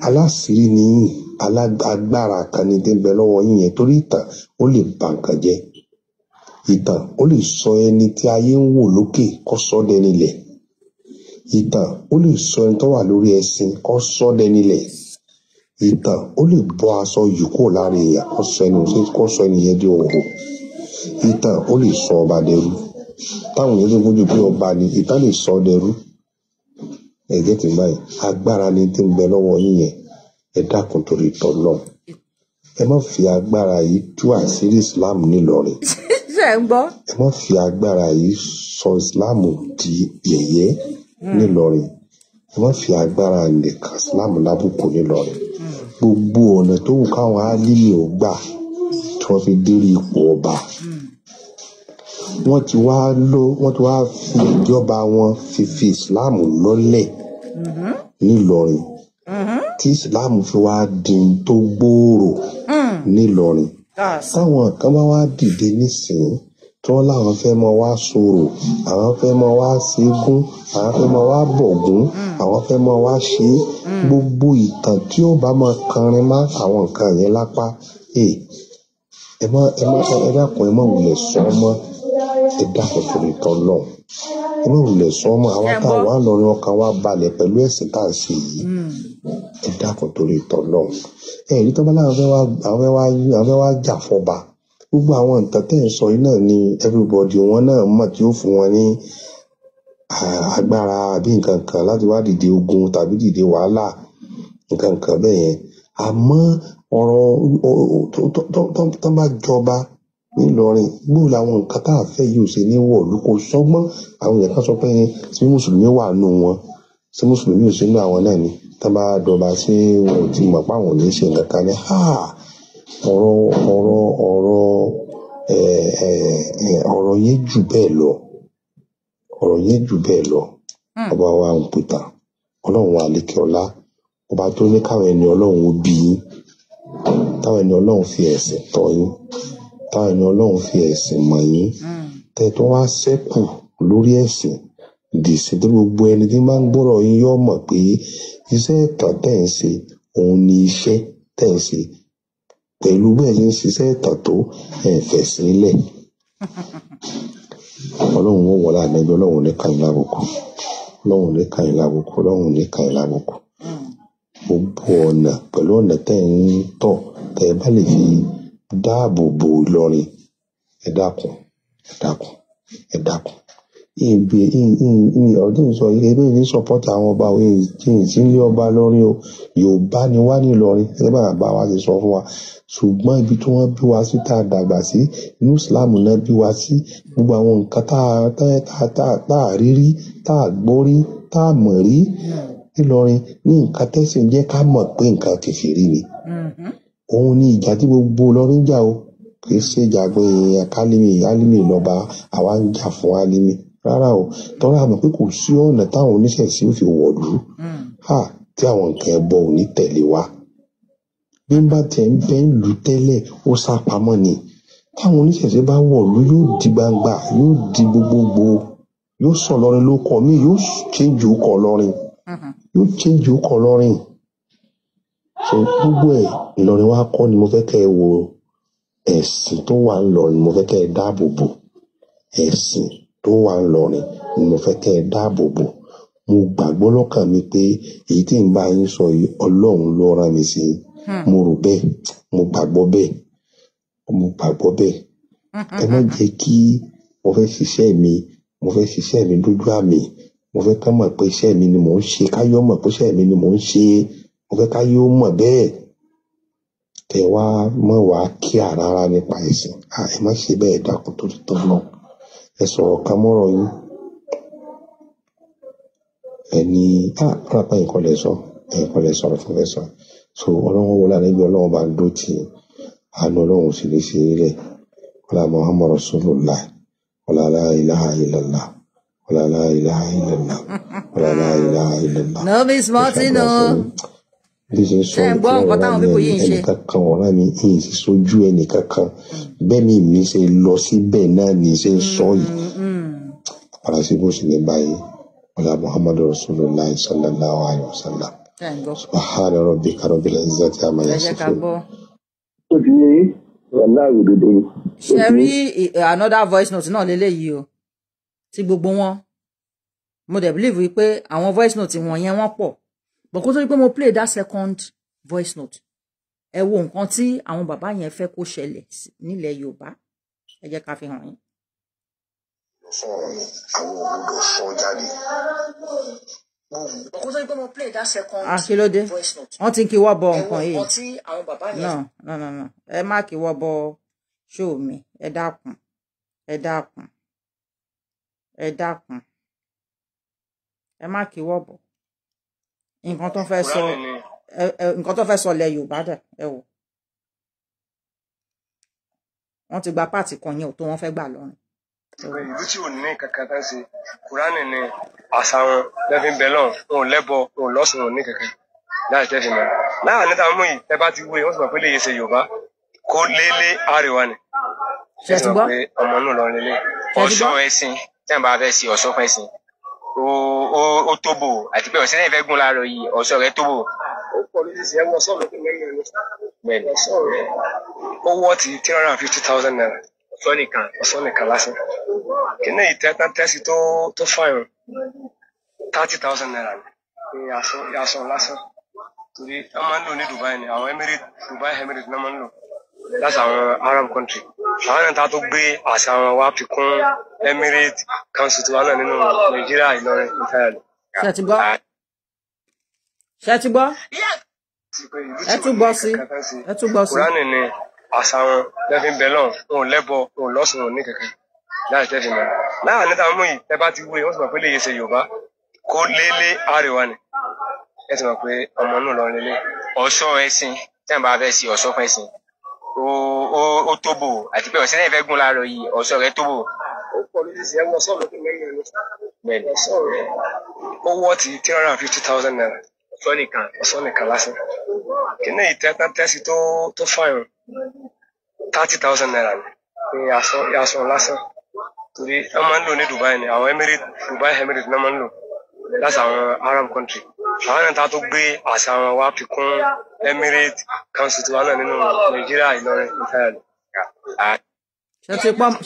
aláṣìírí ni alágbára kan ní débẹ lọ́wọ́ yín torí ìtàn ó lè ba nǹkan ó lè sọ ẹni tí ayé ń wò lókè kó sọ dẹni ìtàn sọ ẹni tó wà lórí sọ dẹni ìtàn ó lè aṣọ lára sọ ẹni sọ ẹni yẹn di òwò ìtàn ó lè sọ ọba dẹrú táwọn yẹn gbójú sọ dẹrú ẹ jẹ́ tí báyìí agbára ni tí ń bẹ lọ́wọ́ yín yẹn ẹ dákun torí tọ́lọ́run ẹ má fi agbára yìí tú àṣírí islam nílọrin (laughs) ẹ má fi agbára yìí sọ islam di yẹ̀yẹ́ hmm. nílọrin ẹ má fi agbára nìkan islam lábùkù nílọrin hmm. gbogbo ọ̀nà tó wù káwọn á lílì ó gbà tí wọ́n fi dérí ipò ọba. Hmm wọ́n ti wá ló wọ́n ti wá fi ìjọba wọn fífi islam lọ́lẹ̀ mm-hmm. nílọrin mm-hmm. tí islam fi wá dín tó gbòòrò mm. nílọrin táwọn kan bá wá dìde nísìnyí tí wọ́n láwọn fẹ́ mọ wá sọ̀rọ̀ àwọn fẹ́ mọ wá ṣẹ́gun àwọn fẹ́ mọ wá bọ̀gún mm. àwọn fẹ́ mọ wá ṣe mm. gbogbo ìtàn tí ó bá mọ kanrin má àwọn nǹkan yẹn lápá eh, ẹ ẹ mọ ẹ mọ ẹ dákun ẹ mọ wulẹ̀ sọ mọ́ ẹ dákun torí tán náà inú ìrùlẹ̀ sọ ọmọ àwa tá a wà lọ́rin ọkàn wa balẹ̀ pẹ̀lú ẹ̀sìn tá à ń ṣe yìí hmm. ẹ dákun torí tán náà ẹ rí tọ́ba láwọn fẹ́ wá jà fọba gbogbo àwọn nǹkan tẹ́ ń sọ yìí náà ni everybody wọn náà mọ̀ tí ó fún wọn ní agbára àbí nǹkan kan láti wá dìde ogun tàbí dìde wàhálà nǹkan kan bẹ́ẹ̀ yẹn àmọ́ ọ̀rọ̀ tó bá jọba ńìlọrin gbóò làwọn nǹkan tá a fẹ́ yìí ò ṣe ní wọ̀lú kò sọ́gbọ́n àwọn èèyàn kan sọ pé ṣé mùsùlùmí wà nù wọn ṣé mùsùlùmí ò ṣe nù àwọn náà ni tá a bá dọba ṣé wọn ò ti mọ̀ pé àwọn ò ní ṣe nǹkan kan ní ọ̀rọ̀ ọ̀rọ̀ ọ̀rọ̀ ọ̀rọ̀ yẹn jù bẹ́ẹ̀ lọ ọ̀rọ̀ yẹn jù bẹ́ẹ̀ lọ hmm. ọba wa ń pìtà ọlọ́run àlékè ọlá ọba tó ní káwọn ẹni ọlọ́run ó bí yín táwọn ẹni ọlọ́run fi ẹ̀sìn tọ́ yín táwọn ẹni ọlọ́run fi ẹ̀sìn mọ̀ yín hmm. tẹ́ tó wá ṣẹ́kù lórí ẹ̀sìn dìsí tó gbogbo ẹni tí máa ń gbọ́rọ̀ yín yọ mọ̀ pé iṣẹ́ ẹ̀tàn tẹ̀ ń ṣe òun ni iṣẹ́ tẹ̀ ń ṣe pẹ̀lú bẹ́ẹ̀ ṣe ń ṣiṣẹ́ ẹ̀tàn tó ẹ̀fẹ̀ sílẹ̀ ọlọ́run wọ́n wọ́n láàrin ẹgbẹ́ ọlọ́run ní kàyín lábùkù ọlọ́run ní kàyín lábùkù ọlọ́run ní kàyín lábùkù hmm. gbogbo ọ̀nà pẹ̀lú ọ̀nà tẹ̀ ń tọ̀ tẹ̀ bá lè fi dáàbò bo Ìlọrin ẹ dákun ẹ dákun ẹ dákun ìgbè ọdí ìsọ ilé ní support àwọn ọba ìsílẹ ọba lọrin o Yorùbá ni wá nílọrin ẹgbẹ́ bàbá wa ti sọ fún wa ṣùgbọ́n ibi tí wọ́n bí wa sí tá a dàgbà sí inú Islam náà bí wa sí gbogbo àwọn nǹkan tá a rí rí tá a gbọ́ rí tá a mọ̀ rí nílọrin ní nǹkan tẹ́sìn jẹ́ ká mọ̀ pé nǹkan kìfìrí ni. Mm-hmm òun ni ìjà tí gbogbo Ìlọrin jà o kì í ṣe ìjà pé kálímì álímì lọ́ba àwa ń jà fún álímì rárá o tọ́lá àmọ́ pé kò sí ọ̀nà táwọn oníṣẹ̀ṣe ò fi wọ̀lú hmm. tí àwọn nǹkan ẹbọ ò ní tẹ̀lé wa bí n bá tiẹ̀ ń bẹ́ ń lù tẹ́lẹ̀ ó sá pamọ́ ni táwọn oníṣẹ̀ṣe bá wọ̀lú yóò di gbangba yóò di gbogbogbò yóò sọ lọrin ló kọ mí yóò ṣe jù ú kọ lọrin hmm. yóò ṣe jù ú kọ lọrin so gbogbo ẹ Ìlọrin wa kọ́ ni mo fẹ́ kẹ́ ẹ wo ẹ̀sìn tó wà ń lọrin mo fẹ́ kẹ́ ẹ dáàbò bò ẹ̀sìn tó wà ń lọrin ni mo fẹ́ kẹ́ ẹ dáàbò bò mo gbàgbọ́ lọ́kàn mi pé èyí tí n bá yín sọ yìí Ọlọ́run ló rán mi sí hmm. mo rò bẹ́ẹ̀ mo gbàgbọ́ bẹ́ẹ̀ mo gbàgbọ́ bẹ́ẹ̀ hmm, ẹ má hmm, jẹ́ kí mo fẹ́ ṣiṣẹ́ mi mo fẹ́ ṣiṣẹ́ mi dójú àmì mo fẹ́ kán mọ̀ pé iṣẹ́ mi ni mò ń ṣe káyọ̀ mọ̀ pé iṣẹ́ mi ni mò ń ṣe é mo fẹ́ ká yóò mọ̀ bẹ́ẹ̀ kẹ wá mọ̀ wá kí àrárá nípa ẹ̀sìn ẹ má ṣe bẹ́ẹ̀ dákun tó ti tọ́ lọ ẹ sọ̀rọ̀ ká mọ́rọ̀ yín ẹni àpapọ̀ nǹkan lè sọ nǹkan lè sọ̀rọ̀ fún ẹ sọ so ọlọ́run wo lànà ibi ọlọ́run bá ń dó tì àánú ọlọ́run sì lè ṣe é ọlá Muhammad Rasulullah ọlá la ilaha illallah. ولا لا إله إلا الله ولا لا إله bí ṣe sọ ìtura ara mi ẹnìkan kan ọ̀rá mi ìyìn sì sójú ẹnìkan kan bẹ́ẹ̀ mi mi ṣe lọ síbẹ̀ náà ní ṣe ń sọ yìí àpàrà mm, mm. sí bó ṣe lè báyìí ọ̀là muhammadu rasulullah sallallahu alayhi wa sallam subahana rabbi karobi la izzati ama yasifun. ó ti yẹ ṣe rí eh, another voice note náà lélẹ́yìí o ti gbogbo wọn mo dẹ̀ believe wípé àwọn voice note wọ̀nyẹn wọ́n pọ̀ but kó tó di pé mo play that second voice note ẹ wo nǹkan tí àwọn bàbá yẹn fẹ́ kó ṣẹlẹ̀ nílẹ̀ Yorùbá ẹ jẹ́ ká fi hàn yín. fọ́ọ̀rọ̀ ni àwọn òwúrọ̀ sọ jáde. kó tó play that second ah, voice note wọ́n ti ń kí wọ́ bọ nǹkan yìí náà náà náà ẹ má kí wọ́ bọ ṣó mi ẹ dákun ẹ dákun ẹ dákun ẹ má kí wọ́ bọ̀ nǹkan tó fẹ́ sọ nǹkan tó fẹ́ sọ lẹ Yorùbá dẹ̀ ẹ wò wọ́n ti gba páàtì kan yẹn ò tó wọ́n fẹ́ gbà lọ́rùn. ìlú tí ò ní kankan tán ṣe kúránì ni àṣà wọn lẹ́fí ń bẹ wọn ò lẹ́bọ wọn ò lọ́sùn wọn ní kankan láì tẹ́fì mọ́. láàrin níta mú yìí ẹ bá ti wé wọ́n sì pé lè yẹ ṣe Yorùbá kó lélé àríwá ni. ṣe ti gbọ́ ọmọ náà lọ lélẹ̀ ọ̀ṣọ́ ẹ̀sìn tẹ́ o tóbò àti pé ọ̀sẹ̀ náà fẹ́ gún láàárọ̀ yìí ọ̀sọ̀ rẹ̀ tóbò. ó pọ̀ lóṣìṣẹ́ ẹ̀wọ̀n sọ̀rọ̀ tó lẹ́yìn ẹ̀rọ. bẹ́ẹ̀ni ọ̀sọ̀ rẹ̀ ó wọ́ ti three hundred and fifty thousand naira. ọ̀sọ́ nìkan. ọ̀sọ́ nìkan lásán. kí ni ìtẹ́tàn tẹ́sí tó tó fàyàn thirty thousand naira ni yàsọ̀ lásán. torí wọ́n máa ń lò ní Dubai ni àwọn Emirates Dubai Emirates náà máa ń lò. That's our Arab country àwọn náà ta tó gbé àṣà wọn wá fi kún Emirate council tiwa náà nínú Nàìjíríà Ìlọrin entirely. ṣé ẹ ti gbọ́ ṣé ẹ ti gbọ́ ẹ tún gbọ́ sí ẹ tún gbọ́ sí. Kùránì ni àṣà wọn lẹ́fí ń bẹ lọ́n wọn ò lẹ́bọ wọn ò lọ́sùn wọn ní kankan láti tẹ́fì mọ́. láàrin níta mú yìí ẹ bá ti wúwe wọ́n sì mọ̀ pé lè ṣe Yorùbá kó lélé àríwá ni ẹ sì mọ̀ pé ọmọ náà lọ ó tóbò àti pé ọ̀sẹ̀ náà fẹ́ gún láàárọ̀ yìí ọ̀sọ̀ rẹ̀ tóbò. ó pọ̀ lóṣìṣẹ́ ẹ̀wọ̀n sọ̀rọ̀ tó lẹ́yìn ẹ̀rọ bẹ́ẹ̀ni ọ̀sọ̀ rẹ̀ ó wọ́ three hundred and fifty thousand naira ọ̀sọ́ nìkan ọ̀sọ́ nìkan lásán kí náà ìtẹ́tàn tẹ́sí tó tó fàyàn thirty thousand naira ni ní aṣọ lásán torí wọ́n máa ń lò ní Dubai ni àwọn Emirates Dubai Emirates náà máa ń lò. That's our Arab country àwọn náà ta tó gbé àṣà wọn wá fi kún Emirate council tiwa náà nínú Nàìjíríà Ìlọrin entirely.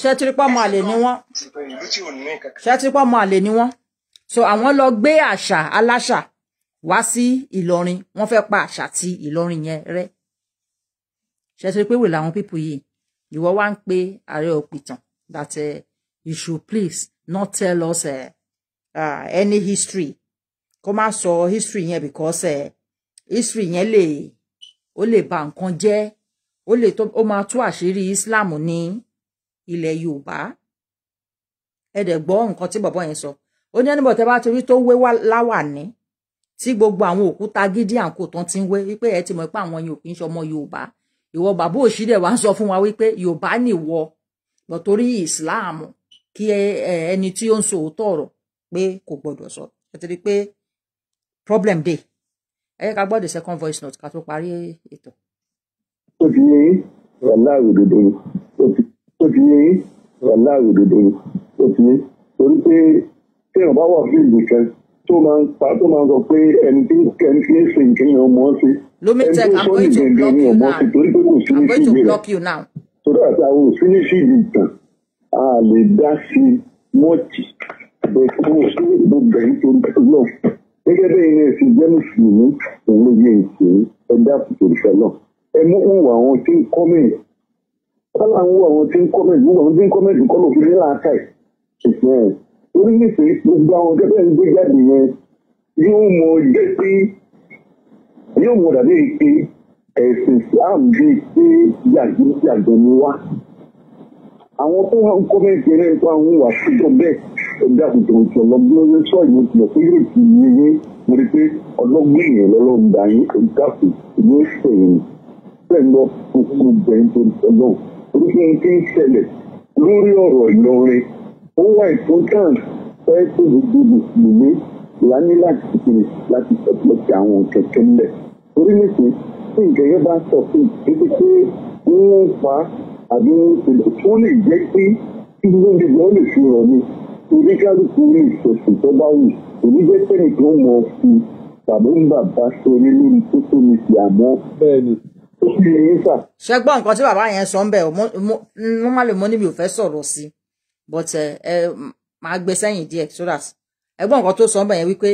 ṣẹ́tìrìpá mọ àlè ni wọ́n ṣẹ́tìrìpá mọ àlè ni wọ́n so àwọn lọ gbé àṣà aláṣà wá sí Ìlọrin wọ́n fẹ́ pa àṣà ti Ìlọrin yẹn rẹ́ ṣẹ́tìrìpé wò làwọn pípù yìí ìwọ wá ń pe ààrẹ òpìtàn that uh, you should please not tell us. Uh, uh, any history Come, má sọ history here because uh, history here, lè ó lè ba nǹkan jẹ́ ó lè tó ó máa tú àṣírí Islam ní ilẹ̀ Yorùbá ẹ dẹ̀ gbọ́ nǹkan tí bọ̀bọ́ yẹn sọ ó ní ẹnìbọ̀ tẹ́ bá ti rí tó ń wé láwàní tí gbogbo àwọn òkúta gidi àǹkó tán ti ń wé wípé ẹ ti mọ̀ pé àwọn yòókù ń ṣọmọ Yorùbá ìwọ bàbá òṣìdẹ̀ wa ń sọ fún wa wípé Yorùbá nìwọ bọ̀ torí Islam kí ẹni tí ó ń sòótọ́ ọ̀rọ̀ pé kò gbọdọ̀ sọ ẹ rí pé problem dey ẹ yẹ ká gbọ́ the second voice note ká tó parí ètò. torí pé téèyàn bá wà fún ìlú kan tó máa ń pa tó máa ń sọ pé ẹni tí ẹni tí ń ṣe nǹkan yẹn ọmọ ṣe ẹni tó sọ ní gbẹngàn ni ọmọ ṣe torí pé kò sí ní ṣíbi rẹ torí àti àwọn òsínìṣì ìtàn a lè dá sí mọ́tì bẹ̀ fún òṣù mo bẹ̀ nítorí ọlọ́ gẹ́gẹ́ bẹ́ẹ̀ ni èsì jẹ́ mùsùlùmí òun ló yẹ ìṣe ẹ dáàbò tó ìṣẹ́ náà ẹ mú wù àwọn tí ń kọ́mẹ̀tì kọ́là ń wù àwọn tí ń kọ́mẹ̀tì wù àwọn tí ń kọ́mẹ̀tì kọ́ ló fi ní làákà ẹ̀ ṣùgbọ́n ẹ̀ torí níṣẹ́ gbogbo àwọn gẹ́gẹ́ ń gbé jáde yẹn yóò mọ jẹ́ pé yóò mọ dàbí pé ẹ̀sìn Islam bíi pé yàgbé yàgbé ni wá àwọn tó wà ń kọ́mẹ̀tì ẹ̀ náà ń pa àwọn ìwà síjọ bẹ́ẹ̀ ẹgbẹ́ àtúntò ti ọlọ́gbọ́n ló sọ ìwé tilẹ̀ pé yóò ti yé yé lórí pé ọlọ́gbọ́n èèyàn lọ́lọ́run dà yín ìdáàbò ìlú ìṣẹ̀yìn bẹ́ẹ̀ lọ gbogbo bẹ̀rẹ̀ tó ń tọ́lọ́ oríṣi ohun tí ń ṣẹlẹ̀ lórí ọ̀rọ̀ Ìlọrin ó wà ìfúntàn fẹ́ tó gbogbo mùsùlùmí láni láti kékeré láti tọ́pọ̀lọpọ̀ àwọn kẹ̀kẹ́ ńlẹ̀ torí nìkan tí nǹkan yẹn bá sọ fún ìdíje pé wọ́n fa àbí wọ́n ti lè tó lè jẹ́ pé kí ló ń lè lọ́ọ́ lè fi rọ̀ ni oníkálukú rí ìṣẹ̀sùn tó bá wù onígbẹ́sẹ̀rẹ̀ tó mọ̀ ọ́ sí tàbí ń bàbá sọrí lórí tó tó mi sí àmọ́ ó sì ní sà. ṣé gbọ́ nǹkan tí bàbá yẹn sọ ń bẹ̀ normally mo níbi ò fẹ́ sọ̀rọ̀ sí but eh, ẹ máa gbé sẹ́yìn díẹ̀ so that ẹ gbọ́ nǹkan tó sọ ń bẹ̀ yẹn wípé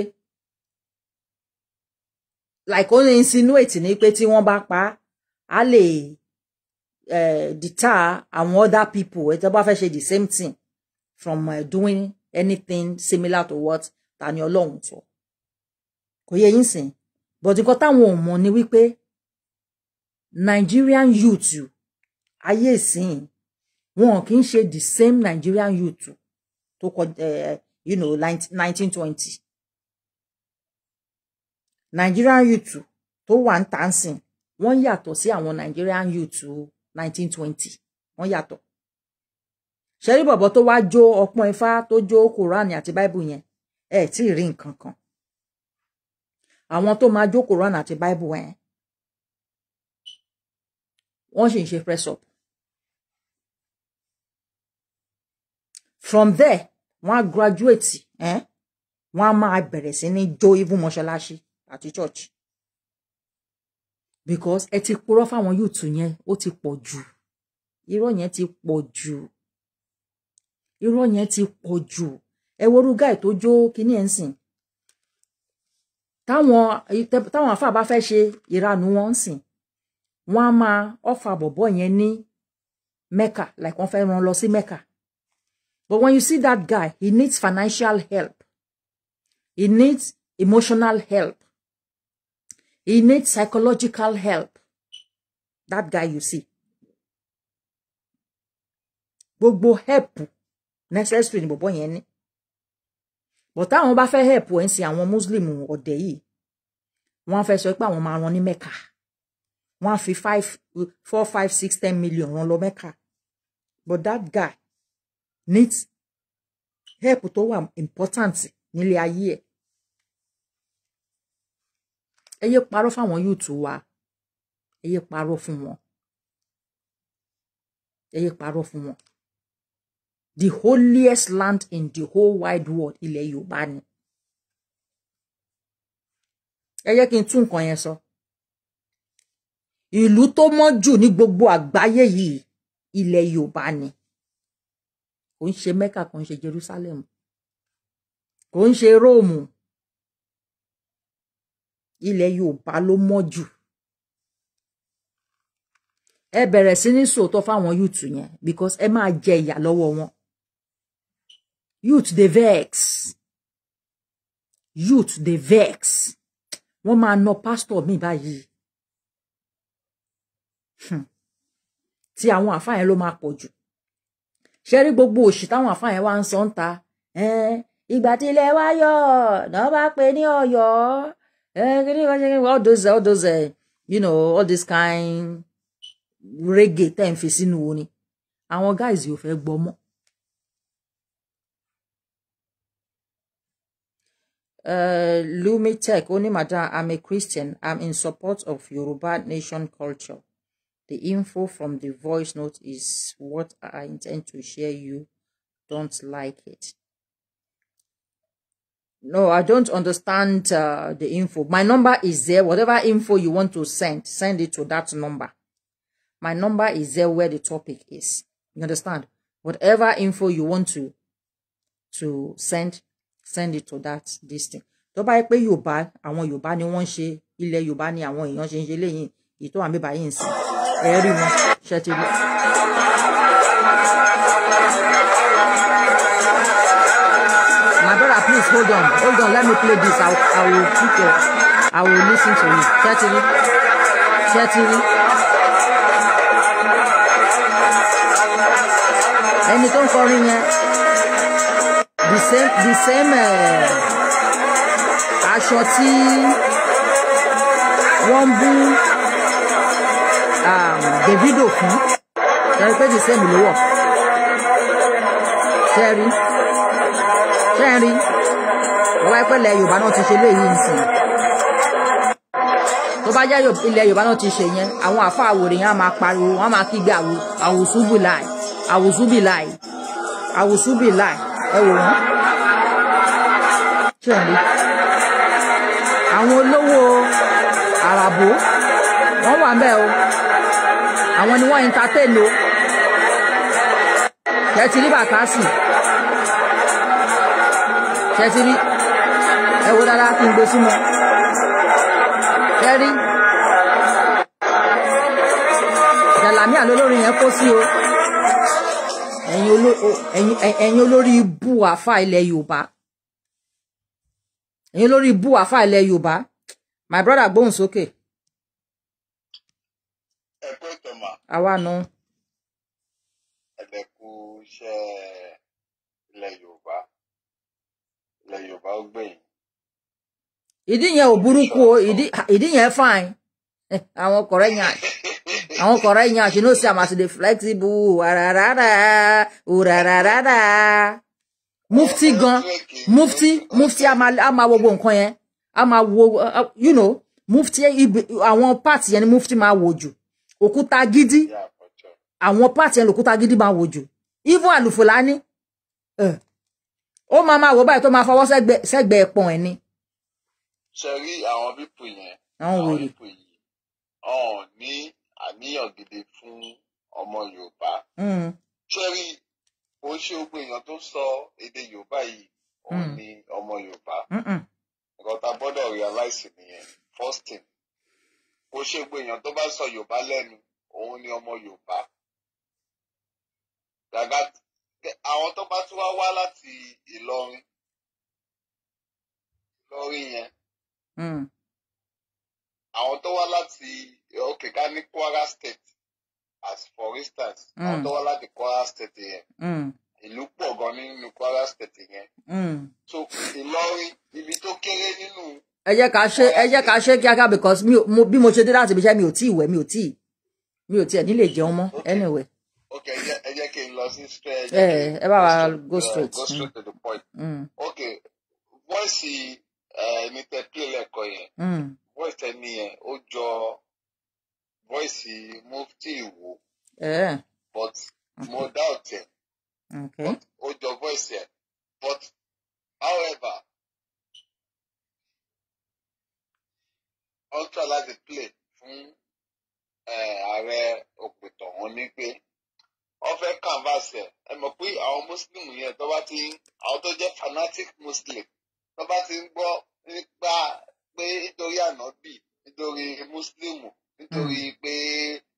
like ó ní insinuate ní pé tí wọ́n bá pa á lè eh, deter àwọn other people ẹ tó bá fẹ́ ṣe the same thing from uh, doing anything similar to what Daniel Ọlọ́run sọ kò yẹ yín sìn but nǹkan táwọn ò mọ̀ ni wípé Nigerian youth ayé ìsìn wọn kì í ṣe the same Nigerian youth To kọ eh, you know nineteen twenty Nigerian youth to wà dancing tàǹsìn wọ́n yàtọ̀ sí àwọn Nigerian youth nineteen twenty wọ́n yàtọ̀ ṣẹ́rí bọ̀bọ̀ tó wá jó ọpọ́n ifá tó jó kòránì àti báìbù yẹn ẹ tí ì rí nǹkan kan àwọn tó máa jó kòránì àti báìbù yẹn wọ́n sì ń ṣe press up from there wọ́n á graduate eh? wọ́n á máa bẹ̀rẹ̀ sí ní jó even mọ́ṣáláṣí àti church because ẹ ti purọ́ fáwọn yóò tù yẹn ó ti pọ̀ jù irọ́ yẹn ti pọ̀ jù irọ́ yẹn ti pọ̀ jù ẹ wo rúgàì tó jó kíní ẹ̀ ń sìn táwọn táwọn àfáà bá fẹ́ ṣe ìranù wọn ń sìn wọ́n á máa ọ̀fà bọ̀bọ̀ yẹn ní Mecca like wọ́n fẹ́ rán lọ sí Mecca but when you see that guy he needs financial help he needs emotional help he needs psychological help that guy you see gbogbo help necessary ni bọ̀bọ̀ yẹn ní but táwọn bá fẹ́ help ẹ̀ ń sin àwọn muslim ọ̀dẹ̀ yìí wọ́n á fẹ́ sọ pé àwọn máa ran ní mẹ́ka wọ́n fi five four five six ten million ran lọ mẹ́ka but that guy needs help tó wà important nílé ayé ẹ̀ ẹ yé parọ́ fáwọn yúùtù wa ẹ yé parọ́ fún wọn ẹ yé parọ́ fún wọn the holiest land in the whole wide world ilẹ̀ yorùbá ni. ẹ yẹ kí n tún nǹkan yẹn sọ ìlú tó mọ́ jù ní gbogbo àgbáyé yìí ilẹ̀ yorùbá ni kò ń ṣe mẹ́kà kò ń ṣe jerusalem kò ń ṣe róòmù ilẹ̀ yorùbá ló mọ́ jù ẹ bẹ̀rẹ̀ sí ní sòótọ́ fáwọn yùtù yẹn because ẹ máa jẹ ìyà lọ́wọ́ wọn youth dey vex youth dey vex wọ́n máa na pastor mi báyìí hmm. tí àwọn àfáà yẹn ló máa pọ̀ jù ṣe rí gbogbo òṣì táwọn àfáà yẹn wá ń sọ ń ta ìgbà tí ilẹ̀ wa yọ̀ náà bá pè ní ọ̀yọ́ all those all those uh, you know all this kind reggae tẹ́ ń fi sínú orin àwọn guys yóò fẹ́ gbọ́ mọ́ Uh, Lumi Tech, madam, I'm a Christian. I'm in support of Yoruba nation culture. The info from the voice note is what I intend to share you. Don't like it. No, I don't understand uh, the info. My number is there. Whatever info you want to send, send it to that number. My number is there where the topic is. You understand? Whatever info you want to to send, send it to that this thing tó bá yẹ pé yorùbá àwọn yorùbá ni wọ́n ń ṣe ilẹ̀ yorùbá ni àwọn èèyàn ṣe ń ṣe léyìn èyí tó wà níbà yìí ń sìn ẹ rí wọn ṣe ti lọ. my brother please hold on hold on let me play this i, I will pick up i will listen to you ṣe ti rí ṣe ti rí. ẹni tó ń kọrin yẹn. December aṣọ tí wọ́n ń bú um, Davido fún ẹni pé December ló wọ̀ ṣẹ́rí ṣẹ́rí wọ́n wáyé pẹ́lẹ̀ Yorùbá náà ti ṣe léyìí nìsín tó bá jẹ́ ilẹ̀ Yorùbá náà ti ṣe yẹn àwọn àfa àwòrán yẹn á máa pariwo wọ́n á máa kígbe àwòsúbìláì àwòsúbìláì àwòsúbìláì ẹ wò wọ́n ṣẹ̀lẹ̀ àwọn olówó àràbò wọ́n wà mẹ́ o àwọn ni wọ́n entertain o ṣẹ́ẹ̀tì rí bàkásì ṣẹ́ẹ̀tì rí ẹ wo dáadáa kí n gbé sí mọ́ ẹ̀rí ìdàlámí àlólórí yẹn kó sí o ẹ̀yin olórí ibú àfa ilẹ̀ Yorùbá ẹ̀yin lórí bú àfa ilẹ̀ yorùbá my brother gbóhùn sókè. ẹ kú ètò mà. àwa nù. ẹ̀bẹ̀ kú iṣẹ́ ilẹ̀ yorùbá ilẹ̀ yorùbá ó gbẹ̀yìn. ìdí yẹn ò burúkú o ìdí yẹn fine (laughs) àwọn kọ̀rẹ́ yẹn àwọn kọ̀rẹ́ yẹn àṣìlóṣì àmàṣìlè flexible rárá rárá rárá mufti gan mufti mufti a máa wo gbogbo nǹkan yẹn a máa wo uh, uh, you know mufti àwọn part yẹn ni mufti máa woju. jù òkúta gidi àwọn part yẹn lòkúta gidi máa wò jù even àlùfòlání uh, ó máa máa wò báyìí tó máa fọwọ́ sẹ́gbẹ̀ẹ́ ẹ̀pọ̀n ẹ̀ ni. ṣe rí àwọn pípù yẹn àwọn pípù yìí ọ̀hún ní àníyàn gidi fún ọmọ Yorùbá. Hmm. ṣe rí kò ṣe gbogbo èèyàn tó sọ èdè yorùbá yìí òun hmm. ni ọmọ yorùbá nǹkan tá a gbọ́dọ̀ realize nìyẹn first thing kò ṣe gbogbo èèyàn tó bá sọ yorùbá lẹ́nu òun ni ọmọ yorùbá dàgbà àwọn tó bá tún wá wá láti ìlọrin ìlọrin yẹn hmm. àwọn tó wá láti òkè ká ní kwara state as for instance mm. àwọn tó wá láti Kwara state yẹn mm. ìlú pọ̀ gan nínú Kwara state yẹn mm. so Ìlọrin ibi tó kéré nínú. ẹ jẹ́ ká ṣe ẹ jẹ́ ká ṣe kíákíá because bí mo ṣe dé láti ibi iṣẹ́ mi ò tí ì wẹ̀ mi ò tí ì mi ò tí ẹ̀ nílé jẹun mọ́ anyway. ok ẹ jẹ́ kí n lọ sí straight. ẹ eh, ẹ bá wa go straight. Uh, go straight mm. to the point. Mm. ok voice ẹni tẹ pílẹ̀ ẹ̀kọ́ yẹn voice ẹni yẹn ó jọ voice mufti ìwò. Yeah. but okay. mo doubt ẹ. Okay. but ó jọ voice ẹ but however ultra láti play fún eh, ààrẹ òpìtàn wọn ní pé wọ́n fẹ́ canvas ẹ̀ ẹ mọ̀ pé àwọn muslim yẹn tó bá ti àwọn tó jẹ́ fanatic muslim tó bá ti ń gbọ́ nípa pé nítorí ànábì nítorí muslim nítorí hmm. pé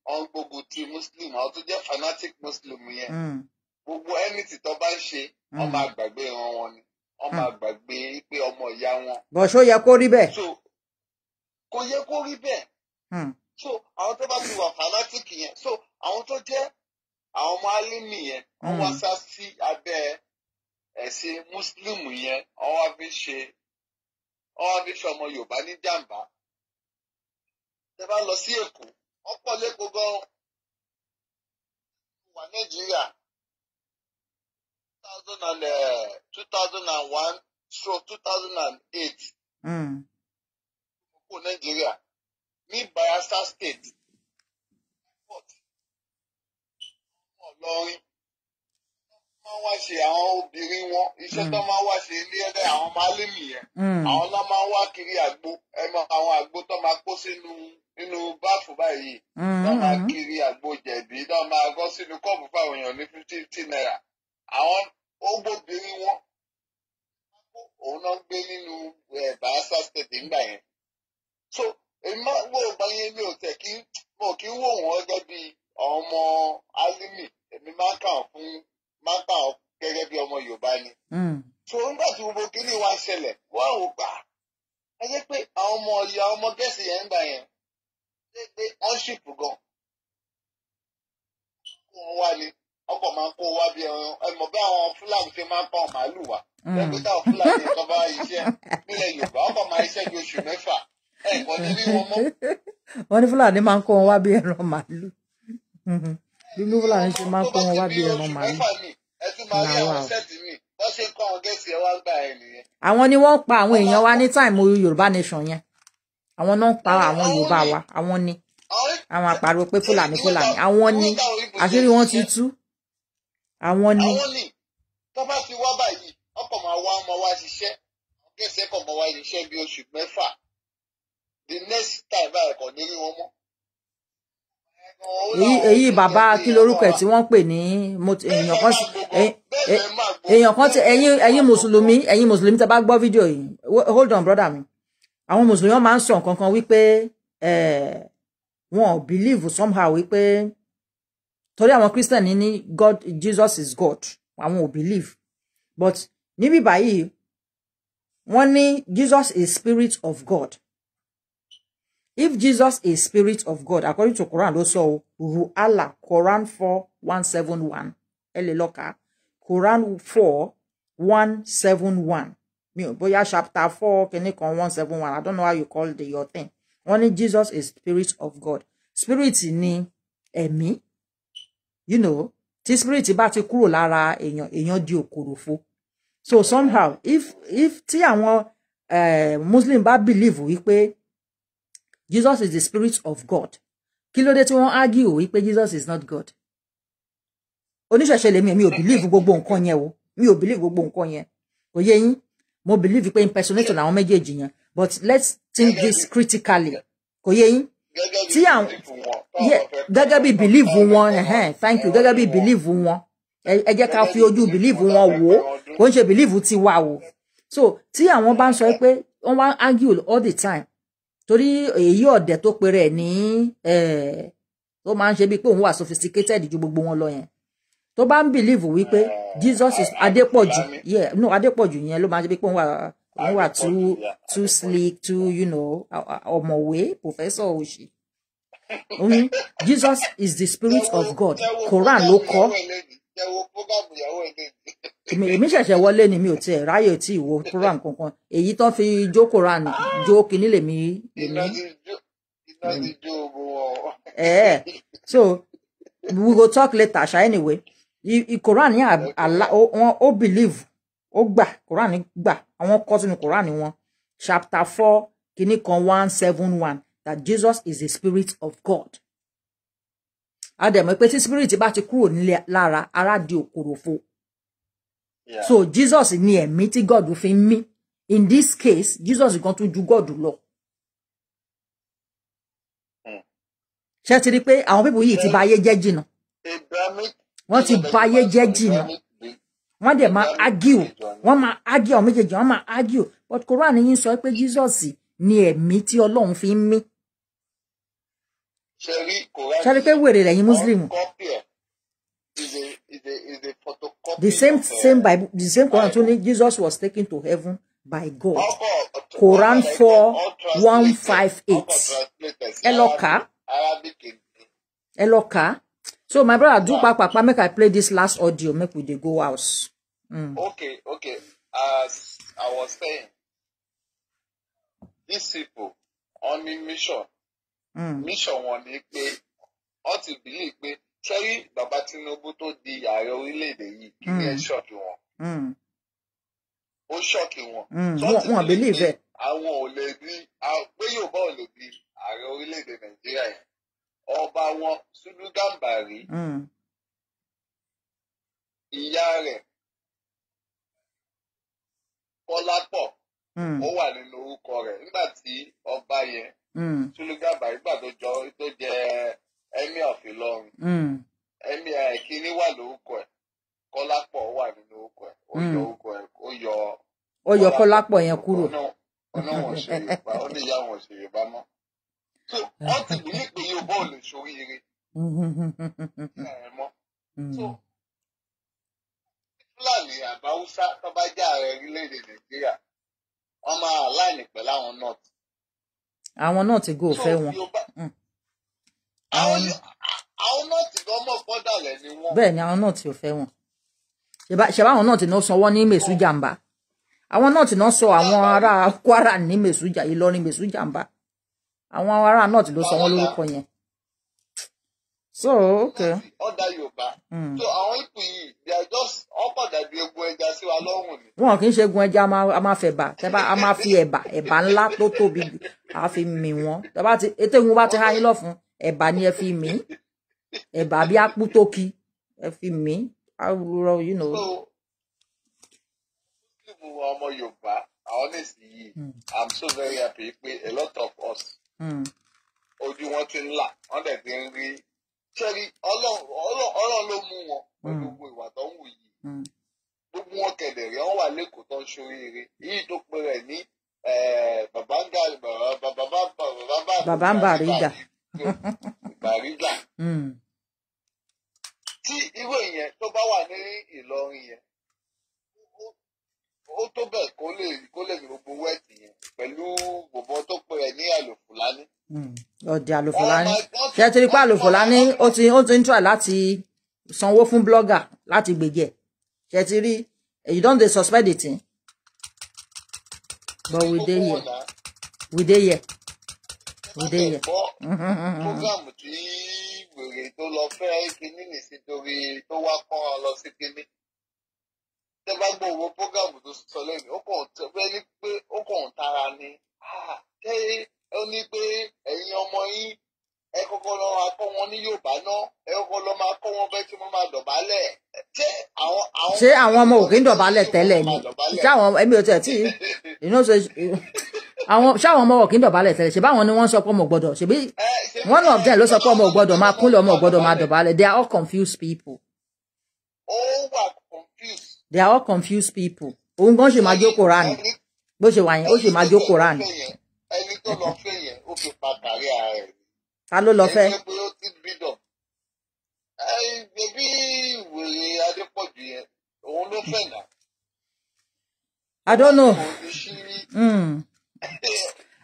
wọ́n gbógun ti muslim àwọn tó jẹ́ fanatic muslim yẹn hmm. gbogbo anything tó bá ń ṣe wọ́n hmm. máa gbàgbé ìran wọn ni wọ́n máa gbàgbé pé ọmọ ìyá wọn. bọ̀ṣọ́ yẹ kó rí bẹ́ẹ̀. so kò yẹ kó rí bẹ́ẹ̀. so àwọn tó bá ti wà fanatic yẹn so àwọn tó jẹ́ àwọn ọmọ alimi yẹn wọ́n wá sá sí abẹ́ ẹ̀sìn muslim yẹn wọ́n wá fi ṣe ọmọ yorùbá ní jàǹbá. tẹ́ bá lọ sí Èkó ọ̀pọ̀ lẹ́kọ̀ọ́ two thousand and eh, two thousand and one two thousand and eight. Hmm. State. ṣe àwọn obìnrin wọn iṣẹ́ mm. tó máa wá ṣe ní ẹ̀rẹ́ àwọn málìmì yẹn mm. àwọn náà máa wá kiri àgbo ẹ mọ àwọn àgbo tó máa kó sínú nínú báàfù báyìí mm-hmm. tó máa kiri àgbo jẹ̀bi tó máa gọ́ sínú kọ́ọ̀bù fáwọn èèyàn ní fifty naira àwọn ogbóbìnrin wọn òun náà gbé nínú Bayelsa State nígbà yẹn so èmi máa ń wò ó gbáyé mi ò tẹ̀ kí mo kí wò wọ́n gẹ́gẹ́ bí ọmọ alimi èmi máa ń kà wọ́n fún máa ń kà wọ́n gẹ́gẹ́ bí ọmọ Yorùbá ni. Hmm. so nígbà tí gbogbo kíní wa ṣẹlẹ̀ wọ́n ò gbà á jẹ́ pé àwọn ọmọ ìyá ọmọ gẹ̀ẹ́sì yẹn ń gbà yẹn ṣe pé wọ́n ṣìpù gan. wọ́n wá ní ọkọ̀ máa ń kó wá bí ẹran ẹmọ bí àwọn Fúlàní ṣe máa ń pa màálù wa lẹ́gbẹ̀ẹ́ hmm. táwọn Fúlàní kan bá iṣẹ́ nílẹ̀ Yorùbá ọkọ̀ máa iṣẹ́ bí oṣù mẹ́fà ẹ̀kọ́ ní rí wọn mọ́. (laughs) wọ́n ní Fúlàní máa ń kó wọn wá bí ẹran màálù (laughs) bí Fúlàní ṣe máa ń kó wọn wá bí ẹran màálù ẹ tún máa rí àwọn ni wọ́n pa àwọn èèyàn wa ní táìmù yorùbá nation yẹn àwọn náà pa àwọn yorùbá wa àwọn ni àwọn àpàrọ̀ pé fúlàní fúlàní àwọn ni àṣírí wọn ti tú àwọn ni. the next time báyìí kò ní rí èyí bàbá kí lorúkọ ẹ̀ tí wọ́n ń pè ní èèyàn kan èèyàn kan ti ẹ̀yin ẹ̀yin mùsùlùmí ẹ̀yin mùsùlùmí tẹ́ bá gbọ́ fídíò yìí hold on brother mi àwọn mùsùlùmí wọn máa ń sọ nǹkan wípé wọn ò believe somehow wípé torí àwọn christian ní ní god jesus is god àwọn ò believe but níbí báyìí wọ́n ní jesus is spirit of god if jesus is spirit of god according to quran also sọ allah quran four one seven one ẹ quran four one seven one mi chapter four kìíní kan one seven one i don't know how you call the your thing Only jesus is spirit of god spirit ni ẹ̀mí you know tí spirit bá ti kúrò lára èèyàn èèyàn di òkòròfo so somehow if if tí àwọn uh, muslim bá believe wípé Jesus is the spirit of God kí ló dé tí wọ́n argue wípé Jesus is not God oníṣẹ̀ṣe lèmi mi ò believe gbogbo nǹkan yẹn o mi ò believe gbogbo nǹkan yẹn kò yé yín mo believe pé impersonator làwọn méjèèjì yẹn but let's think this critically kò yé yín tí àwọn gẹ́gẹ́ bí believe wọn thank you gẹ́gẹ́ bí believe wọn ẹ jẹ́ ká fi ojú believe wọn wò ó kò ń ṣe believe tiwa o so tí àwọn bá ń sọ pé wọ́n wá argue all the time torí èyí ọ̀dẹ̀ tó pere ẹ̀ ní tó máa ń ṣe bíi pé òun wà sophisticated ju gbogbo wọn lọ yẹn tó bá ń believe wípé Jesus is Adépọ̀jù yeah no Adépọ̀jù yẹn ló máa ń ṣe bíi pé òun wà òun wà too too slick too you know ọ̀mọ̀wé professor òṣì hmm? Jesus is the spirit of God Quran ló kọ èmi ṣẹ̀ṣẹ̀ wọlé ni mi ò tiẹ̀ ráyè tí ìwo program kankan èyí tán fi jó koran jó kínní lèmi lèmi. ẹ̀ẹ́ so we go talk later ṣá anyway koran ní àlá wọn ó believe ó gbà koran gbà àwọn kọ́ sínú koran wọn chapter four kínní kan one seven one that Jesus is the spirit of God a pé tí spirit bá ti kúrò nílẹ̀ lára ara di òkòròfo So Jesus ni ẹ̀mí tí God fi ń In this case, Jesus gan tún ju God lọ. Hmm. Ṣé ti rí pé àwọn pípò yìí ti eh, ba ayé jẹ́ jìnnà? Wọ́n ti ba ayé jẹ́ jìnnà. Wọ́n dẹ̀ máa argue. Wọ́n máa argue àwọn méjèèjì. Wọ́n máa argue. But Quran yín sọ pé Jesus ni ẹ̀mí tí Ọlọ́run fi ń mí. Ṣé rí pé wèrè rẹ̀ yín Muslim? Kọ́pì ẹ̀ is a is a is a photocopy. The same of, uh, same Bible, the same Quran. Jesus was taken to heaven by God. Quran four one five eight. Eloka. Arabic. Eloka. So my brother, do pa papa make I play this last audio make we dey go house. Mm. Okay, okay. As I was saying, these people on the mission, mm. mission one. They they ought to believe pé ṣẹ́rí bàbá Tinubu tó di ààrẹ orílẹ̀-èdè yìí kí ni ẹ hmm. ṣọ́ọ̀kì wọn. Hmm. ó ṣọ́ọ̀kì wọn. wọn àbẹ̀lẹ̀ bẹ́ẹ̀. àwọn ò lè bí pé Yorùbá ò lè bí ààrẹ orílẹ̀-èdè Nàìjíríà yìí ọba wọn Sùdù Gàmbàrí hmm. ìyá rẹ̀ Kọ́lápọ̀ ó wà nínú orúkọ rẹ̀ nígbà tí ọba yẹn Sùdù Gàmbàrí gbà tó jẹ emir of Ìlọrin emir wà lórúkọ ẹ Kọ́lápọ̀ wà nínú orúkọ ẹ̀ ó yọ hmm. orúkọ ẹ̀ ó yọ. yẹn kúrò. ọ̀nà wọn ṣe Yorùbá ó ní pé hmm. hmm. Fúlàní àbáwúsá Nàìjíríà máa àwọn náà. àwọn náà ti gò fẹ́ wọn. àwọn náà ti lọ́mọ̀ fọ́dàlẹ̀ ni wọ́n. bẹ́ẹ̀ ni àwọn náà ti ò fẹ́ wọn ṣèbá àwọn náà ti náà sanwó ní mèsù jàǹbá àwọn náà ti náà sọ àwọn ará Kwara ní mèsù jà Ìlọrin mèsù jàǹbá àwọn ará náà ti ló sọ wọn lórúkọ yẹn. so okay. ọ̀dà Yorùbá hmm. so àwọn ipò yìí they are just ọ̀pọ̀dà bíi egun ẹja sí wa lọ́rùn ni. wọn kì í ṣe egun ẹja a máa fẹ́ bà tẹ́bá a máa fi ẹ̀bà ẹ̀bà ńlá tó tóbi a fi mì wọ́n tẹ́bá ti etégun bá ti há yín lọ́fun ẹ̀bà ni ẹ fi mí ẹ̀bà bí apú ẹ fi mí awúrọ yìí nà. fíìmù ọmọ Yorùbá àwọn nèsì hmm. I'm so very happy pé a lot of us hmm. ojú wọn ti ń là wọn dẹ̀ ti ń rí sẹ́rí Ọlọ́run ló mú wọn pẹ̀lú hmm. gbogbo ìwà tó ń wù yìí gbogbo wọn kẹ̀dẹ̀ wọn wà lẹ́kọ̀ọ́ tó ń ṣoríire yìí tó pe ní bàbá ń bà rí Bàrígà. Hmm. Tí irú èèyàn tó bá wà ní Ìlọrin yẹn, ó tó bẹ́ẹ̀ kó lè kó lè gbogbo wẹ́ẹ̀tì yẹn pẹ̀lú gbogbo tó pè é ní àlòfùlání. Ọ̀dẹ̀ hmm. àlòfùlání. Ṣé ẹ ti rí pé àlòfùlání ó ti ó ti ń try láti sanwó fún blogger láti gbèjẹ? Ṣé ẹ ti rí? Eh, you don dey suspect the thing? But we dey here. We dey here. We dey here program tí wèrè tó lọ fẹ́ kínní nìsí torí tó wá kán ọ lọ sí kínní tẹ bá gbọ́ owó program tó sọ lẹ́yìn ó kàn tẹ bẹ́ẹ̀ ni pé ó kàn tara ni ah, ṣé ó ní pé ẹ̀yin ọmọ yín ẹ kọ́kọ́ lọ máa kọ́ wọn ní Yorùbá náà ẹ kọ́kọ́ lọ máa kọ́ wọn bẹ́ẹ̀ tí wọ́n máa dọ̀bálẹ̀ ṣé àwọn. ṣé àwọn ọmọ òkè ń dọ̀bálẹ̀ tẹ́lẹ̀ ni ṣé àwọn ẹ̀mí ò tí iná ṣe àwọn ṣé ọmọ òkè ń dọ̀bálẹ̀ tẹ́lẹ̀ ṣe báwọn ni wọ́n sọ pé ọmọ gbọ́dọ̀ eh, ṣe bí one of them ló sọ pé ọmọ gbọ́dọ̀ máa kúnlẹ̀ ọmọ gbọ́dọ̀ máa dọ̀bálẹ̀ they are all confused people. they are all confused people. òun gan ṣe máa jókòó rà ní bó ṣe wà yẹn ó ṣe máa jókòó rà ní. ẹni tó lọ fẹ́ yẹn ó fi pa kàrí ta ló lọ fẹ́. ẹbí ìwòye adépọ̀jù yẹn òun ló fẹ́ nà. I don't know. Mm.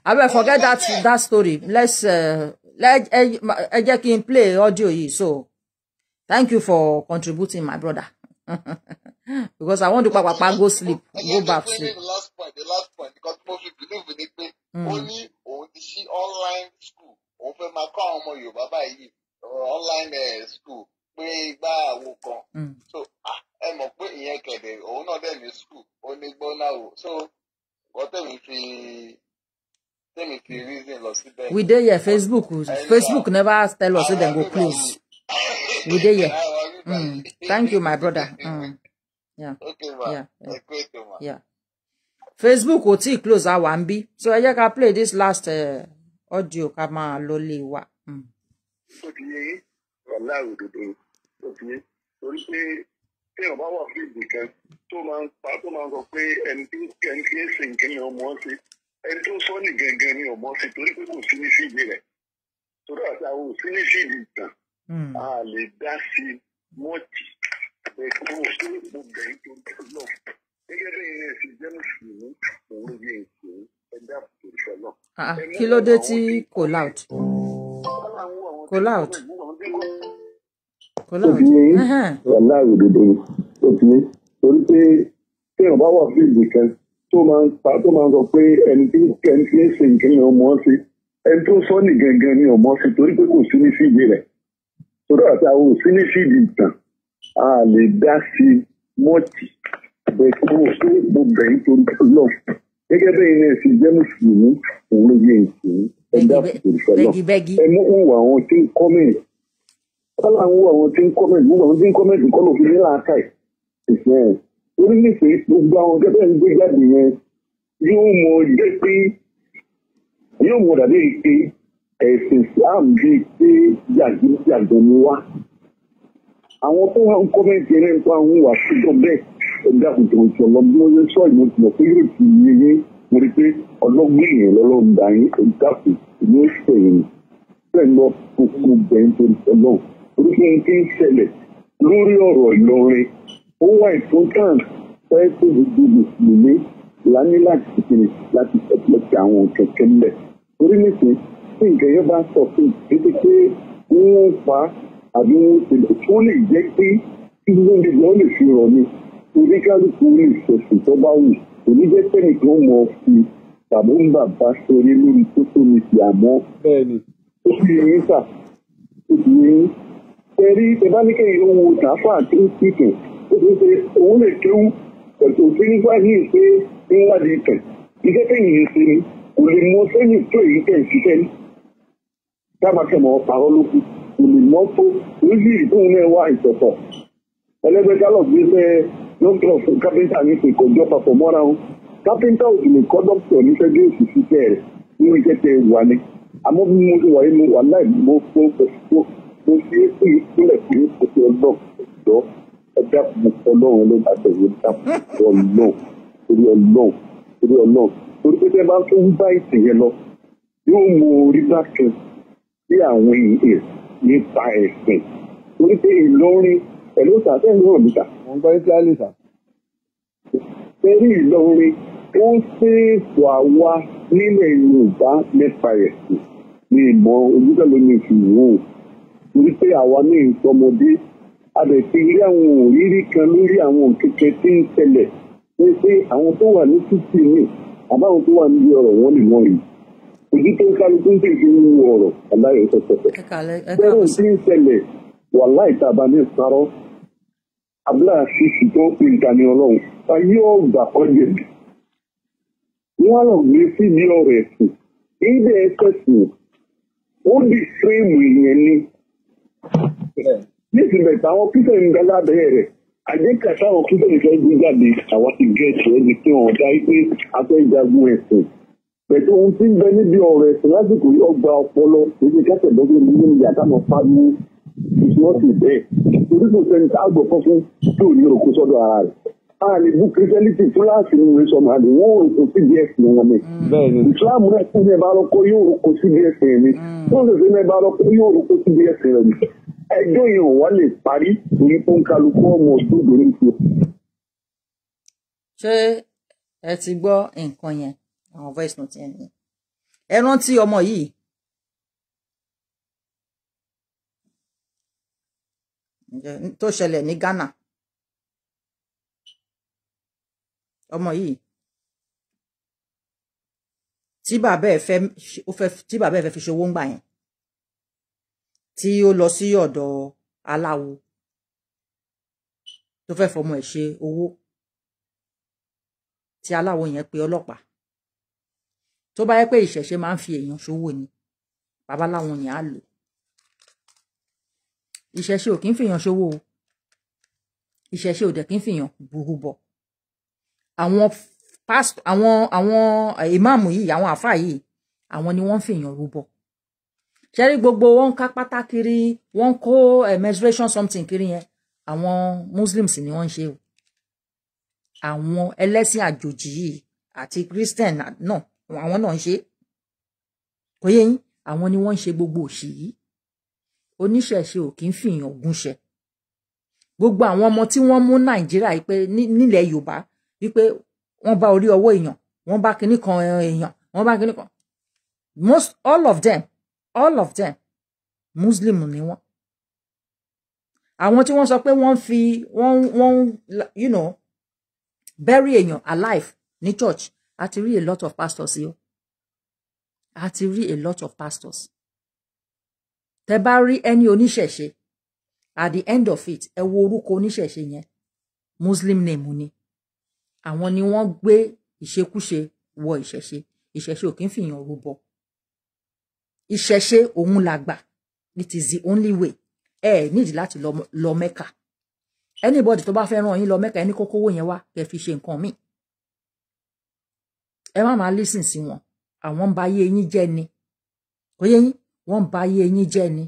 abeg forget that that story let's uh, let ẹ jẹ́ kí n play audio yìí so thank you for contributing my brother (laughs) because I want to papapa go sleep go back sleep. the last point the last point because most people believe in it ó hmm. ní òun ti ṣí online òun fẹ́ máa kọ́ àwọn ọmọ Yorùbá báyìí online eh, school pé igbá àwo kan hmm. so ah, ẹ mọ̀ pé ìyẹn kẹ̀dẹ̀ òun náà dẹ̀ ní school ó ní gbọ́nà o so wọ́n tẹ̀mí fi tẹ̀mí fi reason lọ síbẹ̀. we dey here Facebook Facebook never tell us say dem go close (laughs) we dey here mm. thank you my brother. Mm. Yeah. Okay, yeah, yeah. yeah. Facebook ò tí close our one b so I jẹ́ ká play this last. Uh, ọ́dìò ká máa lọ lé wa. Hmm. téèyàn bá wà fún ìgbì tó máa ń pa tó máa ń sọ pé ẹni tí ẹni tí ń sìn kí ni ọmọ ń ẹni tó sọ ní gangan ni ọmọ ṣe torí pé kò sí ní síbi rẹ̀ torí àti àwọn òsí ní síbi ìtàn hmm. a lè dá sí mọ́tì ẹ̀kọ́ òṣèlú gbogbo ẹ̀ tó gẹ́gẹ́ bẹ́ẹ̀ ẹ̀sìn jẹ́ mùsùlùmí òun yẹn ìṣòro. Ah, ah, kí ló dé tí call out call out call out wàhálà òdodo ó ti ní torí pé tí èèyàn bá wà fíìlì kan tó máa ń pa tó máa ń sọ pé ẹni tí ẹni tí ń ṣe nǹkan yẹn ọmọ sí ẹni tó sọ ní gangan ni ọmọ sí torí pé kò sí ní fíìdì rẹ̀ torí àti àwọn ò sí ní fíìdì ìtàn a lè dá sí mọ́tì bẹ́ẹ̀ kúrò pé mo bẹ̀ nítorí ọlọ́run gẹ́gẹ́ bẹ́ẹ̀ ni èsì jẹ́ mùsùlùmí òun ló yẹ èsì ẹ̀dá òṣèlú ẹ̀ mú hùwà àwọn tí ń kọ́mẹ̀ntì kọ́lá ń hùwà àwọn tí ń kọ́mẹ̀ntì gbogbo àwọn tí ń kọ́mẹ̀ntì kọ́ ló fi ní làákà ìfẹ́ ẹ̀ orí nìfẹ́ gbogbo àwọn gẹ́gẹ́ ń gbé jáde yẹn yóò mọ jẹ́ pé yóò mọ dàbí pé ẹ̀sìn Islam bíi pé yàgbé yàgbé ni wá àwọn tó wà ń kọ́mẹ̀ntì ẹ̀rẹ́ ń pa àwọn hùwà síjọ bẹ́ẹ̀ ẹgbẹ́ àkùnkùn ti ọlọ́gbọ́n yẹn sọ ìmọ̀ tìmọ̀ pé yóò ti yé yín mo rí pé ọlọ́gbọ́n yẹn lọ́lọ́run dá yín ìdáàbò ìlú ìṣẹ̀ yẹn bẹ́ẹ̀ lọ kókó bẹ́ẹ̀ tó ń sọ náà orúkọ yẹn ti ń ṣẹlẹ̀ lórí ọ̀rọ̀ Ìlọrin ó wà ìtúntàn fẹ́ẹ́ tó gbogbo mùsùlùmí lání láti kiri láti ṣẹ̀pẹ̀tì àwọn kẹ̀kẹ́ ńlẹ̀ torí nìkan tí nǹkan yẹn bá sọ fún ìdíje pé wọ́n pa àbí wọ́n ṣẹlẹ̀ lè fi rọ̀ ni oníkálukú lè ṣẹ̀sùn tó bá wù oníjẹ́sẹ̀nì kan mọ̀ fi tàbí ń bàbá sọrí lórí tó tó mi sì àmọ́ ó fi yín sà ó fi yín tẹ̀rí tẹ̀bánikẹ́yìn ló wo tàáfà tó ń tìtẹ̀ ó ti ṣe òun lè kéwú pẹ̀tù tí nígbà yìí ṣe ńlá di tẹ̀ iṣẹ́ tẹ̀yìn yìí ṣe ni kò lè mọ sẹ́yìn tó èyí tẹ̀ ṣiṣẹ́ ní tábàkẹ́mọ̀ ọ̀pàrọ̀ ló kù kò lè mọ́ tó oríṣiríṣi tóun náà wá ìtọ̀tọ̀ ẹlẹ́gbẹ́ká lọ́gbẹ́sẹ̀ lọ́nkìlọ̀ fún kápẹ́ńtà ní pé kò jọ papọ̀ mọ́ra wọn kápẹ́ńtà ò sì lè kọ́ dọ́kítọ̀ ní fẹ́ bí òsì ṣiṣẹ́ rẹ̀ nínú iṣẹ́ tẹ wà ní àmọ́ bí mo ti wà nínú wà láì mo fún mo fi é fún ìpínlẹ̀ sí òsì ọlọ́ọ̀ ọ̀dọ́ ẹ̀dá ọlọ́run ló bá tẹ̀lé dápọ̀ ọlọ́ọ̀ torí ọlọ́ọ̀ torí ọlọ́ọ̀ torí pé tẹ́ bá tún ń bá ìsìn yẹn lọ yóò mú orí bá kan sí àwọn èèyàn nípa ẹ̀sìn torí pé Ìlọrin pẹ̀lú ìtàkẹ́ ìlú òrùka gbọ́ israeli sà torí ìlọrin wọ́n ṣèèṣù àwa nílẹ̀ yorùbá nípa ẹ̀sìn ní ìmọ̀ ojúbẹ̀ ló ní ìṣòro wípé àwa ní ìsọmọdé a lè fi rí àwọn òrírí kan lórí àwọn kẹ̀kẹ́ tí ń ṣẹlẹ̀ wípé àwọn tó wà ní títì ní àbáwọn tó wà níbi ọ̀rọ̀ wọn nìwọ̀n rí ojú tó ń kálukú ń tèjú nínú ọ̀rọ̀ aláyọ̀ sọ̀tọ̀tọ̀ bẹ́ẹ̀ ò sí ń ṣẹlẹ̀ wàláì tàbá ní abúlé àṣìṣì tó ń pè ìdáni ọlọ́run ta yóò gbà kọjẹ wọn lọ gbé síbi ọ̀rọ̀ ẹ̀sìn ìdẹ ẹkẹsìn ó di fíìmù ìyẹn ni nísìnyí táwọn pípẹ́ ń gbálá bẹ́ẹ̀ rẹ̀ àjẹkà táwọn pípẹ́ ń fẹ́ gbé jáde àwa ti gẹ̀ẹ́sì ẹni tí wọn dá pé a fẹ́ jagun ẹ̀sìn pẹ̀lú ohun tí ń bẹ níbi ọ̀rọ̀ ẹ̀sìn lásìkò yìí ọgbà ọpọlọ èyí kẹ́tẹ̀ẹ́dọ́gbẹ̀rún ní ìyá táwọn pariwo wọ́n sì bẹ́ẹ̀ torí kò sẹ́ni tá a gbọ́ fún fún tí ò ní òkú sọ́dọ̀ ara rẹ̀ a lè bu kírísítẹ́lítì fúláàsì ní orí sọmọ àdé wọ́n ò kò sí bí ẹ̀sìn wọn mi ìsìláàmù náà kó mẹ́ẹ̀ bá lọ yóò kó sí bí ẹ̀sìn mi wọ́n sì fi mẹ́ẹ̀ bá lọ yóò kó sí bí ẹ̀sìn mi ẹjọ́ yẹn wọ́n lè parí torí fún kálukú ọmọ òdòdó ní ṣé ẹ ti gbọ́ nǹkan yẹn àwọn voice note yẹn ni ẹ rántí ọmọ yìí tó ṣẹlẹ̀ ní Ghana ọmọ yìí tí bàbá ẹ̀ fẹ́ ó fẹ́ tí bàbá ẹ̀ fẹ́ fi ṣòwò ńgbà yẹn tí ó lọ sí ọ̀dọ̀ aláwo tó fẹ́ fọmọ ẹ̀ ṣe owó tí aláwo yẹn pe ọlọ́pàá tó bá yẹ pé ìṣẹ̀ṣe máa ń fi èèyàn ṣòwò ni babaláwo yẹn á lò ó ìṣẹ̀ṣe ò kí ń fìyàn ṣòwò o ìṣẹ̀ṣe ò dẹ̀ kí ń fìyàn burú bọ̀ àwọn past àwọn àwọn ìmáàmù yìí àwọn àfáà yìí àwọn ni wọ́n ń fìyàn rúbọ ṣẹ́rí gbogbo wọn ń ká pátá kiri wọ́n ń kó eh, menstruation something kiri yẹn àwọn muslims ni wọ́n ń ṣe o àwọn ẹlẹ́sìn àjòjì yìí àti christian náà àwọn náà ń ṣe kò yẹ yín àwọn ni wọ́n ń ṣe gbogbo òṣì yìí oníṣẹ̀ṣe ò kí ń fìyàn ògúnṣẹ gbogbo àwọn ọmọ tí wọ́n mú nàìjíríà pé nílẹ̀ yorùbá wípé wọ́n bá orí ọwọ́ èèyàn wọ́n bá kinní kan eh, èèyàn wọ́n bá kinní kan most all of them all of them muslim ni wọ́n àwọn tí wọ́n sọ pé wọ́n fi wọ́n wọ́n you know bury èèyàn alive ní church a ti rí a lot of pastors yìí o a ti rí a lot of pastors tẹ bá rí ẹni oníṣẹ̀ṣe at the end of it ẹ wo orúkọ oníṣẹ̀ṣe yẹn muslim name ni àwọn ni wọ́n gbé ìṣekúṣe wọ ìṣẹ̀ṣe ìṣẹ̀ṣe ò kí ń fìyàn rúbọ ìṣẹ̀ṣe òun làgbà it is the only way ẹ eh, need láti lọ mẹ́ka anybody to bá fẹ́ ràn yín lọ mẹ́ka ẹni kókó owó yẹn wá kẹ́ fi ṣe nǹkan míì ẹ má máa lísìn sí wọn àwọn ba ayé yín jẹ́ ni kò yé wọ́n ń ba ayé yín jẹ́ ni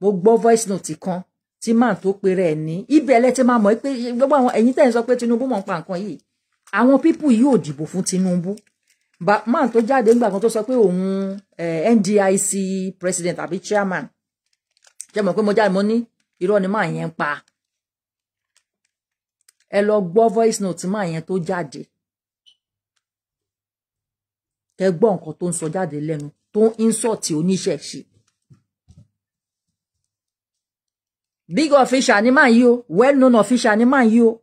mo gbọ́ voice note kan tí màá tó péré ẹ̀ ní ibẹ̀ lẹ́tẹ̀ máa mọ̀ pé gbogbo àwọn ẹ̀yin tẹ̀ ń sọ pé Tinubu mọ̀ ń pa nǹkan yìí àwọn pípù yìí ò dìbò fún Tinubu máa tó jáde ńgbà kan tó sọ pé òun eh, NDIC president àbí chairman ṣe mọ̀ pé mo jáde mo ní irọ́ ni máa yẹn ń pa ẹ lọ gbọ́ voice note máa yẹn tó jáde ẹ gbọ́ nǹkan tó ń sọ jáde lẹ́nu tó ń insult oníṣẹ̀ṣe. big official ni máa yí o well known official ni máa yí o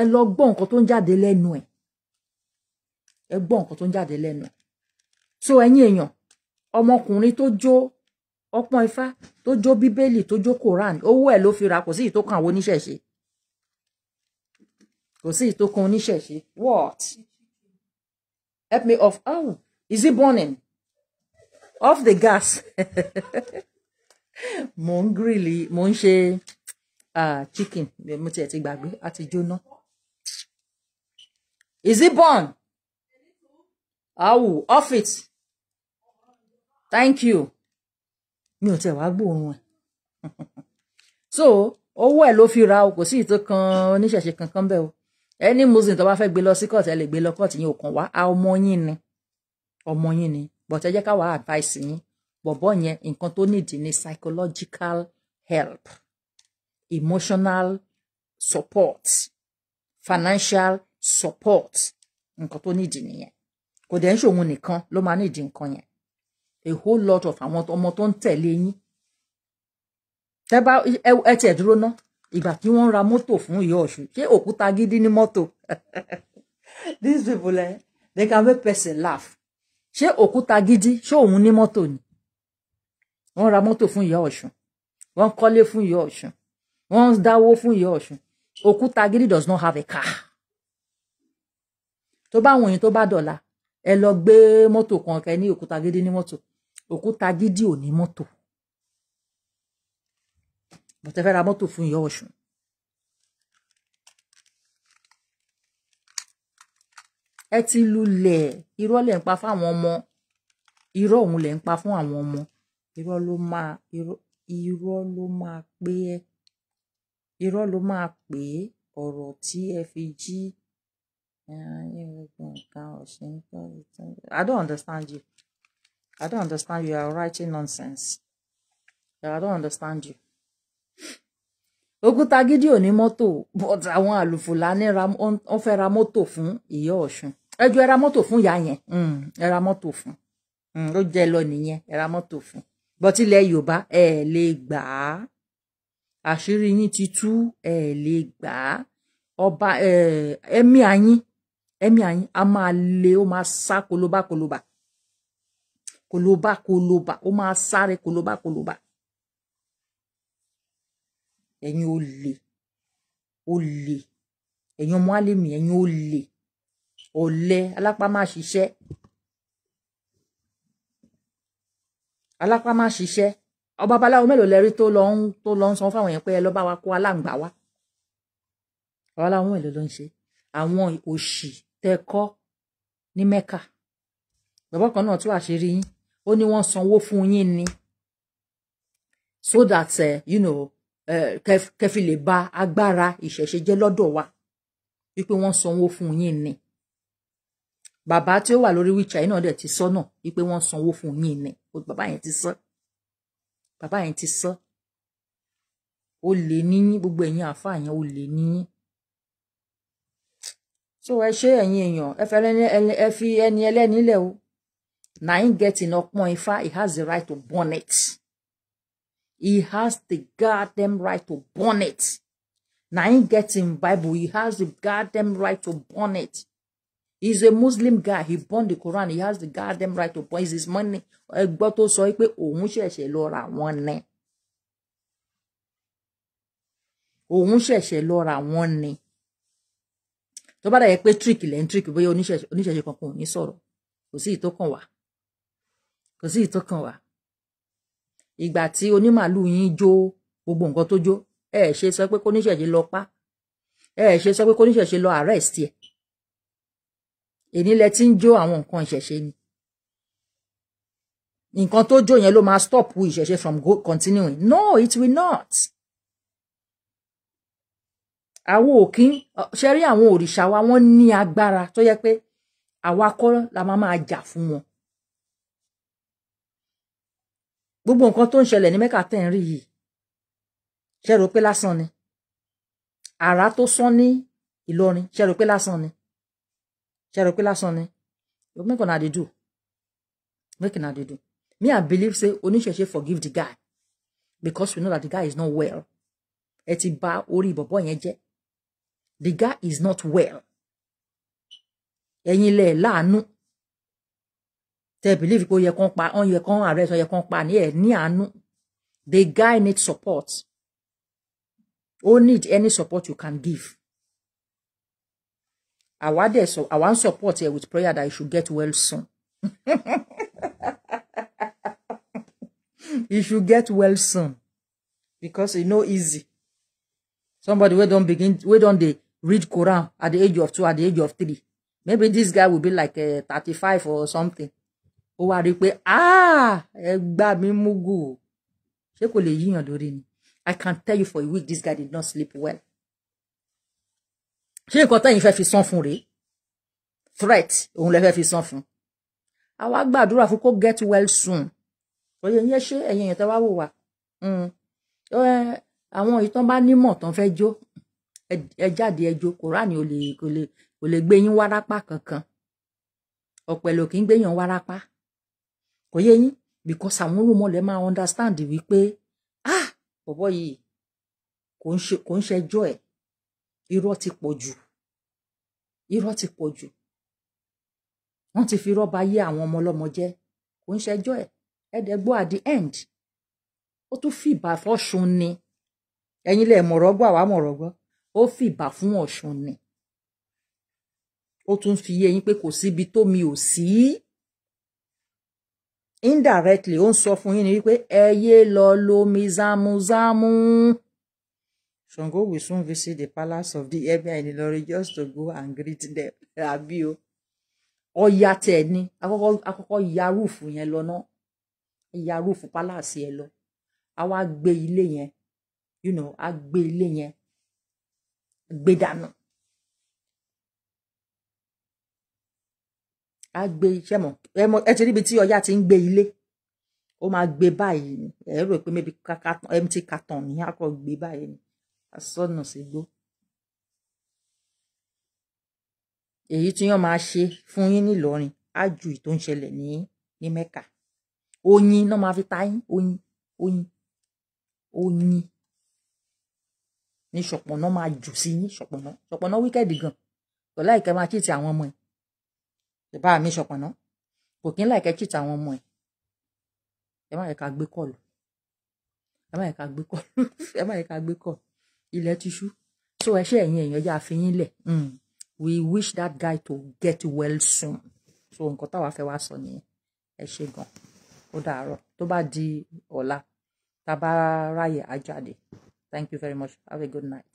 ẹ lọ gbọ́ nǹkan tó ń jáde lẹ́nu ẹ̀ ẹ gbọ́ nǹkan tó ń jáde lẹ́nu ẹ̀ so ẹ̀yin èèyàn ọmọkùnrin tó jó ọpọ́n ifá tó jó bíbélì tó jó koran owó ẹ̀ ló fi ra kò sí ìtò kan àwọn oníṣẹ̀ṣe kò sí ìtò kan oníṣẹ̀ṣe what help me off oh, is it burning off the gas (laughs) mo ń gírìlì mo ń ṣe chicken mo tiẹ̀ ti gbàgbé a ti jóná is it born Awo off it thank you mi ò tiẹ̀ wá gbóòórùn ẹ̀ so owó ẹ̀ ló fi ra o kò sí ìtò kan oníṣẹ̀ṣe kankan bẹ́ẹ̀ o ẹni muslim tó bá fẹ́ gbé lọ sí kọ́ọ̀tù ẹ lè gbé lọ kọ́ọ̀tù yẹn ò wá a ọmọ yín ni ọmọ yín ni but ẹ jẹ́ ká wàá advice yín bọ̀bọ̀ yẹn nǹkan tó nídìí ni psychological help emotional support financial support nǹkan tó nídìí nìyẹn kò dẹ̀ ń ṣòun nìkan ló máa nídìí nǹkan yẹn a whole lot of àwọn ọmọ tó ń tẹ̀lé yín tẹ́ bá ẹ tiẹ̀ dúró ná ìgbà tí wọ́n ń ra mọ́tò fún ìyá ọ̀ṣun ṣé òkúta gidi ní mọ́tò (laughs) these people eh, they can make person laugh ṣé òkúta gidi ṣé òun ní mọ́tò ni wọ́n ra mọ́tò fún ìyá ọ̀ṣun wọ́n kọ́lé fún ìyá ọ̀ṣun wọ́n dáwó fún ìyá ọ̀ṣun òkúta gidi does not have a car tó bá wọ̀nyí tó bá dọ̀la ẹ lọ gbé mọ́tò kan kẹ ní òkúta gidi ní mọ́tò òkúta gidi ò ní mọ́tò bọ̀tẹ́fẹ́ ra mọ́tò fún ìyá ọ̀ṣun ẹ ti lulẹ̀ irọ́ lẹ̀ ń pa fáwọn ọmọ irọ́ òun lẹ̀ ń pa fún àwọn ọmọ irọ́ ló máa irọ́ ló máa pé ẹ́ irọ́ ló máa pè ọ̀rọ̀ tí ẹ fi jí I don't understand you. I don't understand You are writing nonsense. I don't understand you òkútagídí ò ní mọ́tò but àwọn àlùfùlàní wọ́n fẹ́ ra mọ́tò fún ìyá ọ̀ṣun ẹjọ́ ẹ ra mọ́tò fún ìyá yẹn mm, ẹ ra mọ́tò fún mm, ó jẹ lọ nìyẹn ẹ ra mọ́tò fún but ilẹ̀ yorùbá ẹ lè gbà á àṣírí yín ti tú ẹ lè gbà á ọba ẹmí ayín ẹmí ayín a máa le ó máa sá kolobá kolobá kolobá ó máa sáré kolobá ẹ̀yin olè olè ẹ̀yin ọmọ àlèmí ẹ̀yin olè ọ̀lẹ alápá má ṣiṣẹ́ alápá má ṣiṣẹ́ ọba babaláwo mélòó lẹ́rí tó lọ ń tó lọ ń san fáwọn yẹn pé ẹ lọ bá wa kó aláǹgbá wa babaláwo mélòó ló ń ṣe àwọn òṣì tẹkọ ní mẹ́kà bàbá kan náà tú àṣírí yín ó ní wọ́n sanwó fún yín ni so that uh, you know Eh, kẹfì lè ba agbára ìṣẹ̀ṣe jẹ́ lọ́dọ̀ wa wípé wọ́n sanwó fún yín ni bàbá tí ó wà lórí wíìchà yìí náà dẹ̀ ti sọ náà wípé wọ́n sanwó fún yín ni bàbá yẹn ti sọ bàbá yẹn ti sọ ó lè níyín gbogbo ẹ̀yin àfa yẹn ó lè níyín so ẹ ṣe ẹ̀yin èèyàn ẹ fẹ́ ẹ fi ẹni ẹlẹ́ni lẹ̀ o na him get enough pọ́n ifá he has the right to burn it. He has the goddamn right to burn it. Now he gets in Bible. He has the goddamn right to burn it. He's a Muslim guy. He burned the Quran. He has the goddamn right to burn. It's his money. Ẹgbọ́n tó sọ pé òun ṣẹ̀ṣẹ̀ lọ ra wọ́n ní. Òun ṣẹ̀ṣẹ̀ lọ ra wọ́n ní. Tó bá dà yẹ trick lẹ́ trick bóyá oníṣẹ̀ṣẹ̀ kankan ò ní sọ̀rọ̀. Kò sí ìtókàn wá. Kò sí ìtókàn ìgbà tí onímàálù yín jó gbogbo nǹkan tó jó ẹ ṣe sọ pé kóníṣẹ̀ṣe lọ pa ẹ ṣe sọ pé kóníṣẹ̀ṣe lọ arrest ẹ èní lẹ ti ń jó àwọn nǹkan ìṣẹ̀ṣe ni nǹkan tó jó yẹn ló máa stop ìṣẹ̀ṣe from go continuing no it will not àwọn òkín ṣe rí àwọn òrìṣà wa wọ́n ní agbára tó yẹ pé àwa kọ́ la máa máa jà fún wọn gbogbo nǹkan tó ń ṣẹlẹ̀ ní mẹ́kà tẹ̀ ń rí yìí ṣe rò pé lásán ni àrà tó sán ní Ìlọrin ṣe rò pé lásán ni ṣe rò pé lásán ni make una dey do make una dey do me i believe say oníṣẹ̀ṣe forgive the guy because we know that the guy is not well ẹ ti bà orí bọ̀bọ̀ yẹn jẹ́ the guy is not well ẹ̀yin lẹ̀ láàánú tẹ believe pé ó yẹ kán pa ó yẹ kán arrest ó yẹ kán pa ni ẹ ní àánú the guy need support ó need any support you can give àwa dẹ̀ sọ àwa ń support ẹ with prayer that you should get well soon (laughs) you should get well soon because e no easy somebody wey don begin wey don dey read Quran at the age of two at the age of three maybe this guy will be like eh, thirty five or something ó wá rí i pé ah, ẹ gbà mí mugu ṣé kò lè yíyàn lórí ni I can tell you for a week this guy did not sleep well ṣé nǹkan tẹ́yìn fẹ́ fi san fún rèé threat òun lè fi san fún àwa gbàdúrà fún kó get well soon òye yẹn ṣé ẹ̀yin èèyàn tẹ́ wá wò wá hmm. àwọn ìtàn bá nímọ̀ tán fẹ́ jó ẹ jáde ẹ jó kòránì ò lè kò lè gbé yín wárápá kankan ọ̀pẹ̀lò kì í gbé yàn wárápá kò yé yín because àwọn olùmọ̀lẹ́ máa understand wípé ah bọ̀bọ̀ yìí kò ń ṣe kò ń ṣẹjọ́ ẹ̀ irọ́ ti pọ̀ jù irọ́ ti pọ̀ jù wọ́n ti fi rọ́ba yé àwọn ọmọ ọlọ́mọ jẹ́ kò ń ṣẹjọ́ ẹ̀ ẹ̀ẹ́dẹ́gbọ́ at the end ó tún fìbà fọ́ṣun ni ẹ̀yin lẹ̀ mọ̀rọ̀ gbọ́ àwa mọ̀rọ̀ gbọ́ ó fìbà fún ọ̀ṣun ni ó tún fi yé yín pé kò síbi tó ò sí. Si indirectly ó ń sọ fún yín ni wípé ẹ yé lọ lomi zámúzámú Ṣàngó will soon visit the palace of the emir in Ilorin just to go and greet them (laughs) àbí o ọya tẹ ni àkọ́kọ́ àkọ́kọ́ ya rúùfù yẹn lọ náà ya rúùfù palace yẹn lọ a wá gbé ilé yẹn you know a gbé ilé yẹn gbé dànù á gbé iṣẹ́ mọ̀ ẹ ti ríbi tí ọya ti ń gbé ilé ó máa gbé báyìí ni ẹ rò pé maybe mt carton ni á kọ́ gbé báyìí ni asọ́nà sí gbó. èyí tí wọ́n máa ṣe fún yín nílọrin á ju ìtò ń ṣẹlẹ̀ ní ní mẹ́ka oyin náà máa fi ta yín oyin oyin oyin ní ṣọ̀pọ̀nà máa jù sí yín ṣọ̀pọ̀nà ṣọ̀pọ̀nà wíkẹ́ẹ̀dì gan ọ̀la ìkẹ́ máa kíìtì àwọn ọmọ yìí bá mi ṣọpọ̀nà kò kí ń láì kẹ́chìt àwọn ọmọ ẹ̀ ẹ má yẹ ká gbé kọ̀lù ẹ má yẹ ká gbé kọ̀lù (laughs) ẹ má yẹ ká gbé kọ̀lù ilẹ̀ ti ṣú so ẹ ẹ̀yin èèyàn já fi lẹ̀ hmm. we wish that guy to get well soon so nǹkan táwa fẹ́ wá sọ nìyẹn ẹ ṣe gan ó dàárọ̀ tó bá di ọ̀la tá a bá ráyè á thank you very much have a good night.